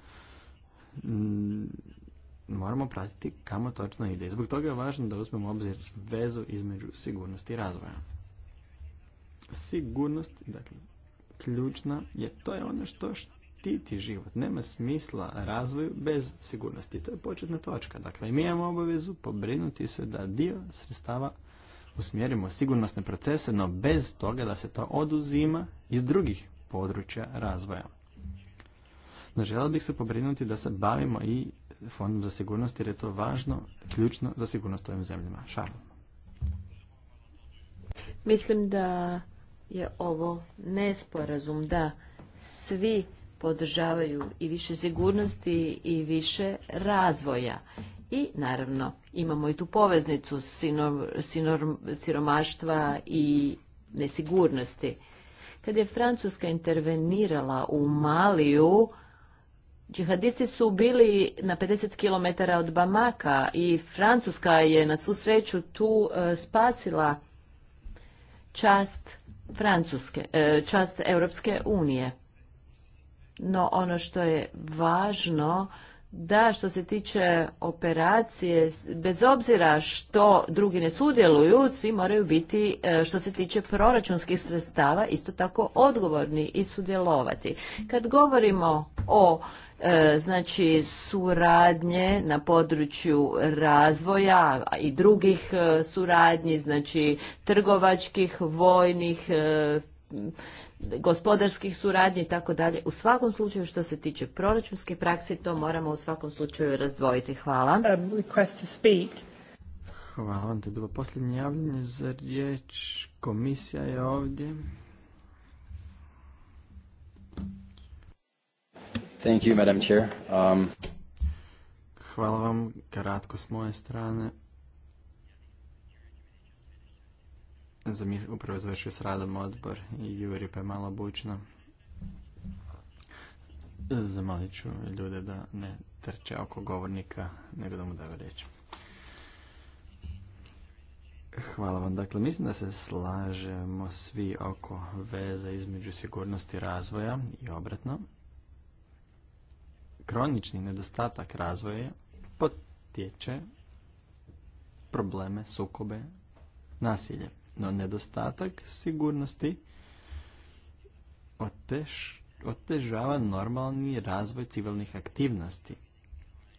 moramo pratiti kamo točno ide. Zbog toga je važno da uzmemo obzir vezu između sigurnosti i razvoja. Sigurnost, dakle, ključna je, to je ono što štiti život. Nema smisla razvoju bez sigurnosti. To je početna točka. Dakle, mi imamo obavezu pobrinuti se da dio sredstava usmjerimo sigurnosne procese, no bez toga da se to oduzima iz drugih područja razvoja. No želio bih se pobrinuti da se bavimo i fondom za sigurnost jer je to važno, ključno za sigurnost ovim zemljama. Mislim da je ovo nesporazum da svi podržavaju i više sigurnosti i više razvoja i naravno imamo i tu poveznicu siromaštva i nesigurnosti. Kad je Francuska intervenirala u Maliju, Džihadisti su bili na 50 km od Bamaka i Francuska je na svu sreću tu e, spasila čast Francuske, e, čast Europske unije. No ono što je važno da što se tiče operacije, bez obzira što drugi ne sudjeluju, svi moraju biti e, što se tiče proračunskih sredstava isto tako odgovorni i sudjelovati. Kad govorimo o e, znači suradnje na području razvoja i drugih e, suradnji, znači trgovačkih, vojnih, gospodarskih suradnje i tako dalje. U svakom slučaju što se tiče proračunske prakse, to moramo u svakom slučaju razdvojiti. Hvala. Um, Hvala, to je bilo posljednje javljanje za riječ. Komisija je ovdje. Thank you, Madam Chair. Um... Hvala vam, kratko s moje strane. mi upravo završio s radom odbor i Juri pa je malo bučno. Zamolit ću ljude da ne trče oko govornika, nego da mu daju riječ. Hvala vam. Dakle, mislim da se slažemo svi oko veze između sigurnosti razvoja i obratno. Kronični nedostatak razvoja potječe probleme, sukobe, nasilje. No nedostatak sigurnosti otežava normalni razvoj civilnih aktivnosti.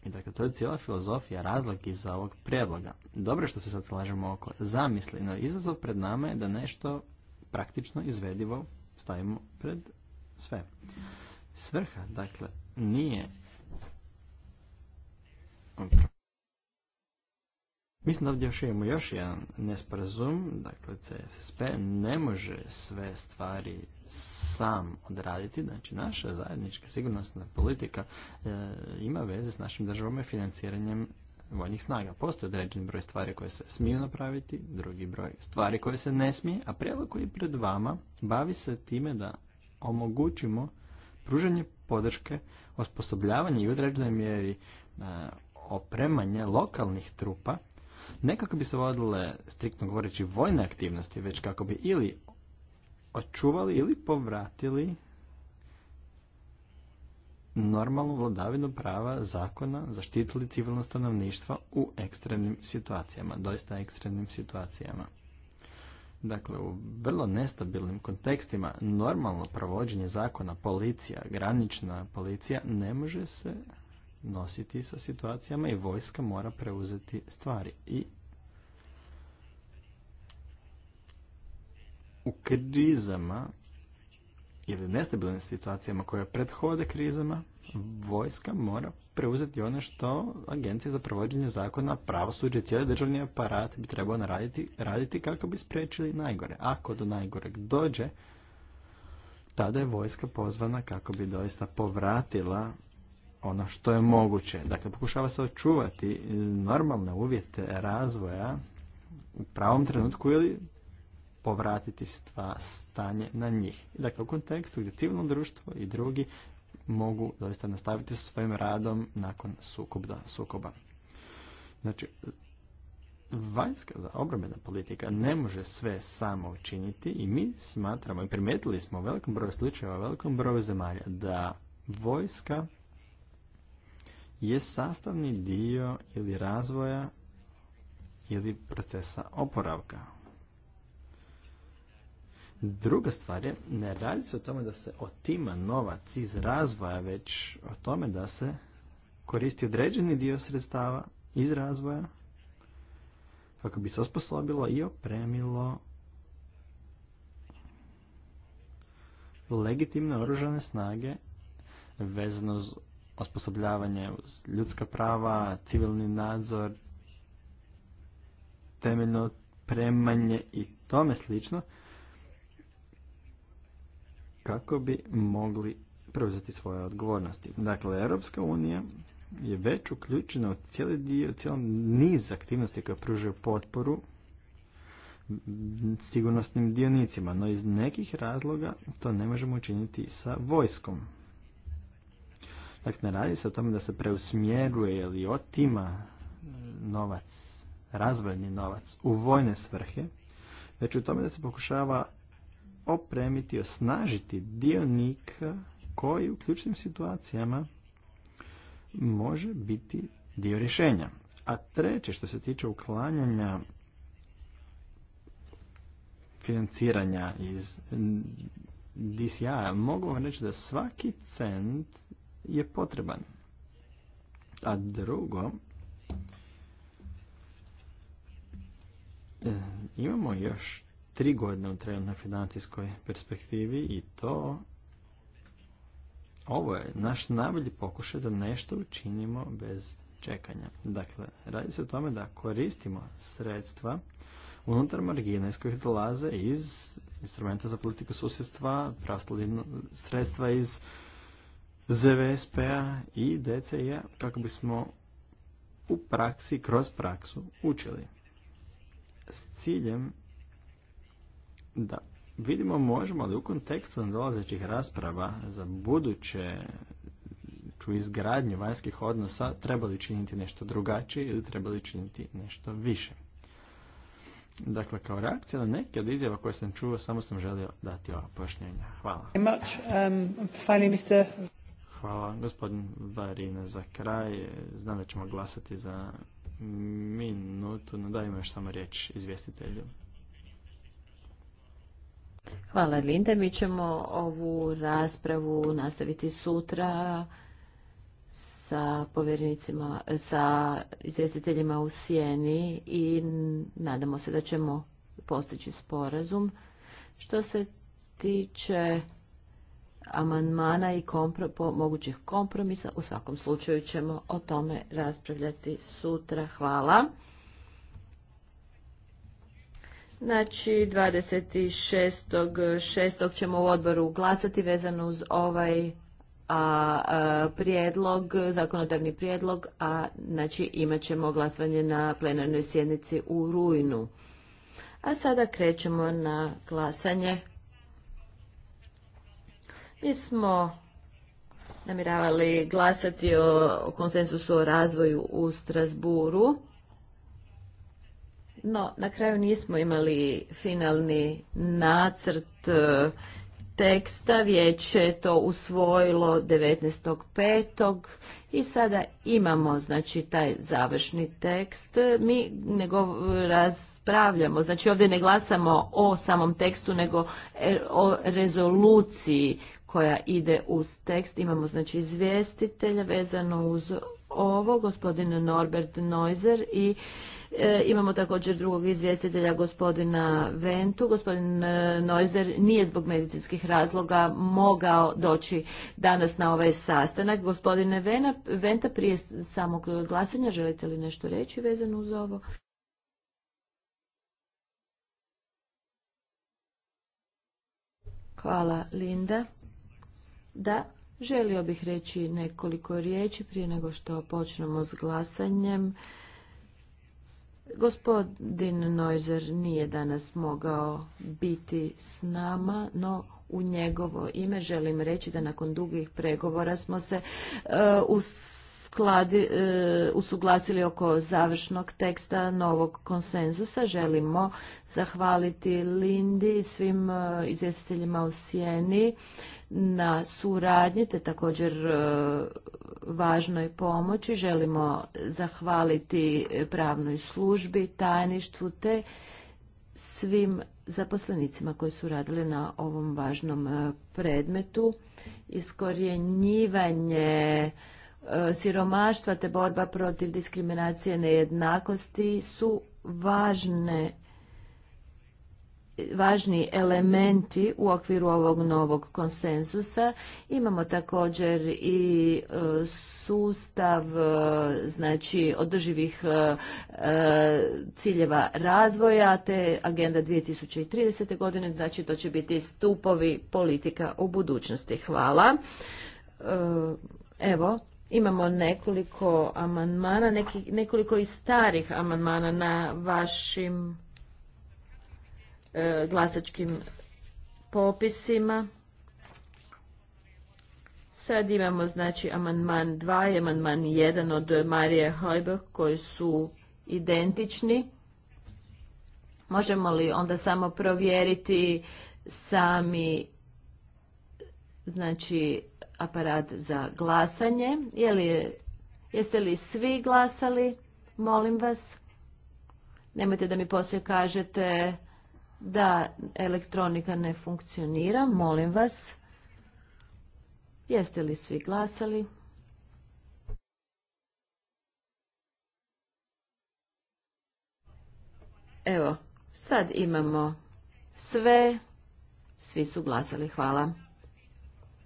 I dakle, to je cijela filozofija razlog iza ovog predloga. Dobro što se sad slažemo oko zamisli, no izazov pred nama je da nešto praktično izvedivo stavimo pred sve. Svrha, dakle, nije Mislim da ovdje još imamo još jedan nesporazum, dakle CFSP ne može sve stvari sam odraditi, znači naša zajednička sigurnosna politika e, ima veze s našim državom i financiranjem vojnih snaga. Postoji određeni broj stvari koje se smiju napraviti, drugi broj stvari koje se ne smije, a prijelog koji je pred vama bavi se time da omogućimo pružanje podrške, osposobljavanje i u određenoj mjeri e, opremanje lokalnih trupa ne kako bi se vodile, striktno govoreći, vojne aktivnosti, već kako bi ili očuvali ili povratili normalnu vladavinu prava zakona zaštitili civilno stanovništva u ekstremnim situacijama, doista ekstremnim situacijama. Dakle, u vrlo nestabilnim kontekstima normalno provođenje zakona policija, granična policija ne može se nositi sa situacijama i vojska mora preuzeti stvari. I u krizama ili nestabilnim situacijama koje prethode krizama, vojska mora preuzeti ono što Agencija za provođenje zakona, pravosuđe, cijeli državni aparat bi trebao naraditi, raditi kako bi spriječili najgore. Ako do najgoreg dođe, tada je vojska pozvana kako bi doista povratila ono što je moguće. Dakle, pokušava se očuvati e, normalne uvjete razvoja u pravom trenutku ili povratiti stva stanje na njih. Dakle, u kontekstu gdje civilno društvo i drugi mogu doista nastaviti sa svojim radom nakon sukoba. sukoba. Znači, vanjska za obrambena politika ne može sve samo učiniti i mi smatramo i primijetili smo u velikom broju slučajeva, u velikom broju zemalja da vojska je sastavni dio ili razvoja ili procesa oporavka. Druga stvar je, ne radi se o tome da se otima novac iz razvoja, već o tome da se koristi određeni dio sredstava iz razvoja kako bi se osposobilo i opremilo legitimne oružane snage vezano s osposobljavanje ljudska prava, civilni nadzor, temeljno premanje i tome slično, kako bi mogli preuzeti svoje odgovornosti. Dakle, Europska unija je već uključena u cijeli dio, cijeli niz aktivnosti koje pružaju potporu sigurnosnim dionicima, no iz nekih razloga to ne možemo učiniti sa vojskom. Dakle, ne radi se o tome da se preusmjeruje ili otima novac, razvojni novac u vojne svrhe, već u tome da se pokušava opremiti, osnažiti dionika koji u ključnim situacijama može biti dio rješenja. A treće, što se tiče uklanjanja financiranja iz DCI-a, mogu vam reći da svaki cent je potreban. A drugo, e, imamo još tri godine u trenutnoj financijskoj perspektivi i to ovo je naš najbolji pokušaj da nešto učinimo bez čekanja. Dakle, radi se o tome da koristimo sredstva unutar margina iz kojih dolaze iz instrumenta za politiku susjedstva, sredstva iz ZVSP-a i DCI-a kako bismo u praksi, kroz praksu učili. S ciljem da vidimo možemo li u kontekstu nadolazećih rasprava za buduće u izgradnju vanjskih odnosa trebali činiti nešto drugačije ili trebali činiti nešto više. Dakle, kao reakcija na neke od izjava koje sam čuo, samo sam želio dati ova pojašnjenja. Hvala. Hvala. Gospodin Varina za kraj. Znam da ćemo glasati za minutu, no dajmo još samo riječ izvjestitelju. Hvala Linda, mi ćemo ovu raspravu nastaviti sutra sa povjernicima, sa izvjestiteljima u Sjeni i nadamo se da ćemo postići sporazum. Što se tiče amandmana i mogućih kompromisa. U svakom slučaju ćemo o tome raspravljati sutra. Hvala. Znači, 26.6. ćemo u odboru glasati vezano uz ovaj a, prijedlog, zakonodavni prijedlog, a znači imat ćemo glasovanje na plenarnoj sjednici u rujnu. A sada krećemo na glasanje mi smo namiravali glasati o konsensusu o razvoju u Strasburu, no na kraju nismo imali finalni nacrt e, teksta. Vijeće je to usvojilo 19.5. i sada imamo znači taj završni tekst. Mi nego raspravljamo, znači ovdje ne glasamo o samom tekstu nego e, o rezoluciji koja ide uz tekst. Imamo znači izvjestitelja vezano uz ovo, gospodin Norbert Neuser i e, imamo također drugog izvjestitelja gospodina Ventu. Gospodin e, Neuser nije zbog medicinskih razloga mogao doći danas na ovaj sastanak. Gospodine Vena, Venta, prije samog glasanja želite li nešto reći vezano uz ovo? Hvala Linda. Da, želio bih reći nekoliko riječi prije nego što počnemo s glasanjem. Gospodin Nojzer nije danas mogao biti s nama, no u njegovo ime želim reći da nakon dugih pregovora smo se uh, E, usuglasili oko završnog teksta novog konsenzusa. Želimo zahvaliti Lindi i svim e, izvjestiteljima u Sjeni na suradnji te također e, važnoj pomoći. Želimo zahvaliti pravnoj službi, tajništvu te svim zaposlenicima koji su radili na ovom važnom predmetu. Iskorjenjivanje E, siromaštva te borba protiv diskriminacije nejednakosti su važne važni elementi u okviru ovog novog konsenzusa. Imamo također i e, sustav e, znači održivih ciljeva razvoja te agenda 2030. godine, znači to će biti stupovi politika u budućnosti. Hvala. Evo, Imamo nekoliko amandmana, nekoliko i starih amandmana na vašim e, glasačkim popisima. Sad imamo znači amandman 2 i amandman 1 od Marije Hojbog koji su identični. Možemo li onda samo provjeriti sami znači aparat za glasanje. jeste li svi glasali? Molim vas. Nemojte da mi poslije kažete da elektronika ne funkcionira. Molim vas. Jeste li svi glasali? Evo, sad imamo sve. Svi su glasali. Hvala.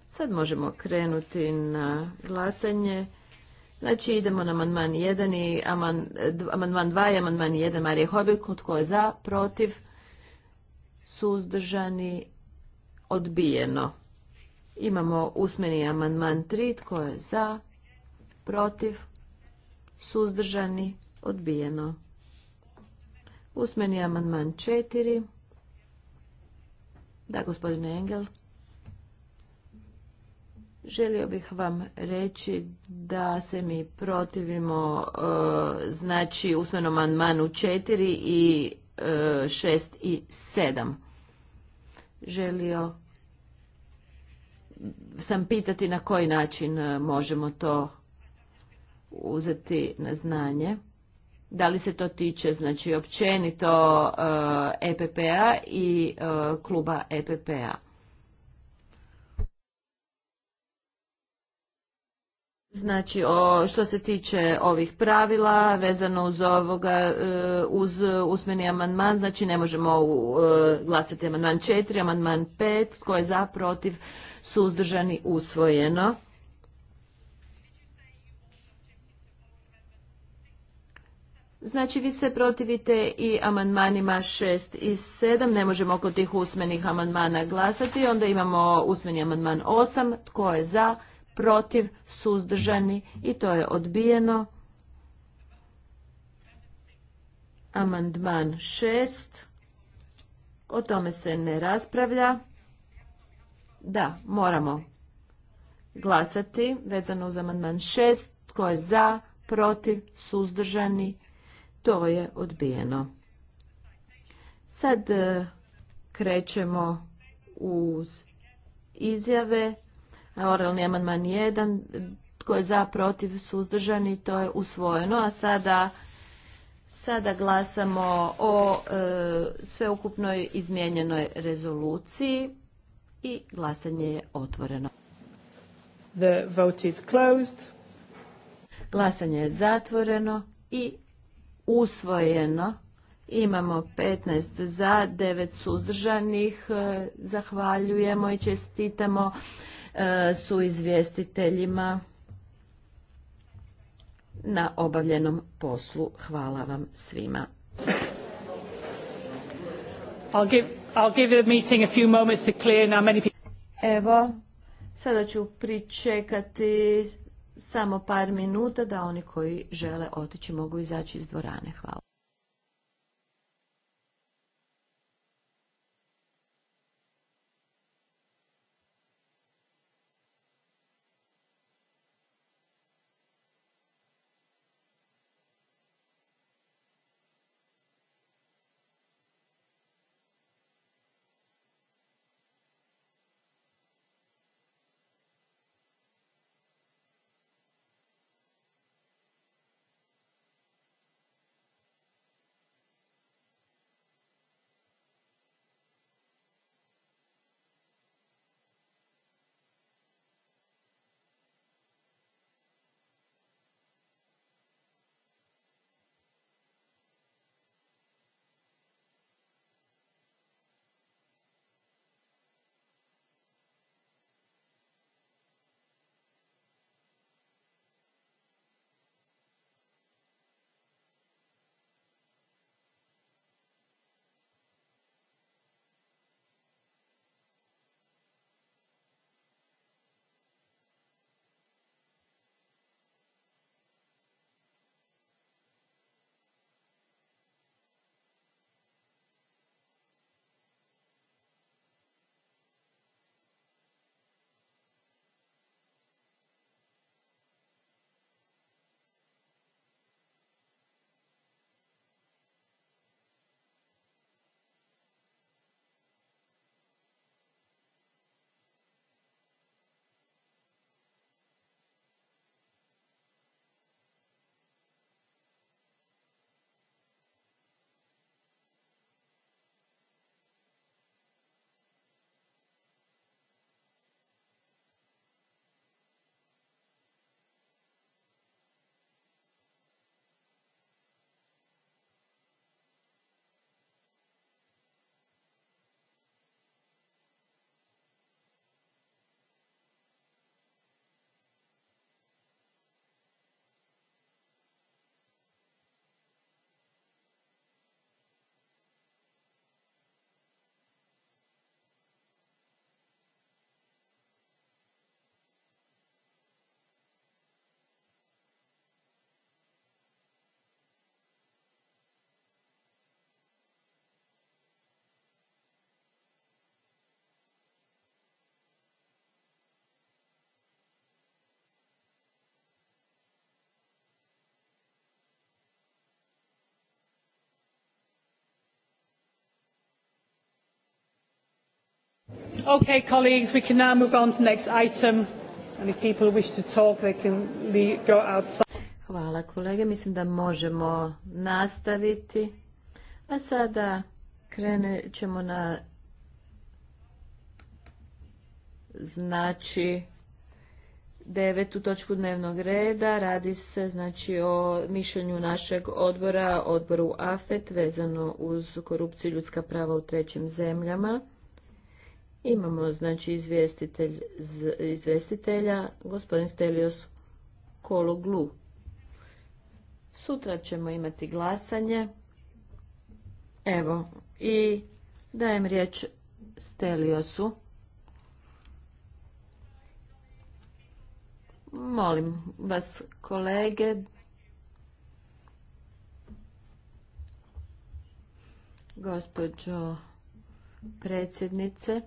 Sad možemo krenuti na glasanje. Znači idemo na amandman 1 i amandman 2 i amandman 1 Marije Hobik, tko je za, protiv, suzdržani, odbijeno. Imamo usmeni amandman 3, tko je za, protiv, suzdržani, odbijeno. Usmeni amandman 4. Da, gospodine Engel. Želio bih vam reći da se mi protivimo e, znači usmenom amandmanu 4 i 6 e, i 7. Želio sam pitati na koji način e, možemo to uzeti na znanje. Da li se to tiče znači općenito EPP-a i kluba EPP-a? Znači, o, što se tiče ovih pravila, vezano uz ovoga, e, uz usmeni amandman, znači ne možemo e, glasati amandman 4, amandman 5, tko je za, protiv, suzdržani, usvojeno. Znači, vi se protivite i amandmanima 6 i 7, ne možemo oko tih usmenih amandmana glasati, onda imamo usmeni amandman 8, tko je za, protiv, suzdržani i to je odbijeno. Amandman 6. O tome se ne raspravlja. Da, moramo glasati vezano uz amandman 6. Tko je za, protiv, suzdržani? To je odbijeno. Sad eh, krećemo uz izjave Oralni amandman 1. Tko je za, protiv, suzdržani, to je usvojeno. A sada, sada glasamo o e, sveukupnoj izmijenjenoj rezoluciji i glasanje je otvoreno. Glasanje je zatvoreno i usvojeno. Imamo 15 za, 9 suzdržanih. E, zahvaljujemo i čestitamo E, su izvjestiteljima na obavljenom poslu. Hvala vam svima. Evo, sada ću pričekati samo par minuta da oni koji žele otići mogu izaći iz dvorane. Hvala. Okay, colleagues, we can now move on to next item. And if people wish to talk, they can go outside. Hvala kolege, mislim da možemo nastaviti. A sada krenut ćemo na znači devetu točku dnevnog reda. Radi se znači o mišljenju našeg odbora, odboru AFET, vezano uz korupciju i ljudska prava u trećim zemljama. Imamo znači izvjestitelj, izvjestitelja, gospodin Stelios Kologlu. Sutra ćemo imati glasanje. Evo, i dajem riječ Steliosu. Molim vas, kolege, gospođo predsjednice,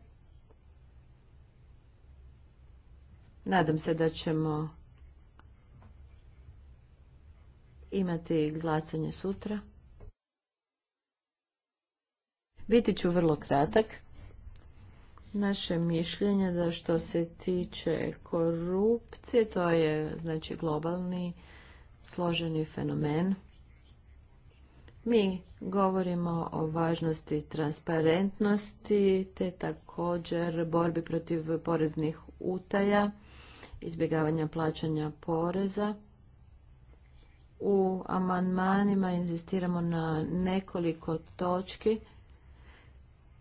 Nadam se da ćemo imati glasanje sutra. Biti ću vrlo kratak. Naše mišljenje da što se tiče korupcije, to je znači globalni složeni fenomen. Mi govorimo o važnosti transparentnosti te također borbi protiv poreznih utaja izbjegavanja plaćanja poreza. U amandmanima inzistiramo na nekoliko točki,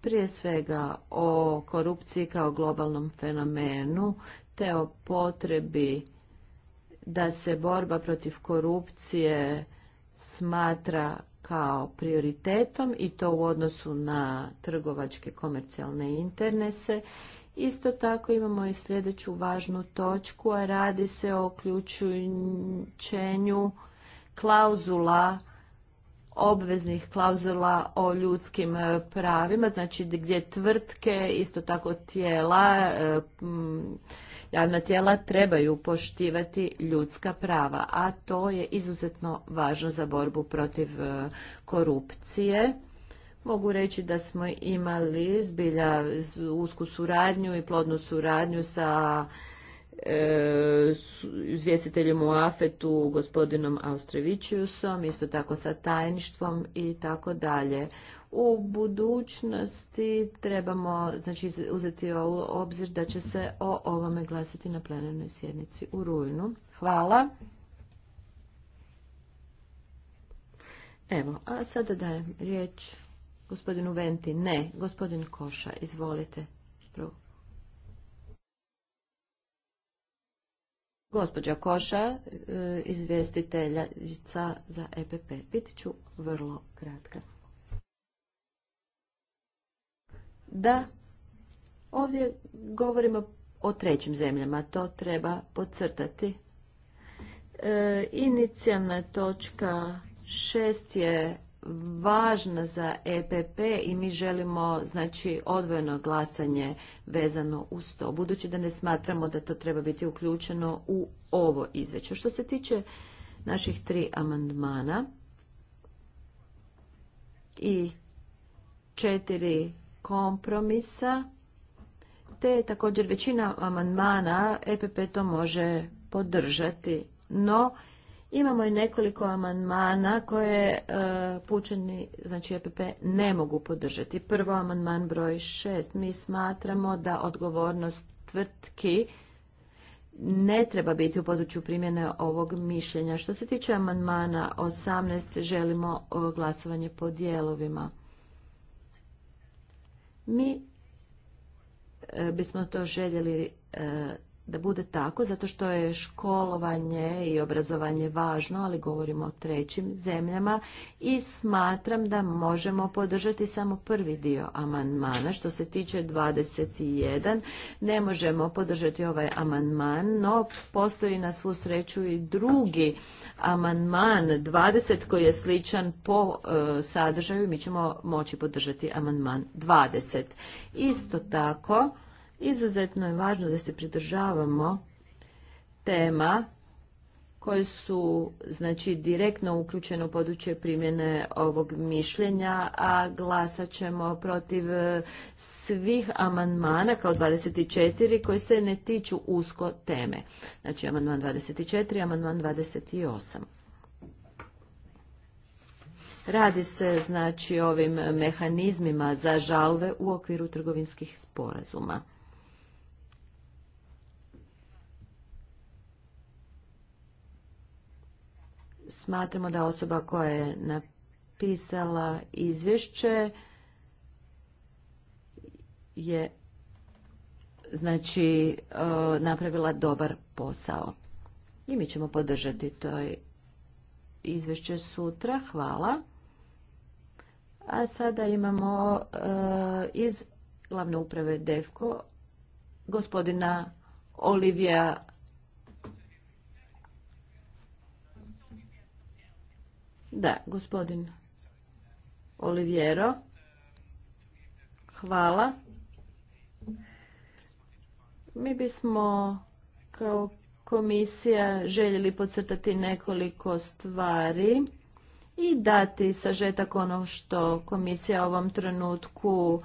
prije svega o korupciji kao globalnom fenomenu, te o potrebi da se borba protiv korupcije smatra kao prioritetom i to u odnosu na trgovačke komercijalne internese Isto tako imamo i sljedeću važnu točku, a radi se o uključenju klauzula obveznih klauzula o ljudskim e, pravima, znači gdje tvrtke, isto tako tijela, e, javna tijela trebaju poštivati ljudska prava, a to je izuzetno važno za borbu protiv e, korupcije. Mogu reći da smo imali zbilja usku suradnju i plodnu suradnju sa e, izvjestiteljem u Afetu, gospodinom Austrevičiusom, isto tako sa tajništvom i tako dalje. U budućnosti trebamo znači, uzeti u obzir da će se o ovome glasiti na plenarnoj sjednici u rujnu. Hvala. Evo, a sada dajem riječ Gospodinu Venti, ne. Gospodin Koša, izvolite. Gospođa Koša, e, izvjestiteljica za EPP. Bit ću vrlo kratka. Da, ovdje govorimo o trećim zemljama, to treba podcrtati. E, inicijalna točka šest je važna za EPP i mi želimo znači odvojeno glasanje vezano uz to, budući da ne smatramo da to treba biti uključeno u ovo izveće. Što se tiče naših tri amandmana i četiri kompromisa, te također većina amandmana EPP to može podržati, no Imamo i nekoliko amandmana koje e, pučeni, znači EPP, ne mogu podržati. Prvo amandman broj 6. Mi smatramo da odgovornost tvrtki ne treba biti u području primjene ovog mišljenja. Što se tiče amandmana 18, želimo e, glasovanje po dijelovima. Mi e, bismo to željeli da bude tako, zato što je školovanje i obrazovanje važno, ali govorimo o trećim zemljama i smatram da možemo podržati samo prvi dio amandmana. Što se tiče 21, ne možemo podržati ovaj amandman, no postoji na svu sreću i drugi amandman 20 koji je sličan po e, sadržaju i mi ćemo moći podržati amandman 20. Isto tako, Izuzetno je važno da se pridržavamo tema koje su znači direktno uključene u područje primjene ovog mišljenja, a glasat ćemo protiv e, svih amandmana kao 24 koji se ne tiču usko teme. Znači amandman 24, amandman 28. Radi se znači ovim mehanizmima za žalve u okviru trgovinskih sporazuma. smatramo da osoba koja je napisala izvješće je znači e, napravila dobar posao. I mi ćemo podržati to izvješće sutra. Hvala. A sada imamo e, iz glavne uprave DEFKO gospodina Olivija Da, gospodin Oliviero. Hvala. Mi bismo kao komisija željeli podcrtati nekoliko stvari i dati sažetak ono što komisija u ovom trenutku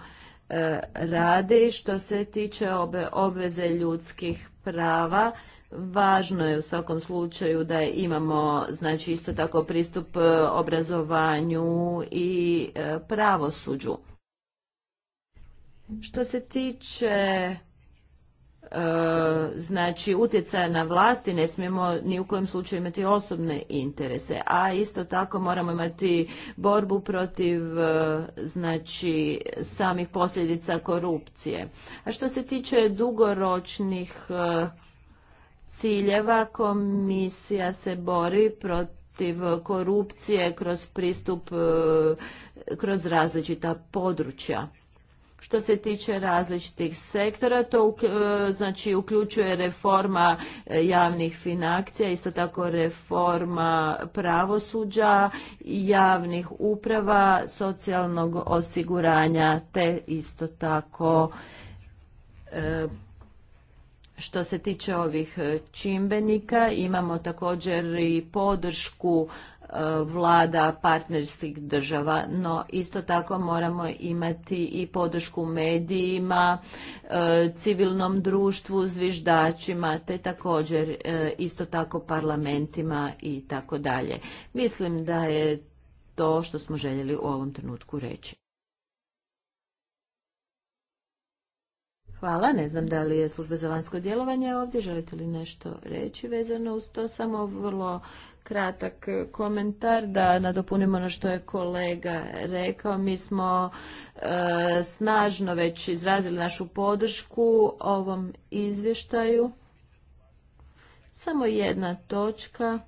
e, radi što se tiče obveze ljudskih prava Važno je u svakom slučaju da imamo znači isto tako pristup e, obrazovanju i e, pravosuđu. Što se tiče e, znači utjecaja na vlasti ne smijemo ni u kojem slučaju imati osobne interese, a isto tako moramo imati borbu protiv znači samih posljedica korupcije. A što se tiče dugoročnih ciljeva komisija se bori protiv korupcije kroz pristup e, kroz različita područja. Što se tiče različitih sektora, to e, znači uključuje reforma e, javnih financija, isto tako reforma pravosuđa, javnih uprava, socijalnog osiguranja, te isto tako što se tiče ovih e, čimbenika, imamo također i podršku e, vlada partnerskih država, no isto tako moramo imati i podršku medijima, e, civilnom društvu, zviždačima, te također isto tako parlamentima i tako dalje. Mislim da je to što smo željeli u ovom trenutku reći. Hvala, ne znam da li je služba za vanjsko djelovanje ovdje, želite li nešto reći vezano uz to, samo vrlo kratak komentar da nadopunimo ono što je kolega rekao. Mi smo e, snažno već izrazili našu podršku ovom izvještaju. Samo jedna točka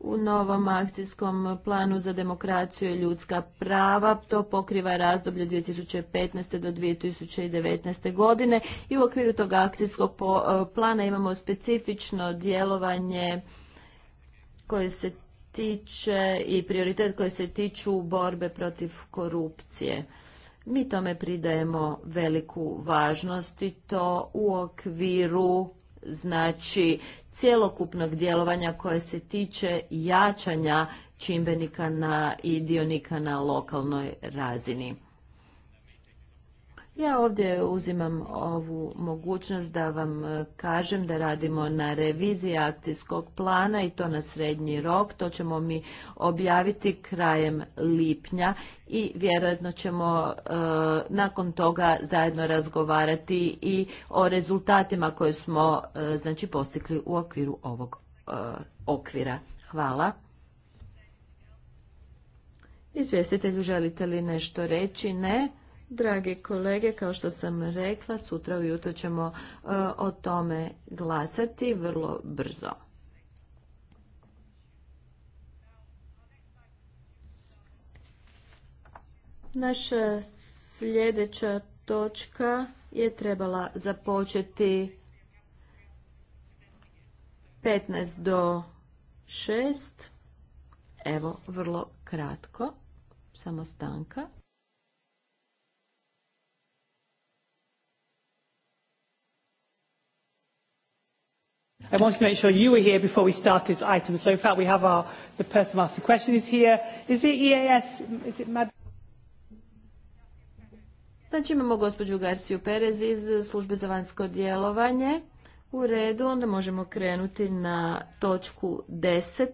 u novom akcijskom planu za demokraciju i ljudska prava. To pokriva razdoblje 2015. do 2019. godine i u okviru tog akcijskog e, plana imamo specifično djelovanje koje se tiče i prioritet koji se tiču borbe protiv korupcije. Mi tome pridajemo veliku važnost i to u okviru znači cjelokupnog djelovanja koje se tiče jačanja čimbenika i dionika na lokalnoj razini. Ja ovdje uzimam ovu mogućnost da vam e, kažem da radimo na reviziji akcijskog plana i to na srednji rok. To ćemo mi objaviti krajem lipnja i vjerojatno ćemo e, nakon toga zajedno razgovarati i o rezultatima koje smo e, znači postigli u okviru ovog okvira. Hvala. Izvjestitelju želite li nešto reći? Ne. Dragi kolege, kao što sam rekla, sutra ujutro ćemo e, o tome glasati vrlo brzo. Naša sljedeća točka je trebala započeti 15 do 6. Evo, vrlo kratko, samo stanka. I wanted to make sure you were here before we start this item. So in fact, we have our, the person asked the question is here. Is it EAS? Is it Mad Znači imamo gospođu Garciju Perez iz službe za vanjsko djelovanje. U redu, onda možemo krenuti na točku 10.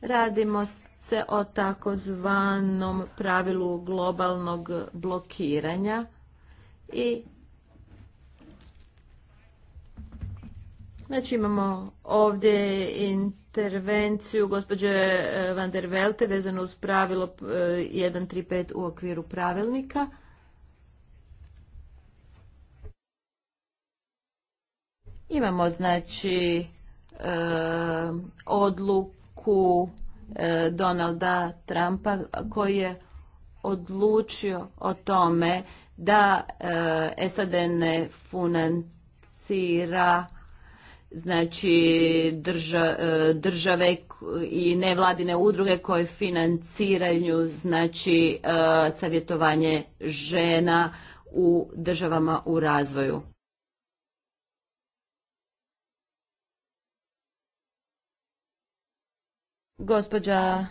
Radimo se o takozvanom pravilu globalnog blokiranja i Znači imamo ovdje intervenciju gospođe e, Van der Velte vezano uz pravilo 135 e, u okviru pravilnika. Imamo znači e, odluku Donalda Trumpa koji je odlučio o tome da SAD ne znači drža, e, države i nevladine udruge koje financiraju znači e, savjetovanje žena u državama u razvoju. Gospođa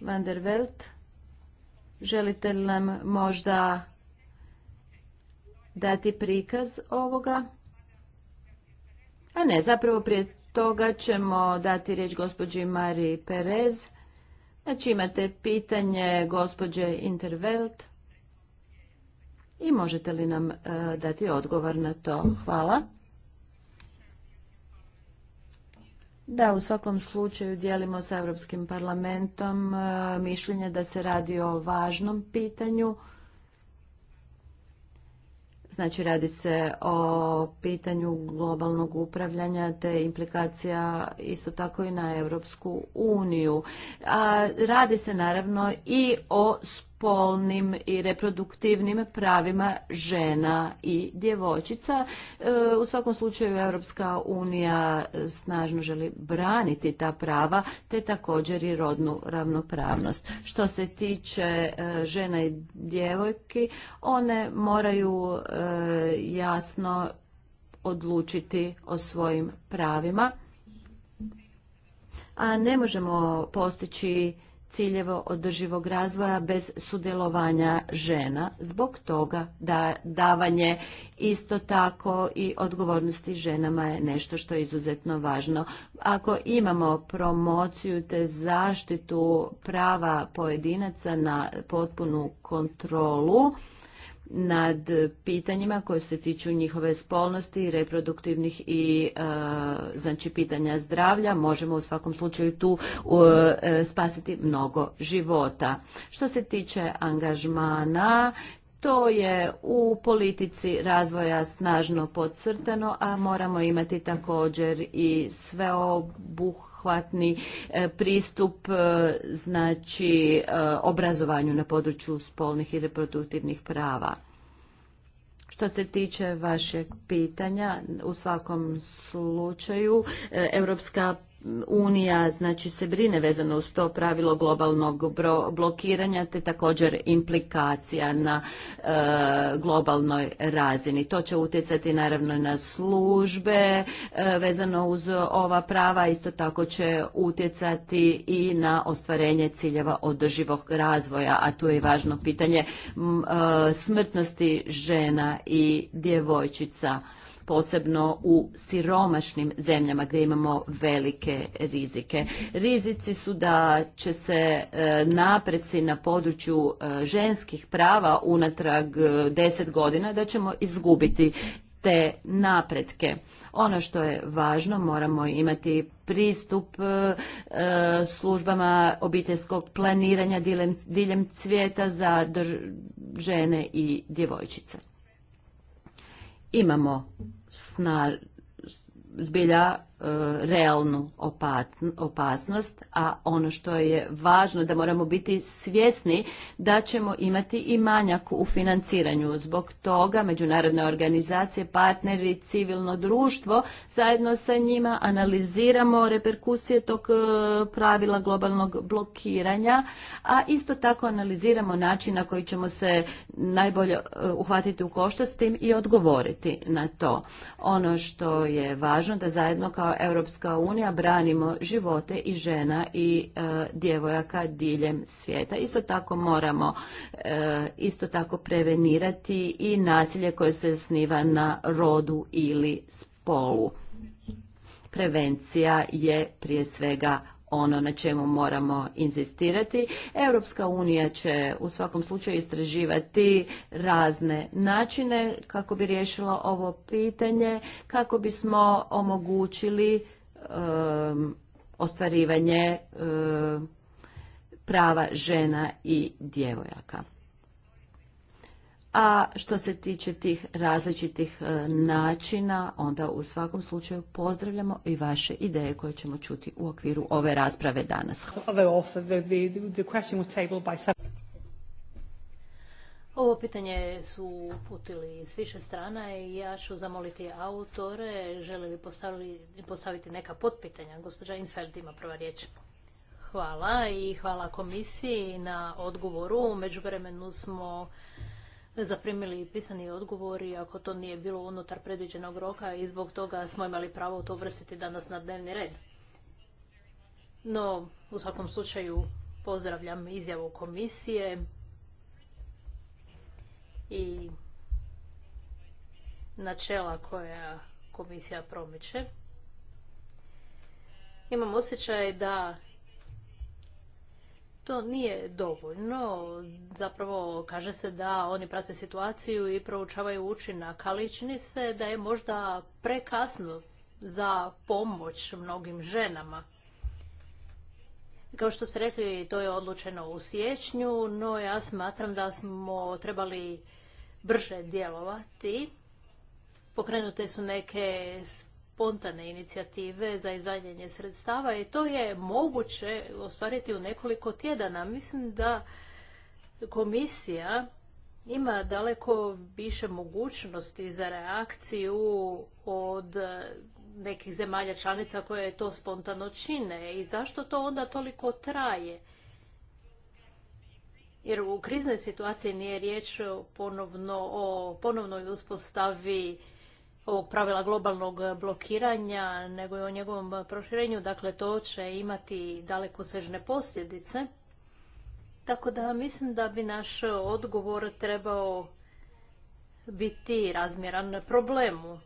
Van der Welt, želite li nam možda dati prikaz ovoga? A ne, zapravo prije toga ćemo dati riječ gospođi Mari Perez. Znači imate pitanje gospođe Intervelt i možete li nam e, dati odgovor na to? Hvala. Da, u svakom slučaju dijelimo sa Europskim parlamentom e, mišljenje da se radi o važnom pitanju Znači radi se o pitanju globalnog upravljanja te implikacija isto tako i na Europsku uniju. A, radi se naravno i o spolnim i reproduktivnim pravima žena i djevojčica. E, u svakom slučaju Europska unija snažno želi braniti ta prava te također i rodnu ravnopravnost. Što se tiče e, žena i djevojki, one moraju e, jasno odlučiti o svojim pravima a ne možemo postići Ciljevo održivog razvoja bez sudjelovanja žena. Zbog toga da davanje isto tako i odgovornosti ženama je nešto što je izuzetno važno. Ako imamo promociju te zaštitu prava pojedinaca na potpunu kontrolu, nad pitanjima koje se tiču njihove spolnosti, reproduktivnih i e, znači pitanja zdravlja. Možemo u svakom slučaju tu e, spasiti mnogo života. Što se tiče angažmana, to je u politici razvoja snažno podcrtano, a moramo imati također i sveobuh sveobuhvatni e, pristup e, znači e, obrazovanju na području spolnih i reproduktivnih prava. Što se tiče vašeg pitanja, u svakom slučaju Europska unija znači se brine vezano uz to pravilo globalnog blokiranja te također implikacija na e, globalnoj razini. To će utjecati naravno na službe e, vezano uz ova prava, isto tako će utjecati i na ostvarenje ciljeva održivog razvoja, a tu je važno pitanje e, smrtnosti žena i djevojčica posebno u siromašnim zemljama gdje imamo velike rizike. Rizici su da će se e, napreci na području e, ženskih prava unatrag e, deset godina, da ćemo izgubiti te napretke. Ono što je važno, moramo imati pristup službama obiteljskog planiranja diljem, svijeta cvijeta za žene i djevojčice imamo sna, zbilja realnu opasnost, a ono što je važno da moramo biti svjesni da ćemo imati i manjak u financiranju. Zbog toga međunarodne organizacije, partneri, civilno društvo zajedno sa njima analiziramo reperkusije tog e, pravila globalnog blokiranja, a isto tako analiziramo način na koji ćemo se najbolje e, uhvatiti u košta s tim i odgovoriti na to. Ono što je važno da zajedno kao Europska unija branimo živote i žena i e, djevojaka diljem svijeta. Isto tako moramo e, isto tako prevenirati i nasilje koje se sniva na rodu ili spolu. Prevencija je prije svega ono na čemu moramo inzistirati. Europska unija će u svakom slučaju istraživati razne načine kako bi riješila ovo pitanje, kako bismo omogućili um, ostvarivanje um, prava žena i djevojaka a što se tiče tih različitih e, načina, onda u svakom slučaju pozdravljamo i vaše ideje koje ćemo čuti u okviru ove rasprave danas. Ovo pitanje su putili s više strana i ja ću zamoliti autore, žele li postaviti neka potpitanja. Gospođa Infeld ima prva riječ. Hvala i hvala komisiji na odgovoru. U međuvremenu smo zaprimili pisani odgovori ako to nije bilo unutar predviđenog roka i zbog toga smo imali pravo to vrstiti danas na dnevni red. No, u svakom slučaju pozdravljam izjavu komisije i načela koja komisija promiče. Imam osjećaj da to nije dovoljno. Zapravo kaže se da oni prate situaciju i proučavaju učinak, ali čini se da je možda prekasno za pomoć mnogim ženama. Kao što ste rekli, to je odlučeno u siječnju, no ja smatram da smo trebali brže djelovati. Pokrenute su neke spontane inicijative za izdvajanje sredstava i to je moguće ostvariti u nekoliko tjedana. Mislim da komisija ima daleko više mogućnosti za reakciju od nekih zemalja članica koje to spontano čine i zašto to onda toliko traje? Jer u kriznoj situaciji nije riječ ponovno o ponovnoj uspostavi ovog pravila globalnog blokiranja, nego i o njegovom proširenju. Dakle, to će imati daleko sežne posljedice. Tako da mislim da bi naš odgovor trebao biti razmjeran problemu.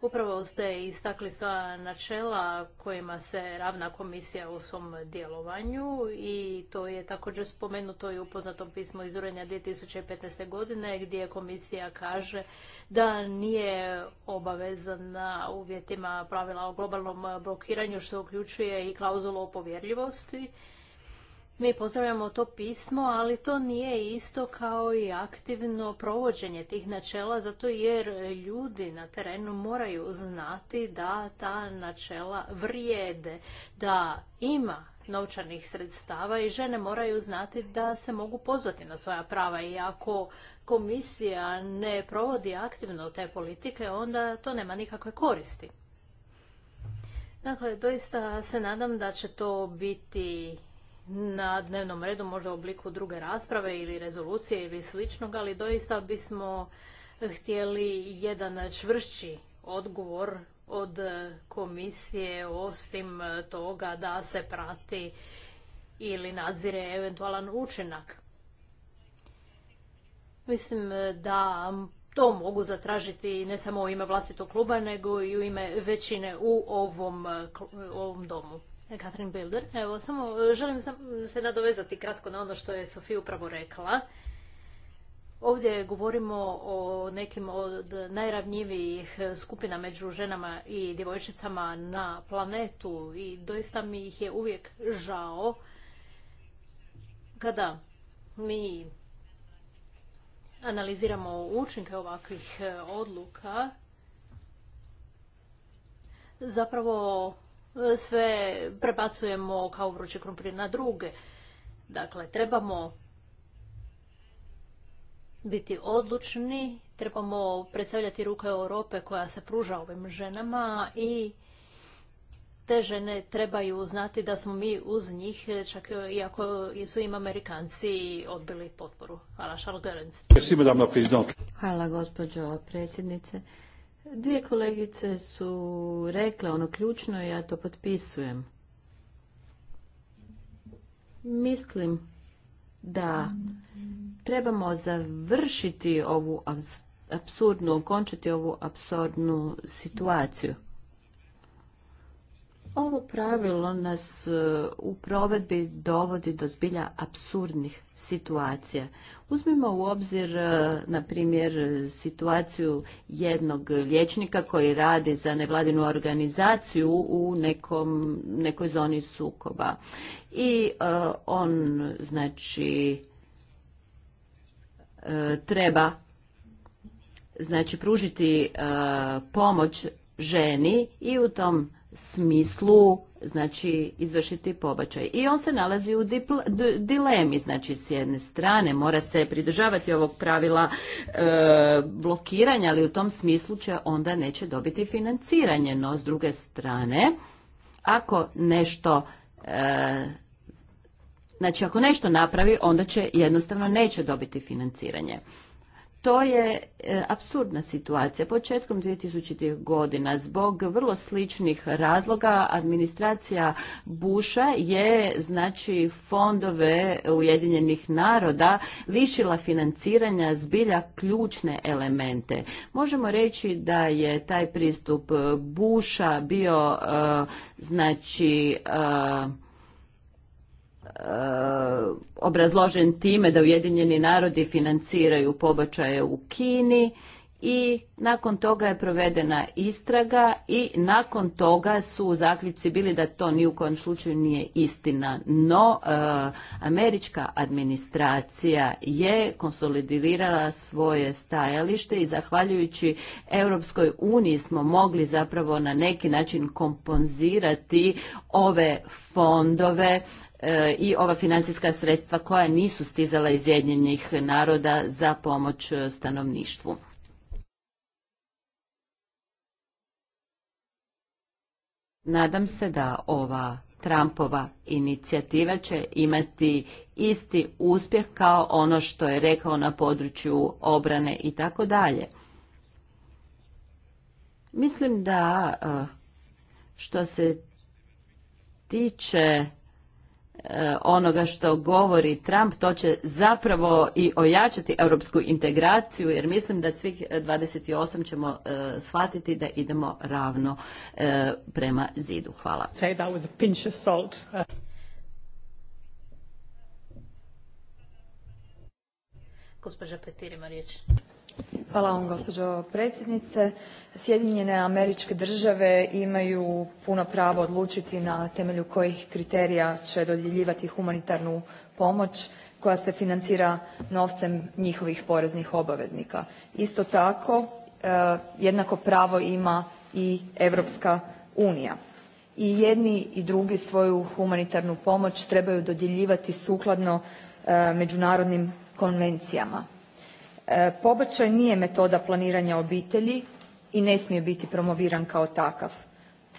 Upravo ste istakli sva načela kojima se ravna komisija u svom djelovanju i to je također spomenuto i u poznatom pismu iz urenja 2015. godine gdje komisija kaže da nije obavezana uvjetima pravila o globalnom blokiranju što uključuje i klauzulu o povjerljivosti mi pozdravljamo to pismo, ali to nije isto kao i aktivno provođenje tih načela, zato jer ljudi na terenu moraju znati da ta načela vrijede, da ima novčanih sredstava i žene moraju znati da se mogu pozvati na svoja prava i ako komisija ne provodi aktivno te politike, onda to nema nikakve koristi. Dakle, doista se nadam da će to biti na dnevnom redu, možda u obliku druge rasprave ili rezolucije ili sličnog, ali doista bismo htjeli jedan čvršći odgovor od komisije osim toga da se prati ili nadzire eventualan učinak. Mislim da to mogu zatražiti ne samo u ime vlastitog kluba, nego i u ime većine u ovom, ovom domu. Katrin Bilder. Evo, samo e, želim se nadovezati kratko na ono što je Sofija upravo rekla. Ovdje govorimo o nekim od najravnjivijih skupina među ženama i djevojčicama na planetu i doista mi ih je uvijek žao kada mi analiziramo učinke ovakvih e, odluka zapravo sve prebacujemo kao vruće krumpire na druge. Dakle, trebamo biti odlučni, trebamo predstavljati ruke Europe koja se pruža ovim ženama i te žene trebaju znati da smo mi uz njih, čak i ako su im Amerikanci odbili potporu. Hvala, Charles Hvala, gospođo predsjednice. Dvije kolegice su rekle ono ključno i ja to potpisujem. Mislim da trebamo završiti ovu absurdnu, okončati ovu absurdnu situaciju. Ovo pravilo nas e, u provedbi dovodi do zbilja absurdnih situacija. Uzmimo u obzir, e, na primjer, situaciju jednog liječnika koji radi za nevladinu organizaciju u nekom, nekoj zoni sukoba. I e, on, znači, treba znači pružiti pomoć ženi i u tom smislu znači izvršiti pobačaj. I on se nalazi u dilemi, znači s jedne strane mora se pridržavati ovog pravila e, blokiranja, ali u tom smislu će onda neće dobiti financiranje, no s druge strane ako nešto e, znači ako nešto napravi onda će jednostavno neće dobiti financiranje. To je e, apsurdna situacija. Početkom 2000. godina zbog vrlo sličnih razloga administracija buša je znači fondove Ujedinjenih naroda lišila financiranja zbilja ključne elemente. Možemo reći da je taj pristup e, buša bio e, znači E, obrazložen time da Ujedinjeni narodi financiraju pobačaje u Kini i nakon toga je provedena istraga i nakon toga su zaključci bili da to ni u kojem slučaju nije istina. No, e, američka administracija je konsolidirala svoje stajalište i zahvaljujući Europskoj uniji smo mogli zapravo na neki način kompenzirati ove fondove E, i ova financijska sredstva koja nisu stizala iz Jedinjenih naroda za pomoć e, stanovništvu. Nadam se da ova Trumpova inicijativa će imati isti uspjeh kao ono što je rekao na području obrane i tako dalje. Mislim da e, što se tiče Eh, onoga što govori Trump, to će zapravo i ojačati europsku integraciju, jer mislim da svih 28 eh, ćemo eh, shvatiti da idemo ravno prema zidu. Hvala. Gospođa Petir ima Hvala vam gospođo predsjednice. Sjedinjene Američke Države imaju puno pravo odlučiti na temelju kojih kriterija će dodjeljivati humanitarnu pomoć koja se financira novcem njihovih poreznih obveznika Isto tako e, jednako pravo ima i Europska unija. I jedni i drugi svoju humanitarnu pomoć trebaju dodjeljivati sukladno e, međunarodnim konvencijama. E, pobačaj nije metoda planiranja obitelji i ne smije biti promoviran kao takav.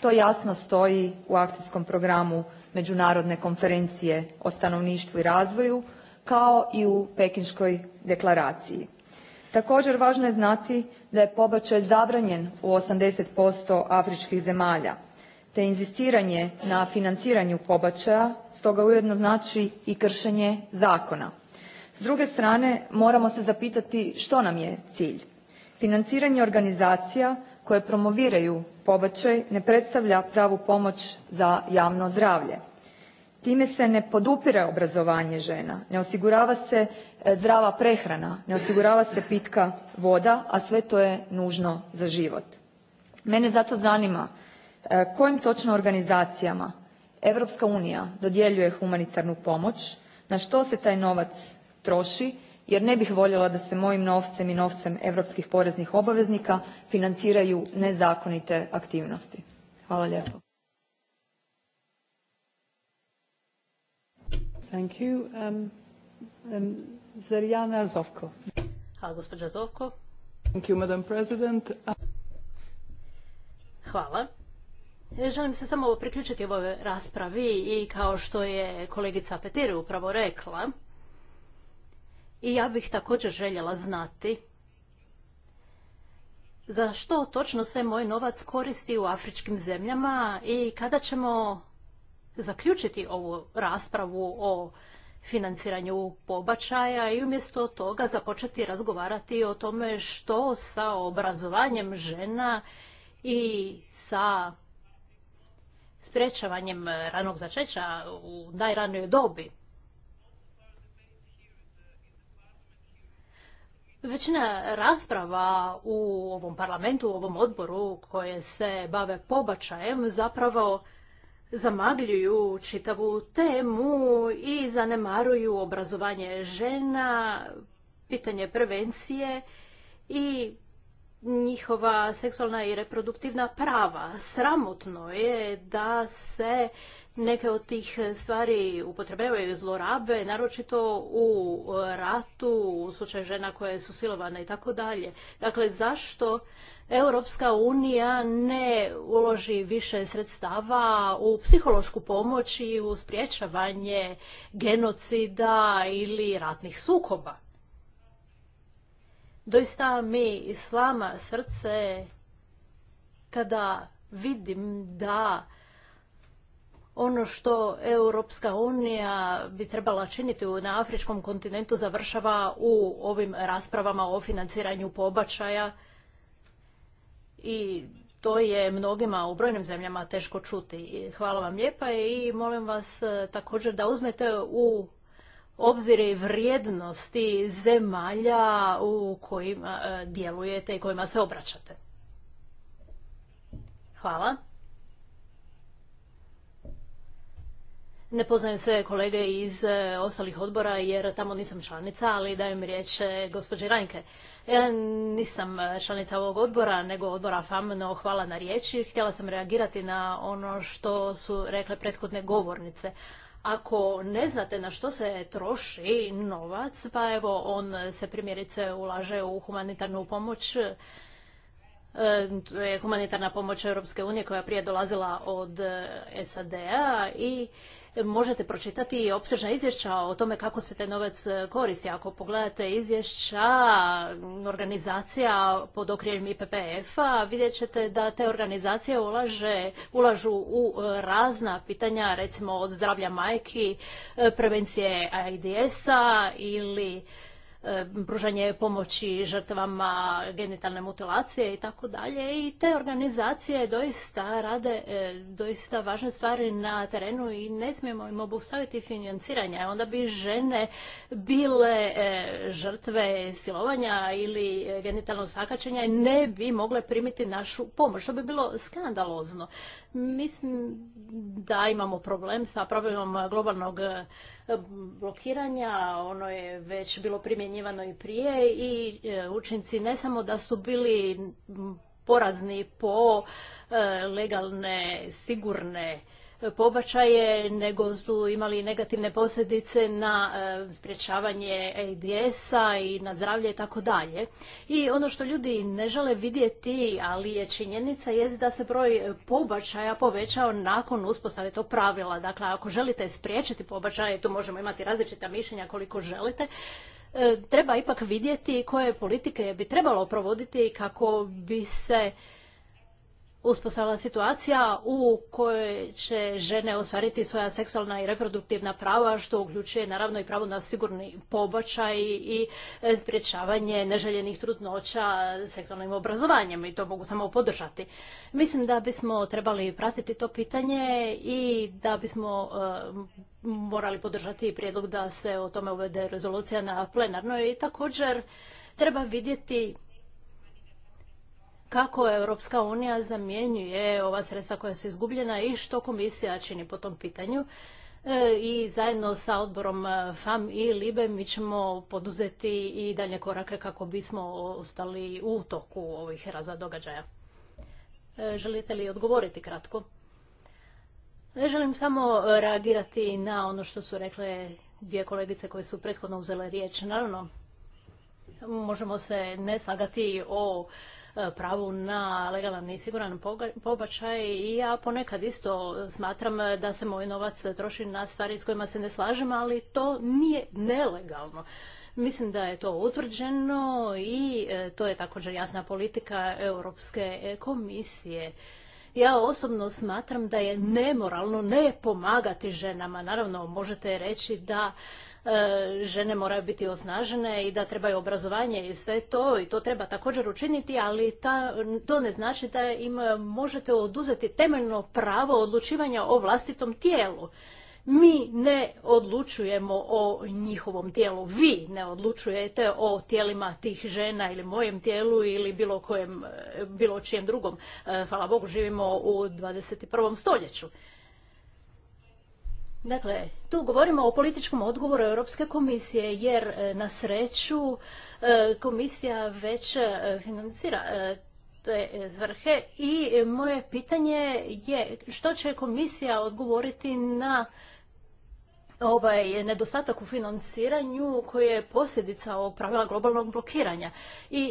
To jasno stoji u akcijskom programu Međunarodne konferencije o stanovništvu i razvoju kao i u Pekinškoj deklaraciji. Također važno je znati da je pobačaj zabranjen u 80% afričkih zemalja te inzistiranje na financiranju pobačaja stoga ujedno znači i kršenje zakona. S druge strane moramo se zapitati što nam je cilj. Financiranje organizacija koje promoviraju pobačaj ne predstavlja pravu pomoć za javno zdravlje. Time se ne podupire obrazovanje žena, ne osigurava se e, zdrava prehrana, ne osigurava se pitka voda, a sve to je nužno za život. Mene zato zanima e, kojim točno organizacijama Europska unija dodjeljuje humanitarnu pomoć, na što se taj novac troši jer ne bih voljela da se mojim novcem i novcem europskih poreznih obveznika financiraju nezakonite aktivnosti. Hvala lijepo. Hvala, Zovko. Hvala. Želim se samo priključiti ovoj raspravi i kao što je kolegica Petir upravo rekla, i ja bih također željela znati za što točno se moj novac koristi u afričkim zemljama i kada ćemo zaključiti ovu raspravu o financiranju pobačaja i umjesto toga započeti razgovarati o tome što sa obrazovanjem žena i sa sprečavanjem ranog začeća u najranijoj dobi. Većina rasprava u ovom parlamentu, u ovom odboru koje se bave pobačajem zapravo zamagljuju čitavu temu i zanemaruju obrazovanje žena, pitanje prevencije i njihova seksualna i reproduktivna prava. Sramotno je da se neke od tih stvari upotrebevaju, zlorabe, naročito u ratu, u slučaju žena koje su silovane i tako dalje. Dakle, zašto Europska unija ne uloži više sredstava u psihološku pomoć i u spriječavanje genocida ili ratnih sukoba? doista mi islama srce kada vidim da ono što Europska unija bi trebala činiti na afričkom kontinentu završava u ovim raspravama o financiranju pobačaja i to je mnogima u brojnim zemljama teško čuti. Hvala vam lijepa i molim vas eh, također da uzmete u obzire i vrijednosti zemalja u kojima e, djelujete i kojima se obraćate. Hvala. Ne poznajem sve kolege iz e, ostalih odbora jer tamo nisam članica, ali dajem riječ e, gospođi Ranjke. Ja nisam članica ovog odbora, nego odbora FAM, no hvala na riječi. Htjela sam reagirati na ono što su rekle prethodne govornice. Ako ne znate na što se troši novac, pa evo on se primjerice ulaže u humanitarnu pomoć, e, to je humanitarna pomoć Europske unije koja prije dolazila od e, SAD-a i možete pročitati i opsežna izvješća o tome kako se taj novac e, koristi. Ako pogledate izvješća organizacija pod okriljem IPPF-a, vidjet ćete da te organizacije ulaže, ulažu u e, razna pitanja, recimo od zdravlja majki, e, prevencije AIDS-a ili E, pružanje pomoći žrtvama genitalne mutilacije i tako dalje. I te organizacije doista rade e, doista važne stvari na terenu i ne smijemo im obustaviti financiranja. Onda bi žene bile e, žrtve silovanja ili genitalnog sakačenja i ne bi mogle primiti našu pomoć. To bi bilo skandalozno. Mislim da imamo problem sa problemom globalnog blokiranja. Ono je već bilo primjenjeno primjenjivano i prije i e, učinci ne samo da su bili porazni po e, legalne, sigurne e, pobačaje, nego su imali negativne posljedice na sprječavanje AIDS-a i na zdravlje i tako dalje. I ono što ljudi ne žele vidjeti, ali je činjenica, je da se broj pobačaja povećao nakon uspostave tog pravila. Dakle, ako želite spriječiti pobačaje, tu možemo imati različita mišljenja koliko želite, E, treba ipak vidjeti koje politike bi trebalo provoditi kako bi se uspostavila situacija u kojoj će žene ostvariti svoja seksualna i reproduktivna prava, što uključuje naravno i pravo na sigurni pobačaj i e, sprječavanje neželjenih trudnoća seksualnim obrazovanjem i to mogu samo podržati. Mislim da bismo trebali pratiti to pitanje i da bismo e, morali podržati prijedlog da se o tome uvede rezolucija na plenarnoj i također treba vidjeti kako Europska unija zamjenjuje ova sredstva koja su izgubljena i što komisija čini po tom pitanju. E, I zajedno sa odborom e, FAM i LIBE mi ćemo poduzeti i dalje korake kako bismo ostali u toku ovih razvoja događaja. E, želite li odgovoriti kratko? Želim samo reagirati na ono što su rekle dvije kolegice koje su prethodno uzele riječ. Naravno, možemo se ne slagati o e, pravu na legalan i siguran pobačaj i ja ponekad isto smatram da se moj novac troši na stvari s kojima se ne slažem, ali to nije nelegalno. Mislim da je to utvrđeno i e, to je također jasna politika Europske komisije. Ja osobno smatram da je nemoralno ne pomagati ženama. Naravno, možete reći da e, žene moraju biti osnažene i da trebaju obrazovanje i sve to i to treba također učiniti, ali ta, to ne znači da im možete oduzeti temeljno pravo odlučivanja o vlastitom tijelu. Mi ne odlučujemo o njihovom tijelu. Vi ne odlučujete o tijelima tih žena ili mojem tijelu ili bilo, kojem, bilo čijem drugom. E, hvala Bogu, živimo u 21. stoljeću. Dakle, tu govorimo o političkom odgovoru Europske komisije, jer e, na sreću e, komisija već financira te zvrhe i moje pitanje je što će komisija odgovoriti na ovaj nedostatak u financiranju koji je posljedica ovog pravila globalnog blokiranja. I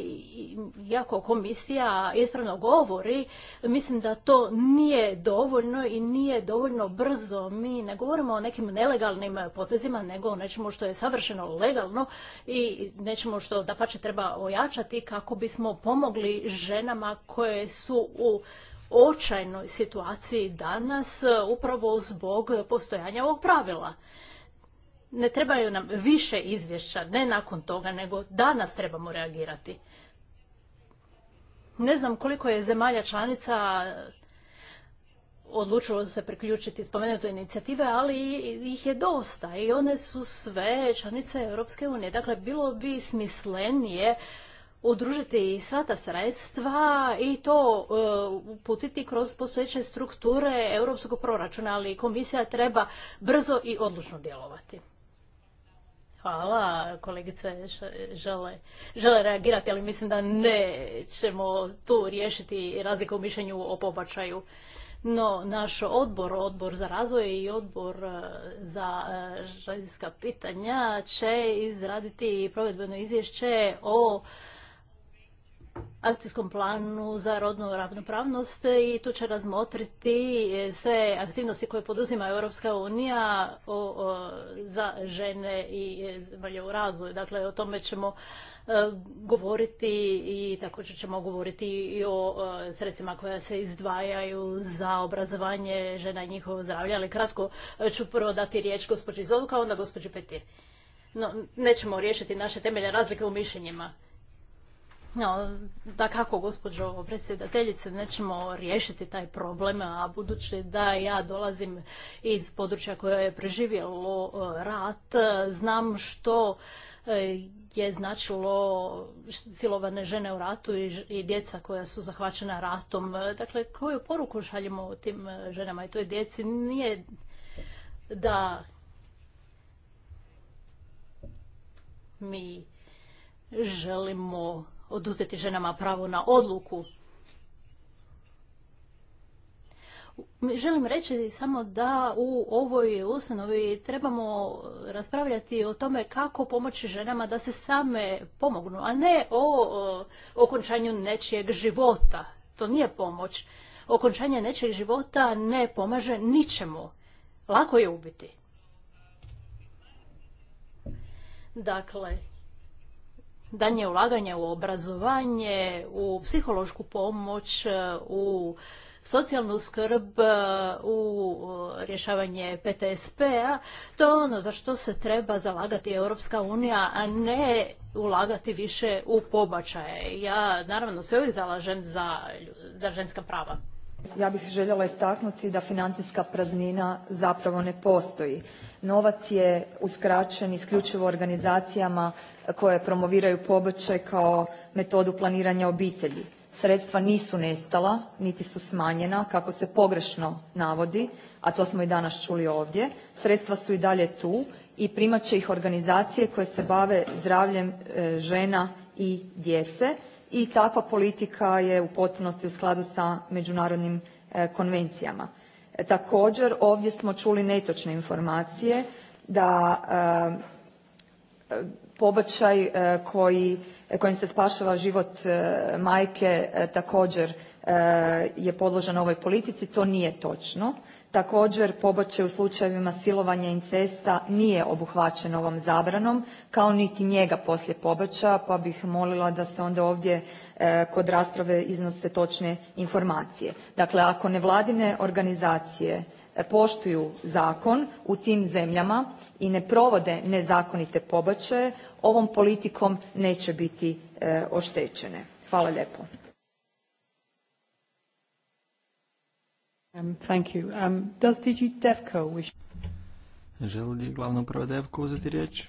iako komisija ispravno govori, mislim da to nije dovoljno i nije dovoljno brzo. Mi ne govorimo o nekim nelegalnim potezima, nego o nečemu što je savršeno legalno i nečemu što da pače treba ojačati kako bismo pomogli ženama koje su u očajnoj situaciji danas e, upravo zbog postojanja ovog pravila. Ne trebaju nam više izvješća, ne nakon toga, nego danas trebamo reagirati. Ne znam koliko je zemalja članica odlučilo se priključiti spomenutoj inicijative, ali ih je dosta i one su sve članice Europske unije. Dakle, bilo bi smislenije udružiti sva ta sredstva i to e, uputiti kroz postojeće strukture europskog proračuna, ali komisija treba brzo i odlučno djelovati. Hvala, kolegice žele, reagirati, ali mislim da ne ćemo tu riješiti razliku u mišljenju o pobačaju. No, naš odbor, odbor za razvoj i odbor e, za e, željska pitanja će izraditi provedbeno izvješće o akcijskom planu za rodnu ravnopravnost i tu će razmotriti sve aktivnosti koje poduzima Europska unija za žene i zemlje u razvoju. Dakle, o tome ćemo e, govoriti i također ćemo govoriti i o e, sredstvima koja se izdvajaju za obrazovanje žena i njihovo zdravlje, ali kratko ću prvo dati riječ gospođi Zovka, onda gospođi Petir. No, nećemo riješiti naše temelje razlike u mišljenjima. No, da kako, gospođo predsjedateljice, nećemo riješiti taj problem, a budući da ja dolazim iz područja koje je preživjelo e, rat, e, znam što e, je značilo silovane žene u ratu i, djeca koja su zahvaćena ratom. Dakle, koju poruku šaljemo tim ženama i toj djeci? Nije da mi želimo oduzeti ženama pravo na odluku. Želim reći samo da u ovoj ustanovi trebamo raspravljati o tome kako pomoći ženama da se same pomognu, a ne o okončanju nečijeg života. To nije pomoć. Okončanje nečijeg života ne pomaže ničemu. Lako je ubiti. Dakle, danje ulaganje u obrazovanje, u psihološku pomoć, e, u socijalnu skrb, e, u e, rješavanje PTSP-a, to je ono za što se treba zalagati Europska unija, a ne ulagati više u pobačaje. Ja naravno se uvijek zalažem za, za ženska prava. Ja bih željela istaknuti da financijska praznina zapravo ne postoji. Novac je uskraćen isključivo organizacijama koje promoviraju pobačaj kao metodu planiranja obitelji. Sredstva nisu nestala niti su smanjena kako se pogrešno navodi, a to smo i danas čuli ovdje. Sredstva su i dalje tu i primat će ih organizacije koje se bave zdravljem e, žena i djece i takva politika je u potpunosti u skladu sa međunarodnim e, konvencijama. E, također ovdje smo čuli netočne informacije da pobačaj e, e, kojim se spašava život e, majke također je podložan ovoj politici. To nije točno. Također pobačaj u slučajevima silovanja incesta nije obuhvaćen ovom zabranom kao niti njega poslije pobačaja pa bih molila da se onda ovdje kod rasprave iznose točne informacije. Dakle, ako nevladine organizacije poštuju zakon u tim zemljama i ne provode nezakonite pobačaje ovom politikom neće biti e, oštećene. Hvala lijepo. Um, um Želi li glavna uprava Devko uzeti riječ?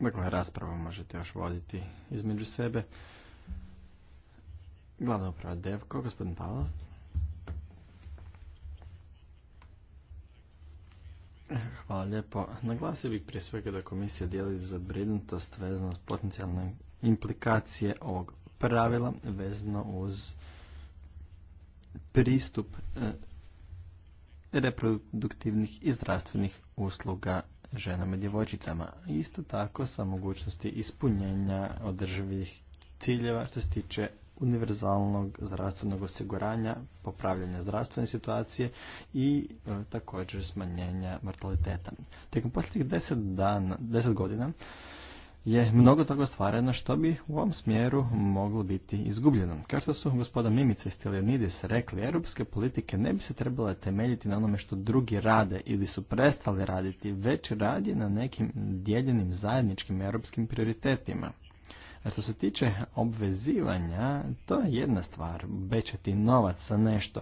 Dakle, raspravu možete još voditi između sebe. Glavna uprava Devko, gospodin Pavla. Hvala lijepo. Naglasio bih prije svega da komisija dijeli zabrinutost vezano s potencijalne implikacije ovog pravila vezano uz pristup eh, reproduktivnih i zdravstvenih usluga ženama i djevojčicama. Isto tako sa mogućnosti ispunjenja održivih ciljeva što se tiče univerzalnog zdravstvenog osiguranja, popravljanja zdravstvene situacije i e, također smanjenja mortaliteta. Tijekom posljednjih deset, godina je mnogo toga stvareno što bi u ovom smjeru moglo biti izgubljeno. Kao što su gospoda Mimica i Stelionidis rekli, europske politike ne bi se trebale temeljiti na onome što drugi rade ili su prestali raditi, već radi na nekim dijeljenim zajedničkim europskim prioritetima. Što se tiče obvezivanja, to je jedna stvar, bećati novac za nešto.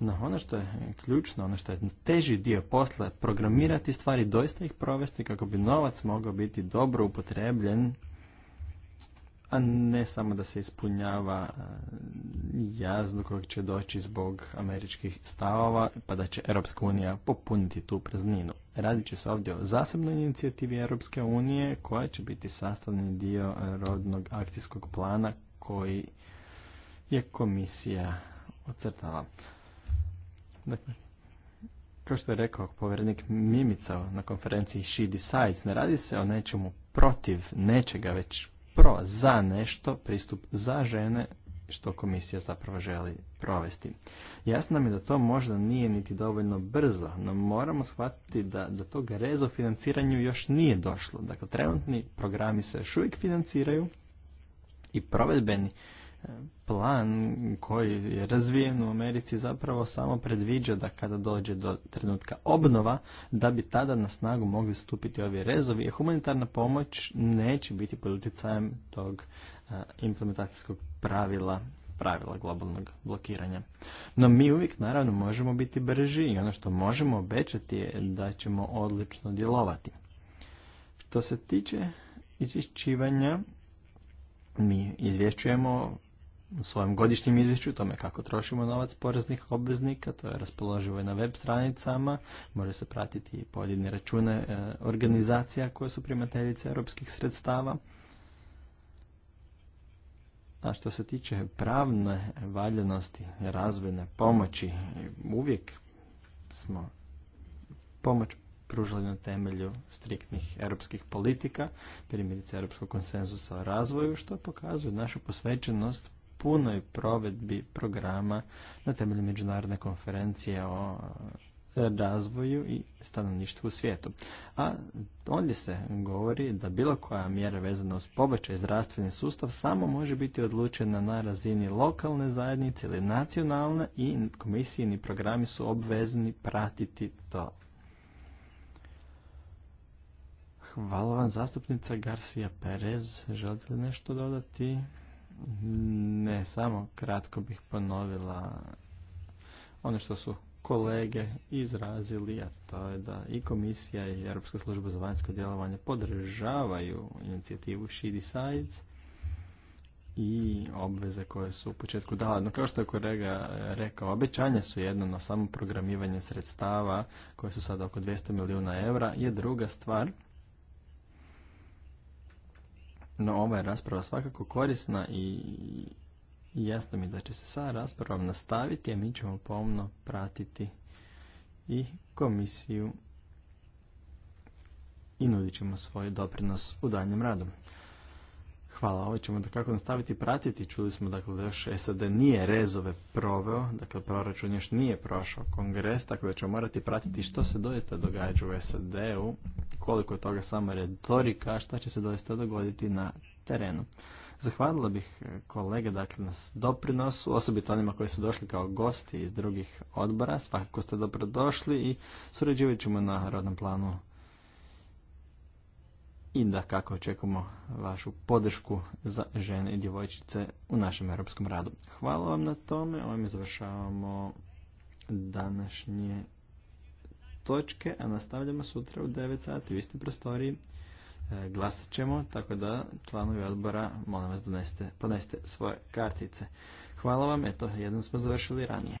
No, ono što je ključno, ono što je teži dio posla, programirati stvari, doista ih provesti kako bi novac mogao biti dobro upotrebljen, a ne samo da se ispunjava e, jazdu do kojeg će doći zbog američkih stavova, pa da će Europska unija popuniti tu prazninu. Radit će se ovdje o zasebnoj inicijativi Europske unije koja će biti sastavni dio rodnog akcijskog plana koji je komisija ocrtala. Dakle, kao što je rekao povjerenik Mimica na konferenciji She Decides, ne radi se o nečemu protiv nečega, već pro, za nešto, pristup za žene što komisija zapravo želi provesti. Jasno nam je da to možda nije niti dovoljno brzo, no moramo shvatiti da do tog reza u financiranju još nije došlo. Dakle, trenutni programi se još uvijek financiraju i provedbeni e, plan koji je razvijen u Americi zapravo samo predviđa da kada dođe do trenutka obnova, da bi tada na snagu mogli stupiti ovi rezovi, jer humanitarna pomoć neće biti pod utjecajem tog implementacijskog pravila pravila globalnog blokiranja. No mi uvijek naravno možemo biti brži i ono što možemo obećati je da ćemo odlično djelovati. Što se tiče izvješćivanja, mi izvješćujemo u svojem godišnjem izvješću o tome kako trošimo novac poreznih obveznika, to je raspoloživo i na web stranicama, može se pratiti i pojedine račune e, organizacija koje su primateljice europskih sredstava. A što se tiče pravne valjenosti, razvojne pomoći, uvijek smo pomoć pružali na temelju striktnih europskih politika, primjerice europskog konsenzusa o razvoju, što pokazuje našu posvećenost punoj provedbi programa na temelju međunarodne konferencije o razvoju i stanovništvu u svijetu. A ovdje se govori da bilo koja mjera vezana uz pobačaj zdravstveni sustav samo može biti odlučena na razini lokalne zajednice ili nacionalne i komisijini programi su obvezni pratiti to. Hvala vam zastupnica Garcia Perez. Želite li nešto dodati? Ne, samo kratko bih ponovila ono što su kolege izrazili, a to je da i komisija i Europska služba za vanjsko djelovanje podržavaju inicijativu She Decides i obveze koje su u početku dala. No kao što je kolega rekao, obećanje su jedno, na samo programiranje sredstava koje su sada oko 200 milijuna eura je druga stvar. No ova je rasprava svakako korisna i Jasno mi da će se sa raspravom nastaviti, a mi ćemo pomno pratiti i komisiju i nudit ćemo svoj doprinos u daljem radu. Hvala, ovo ćemo da kako nastaviti pratiti. Čuli smo dakle, da još SAD nije rezove proveo, dakle proračun još nije prošao kongres, tako da ćemo morati pratiti što se doista događa u SAD-u, koliko je toga samo retorika, šta će se doista dogoditi na terenu. Zahvalila bih e, kolege dakle, na doprinosu, osobito onima koji su došli kao gosti iz drugih odbora. Svakako ste dobro i surađivat ćemo na rodnom planu i da kako očekujemo vašu podršku za žene i djevojčice u našem europskom radu. Hvala vam na tome. Ovim završavamo današnje točke, a nastavljamo sutra u 9 sati u istoj prostoriji. E, glasat ćemo, tako da članovi odbora, molim vas, donesite, svoje kartice. Hvala vam, eto, jednom smo završili ranije.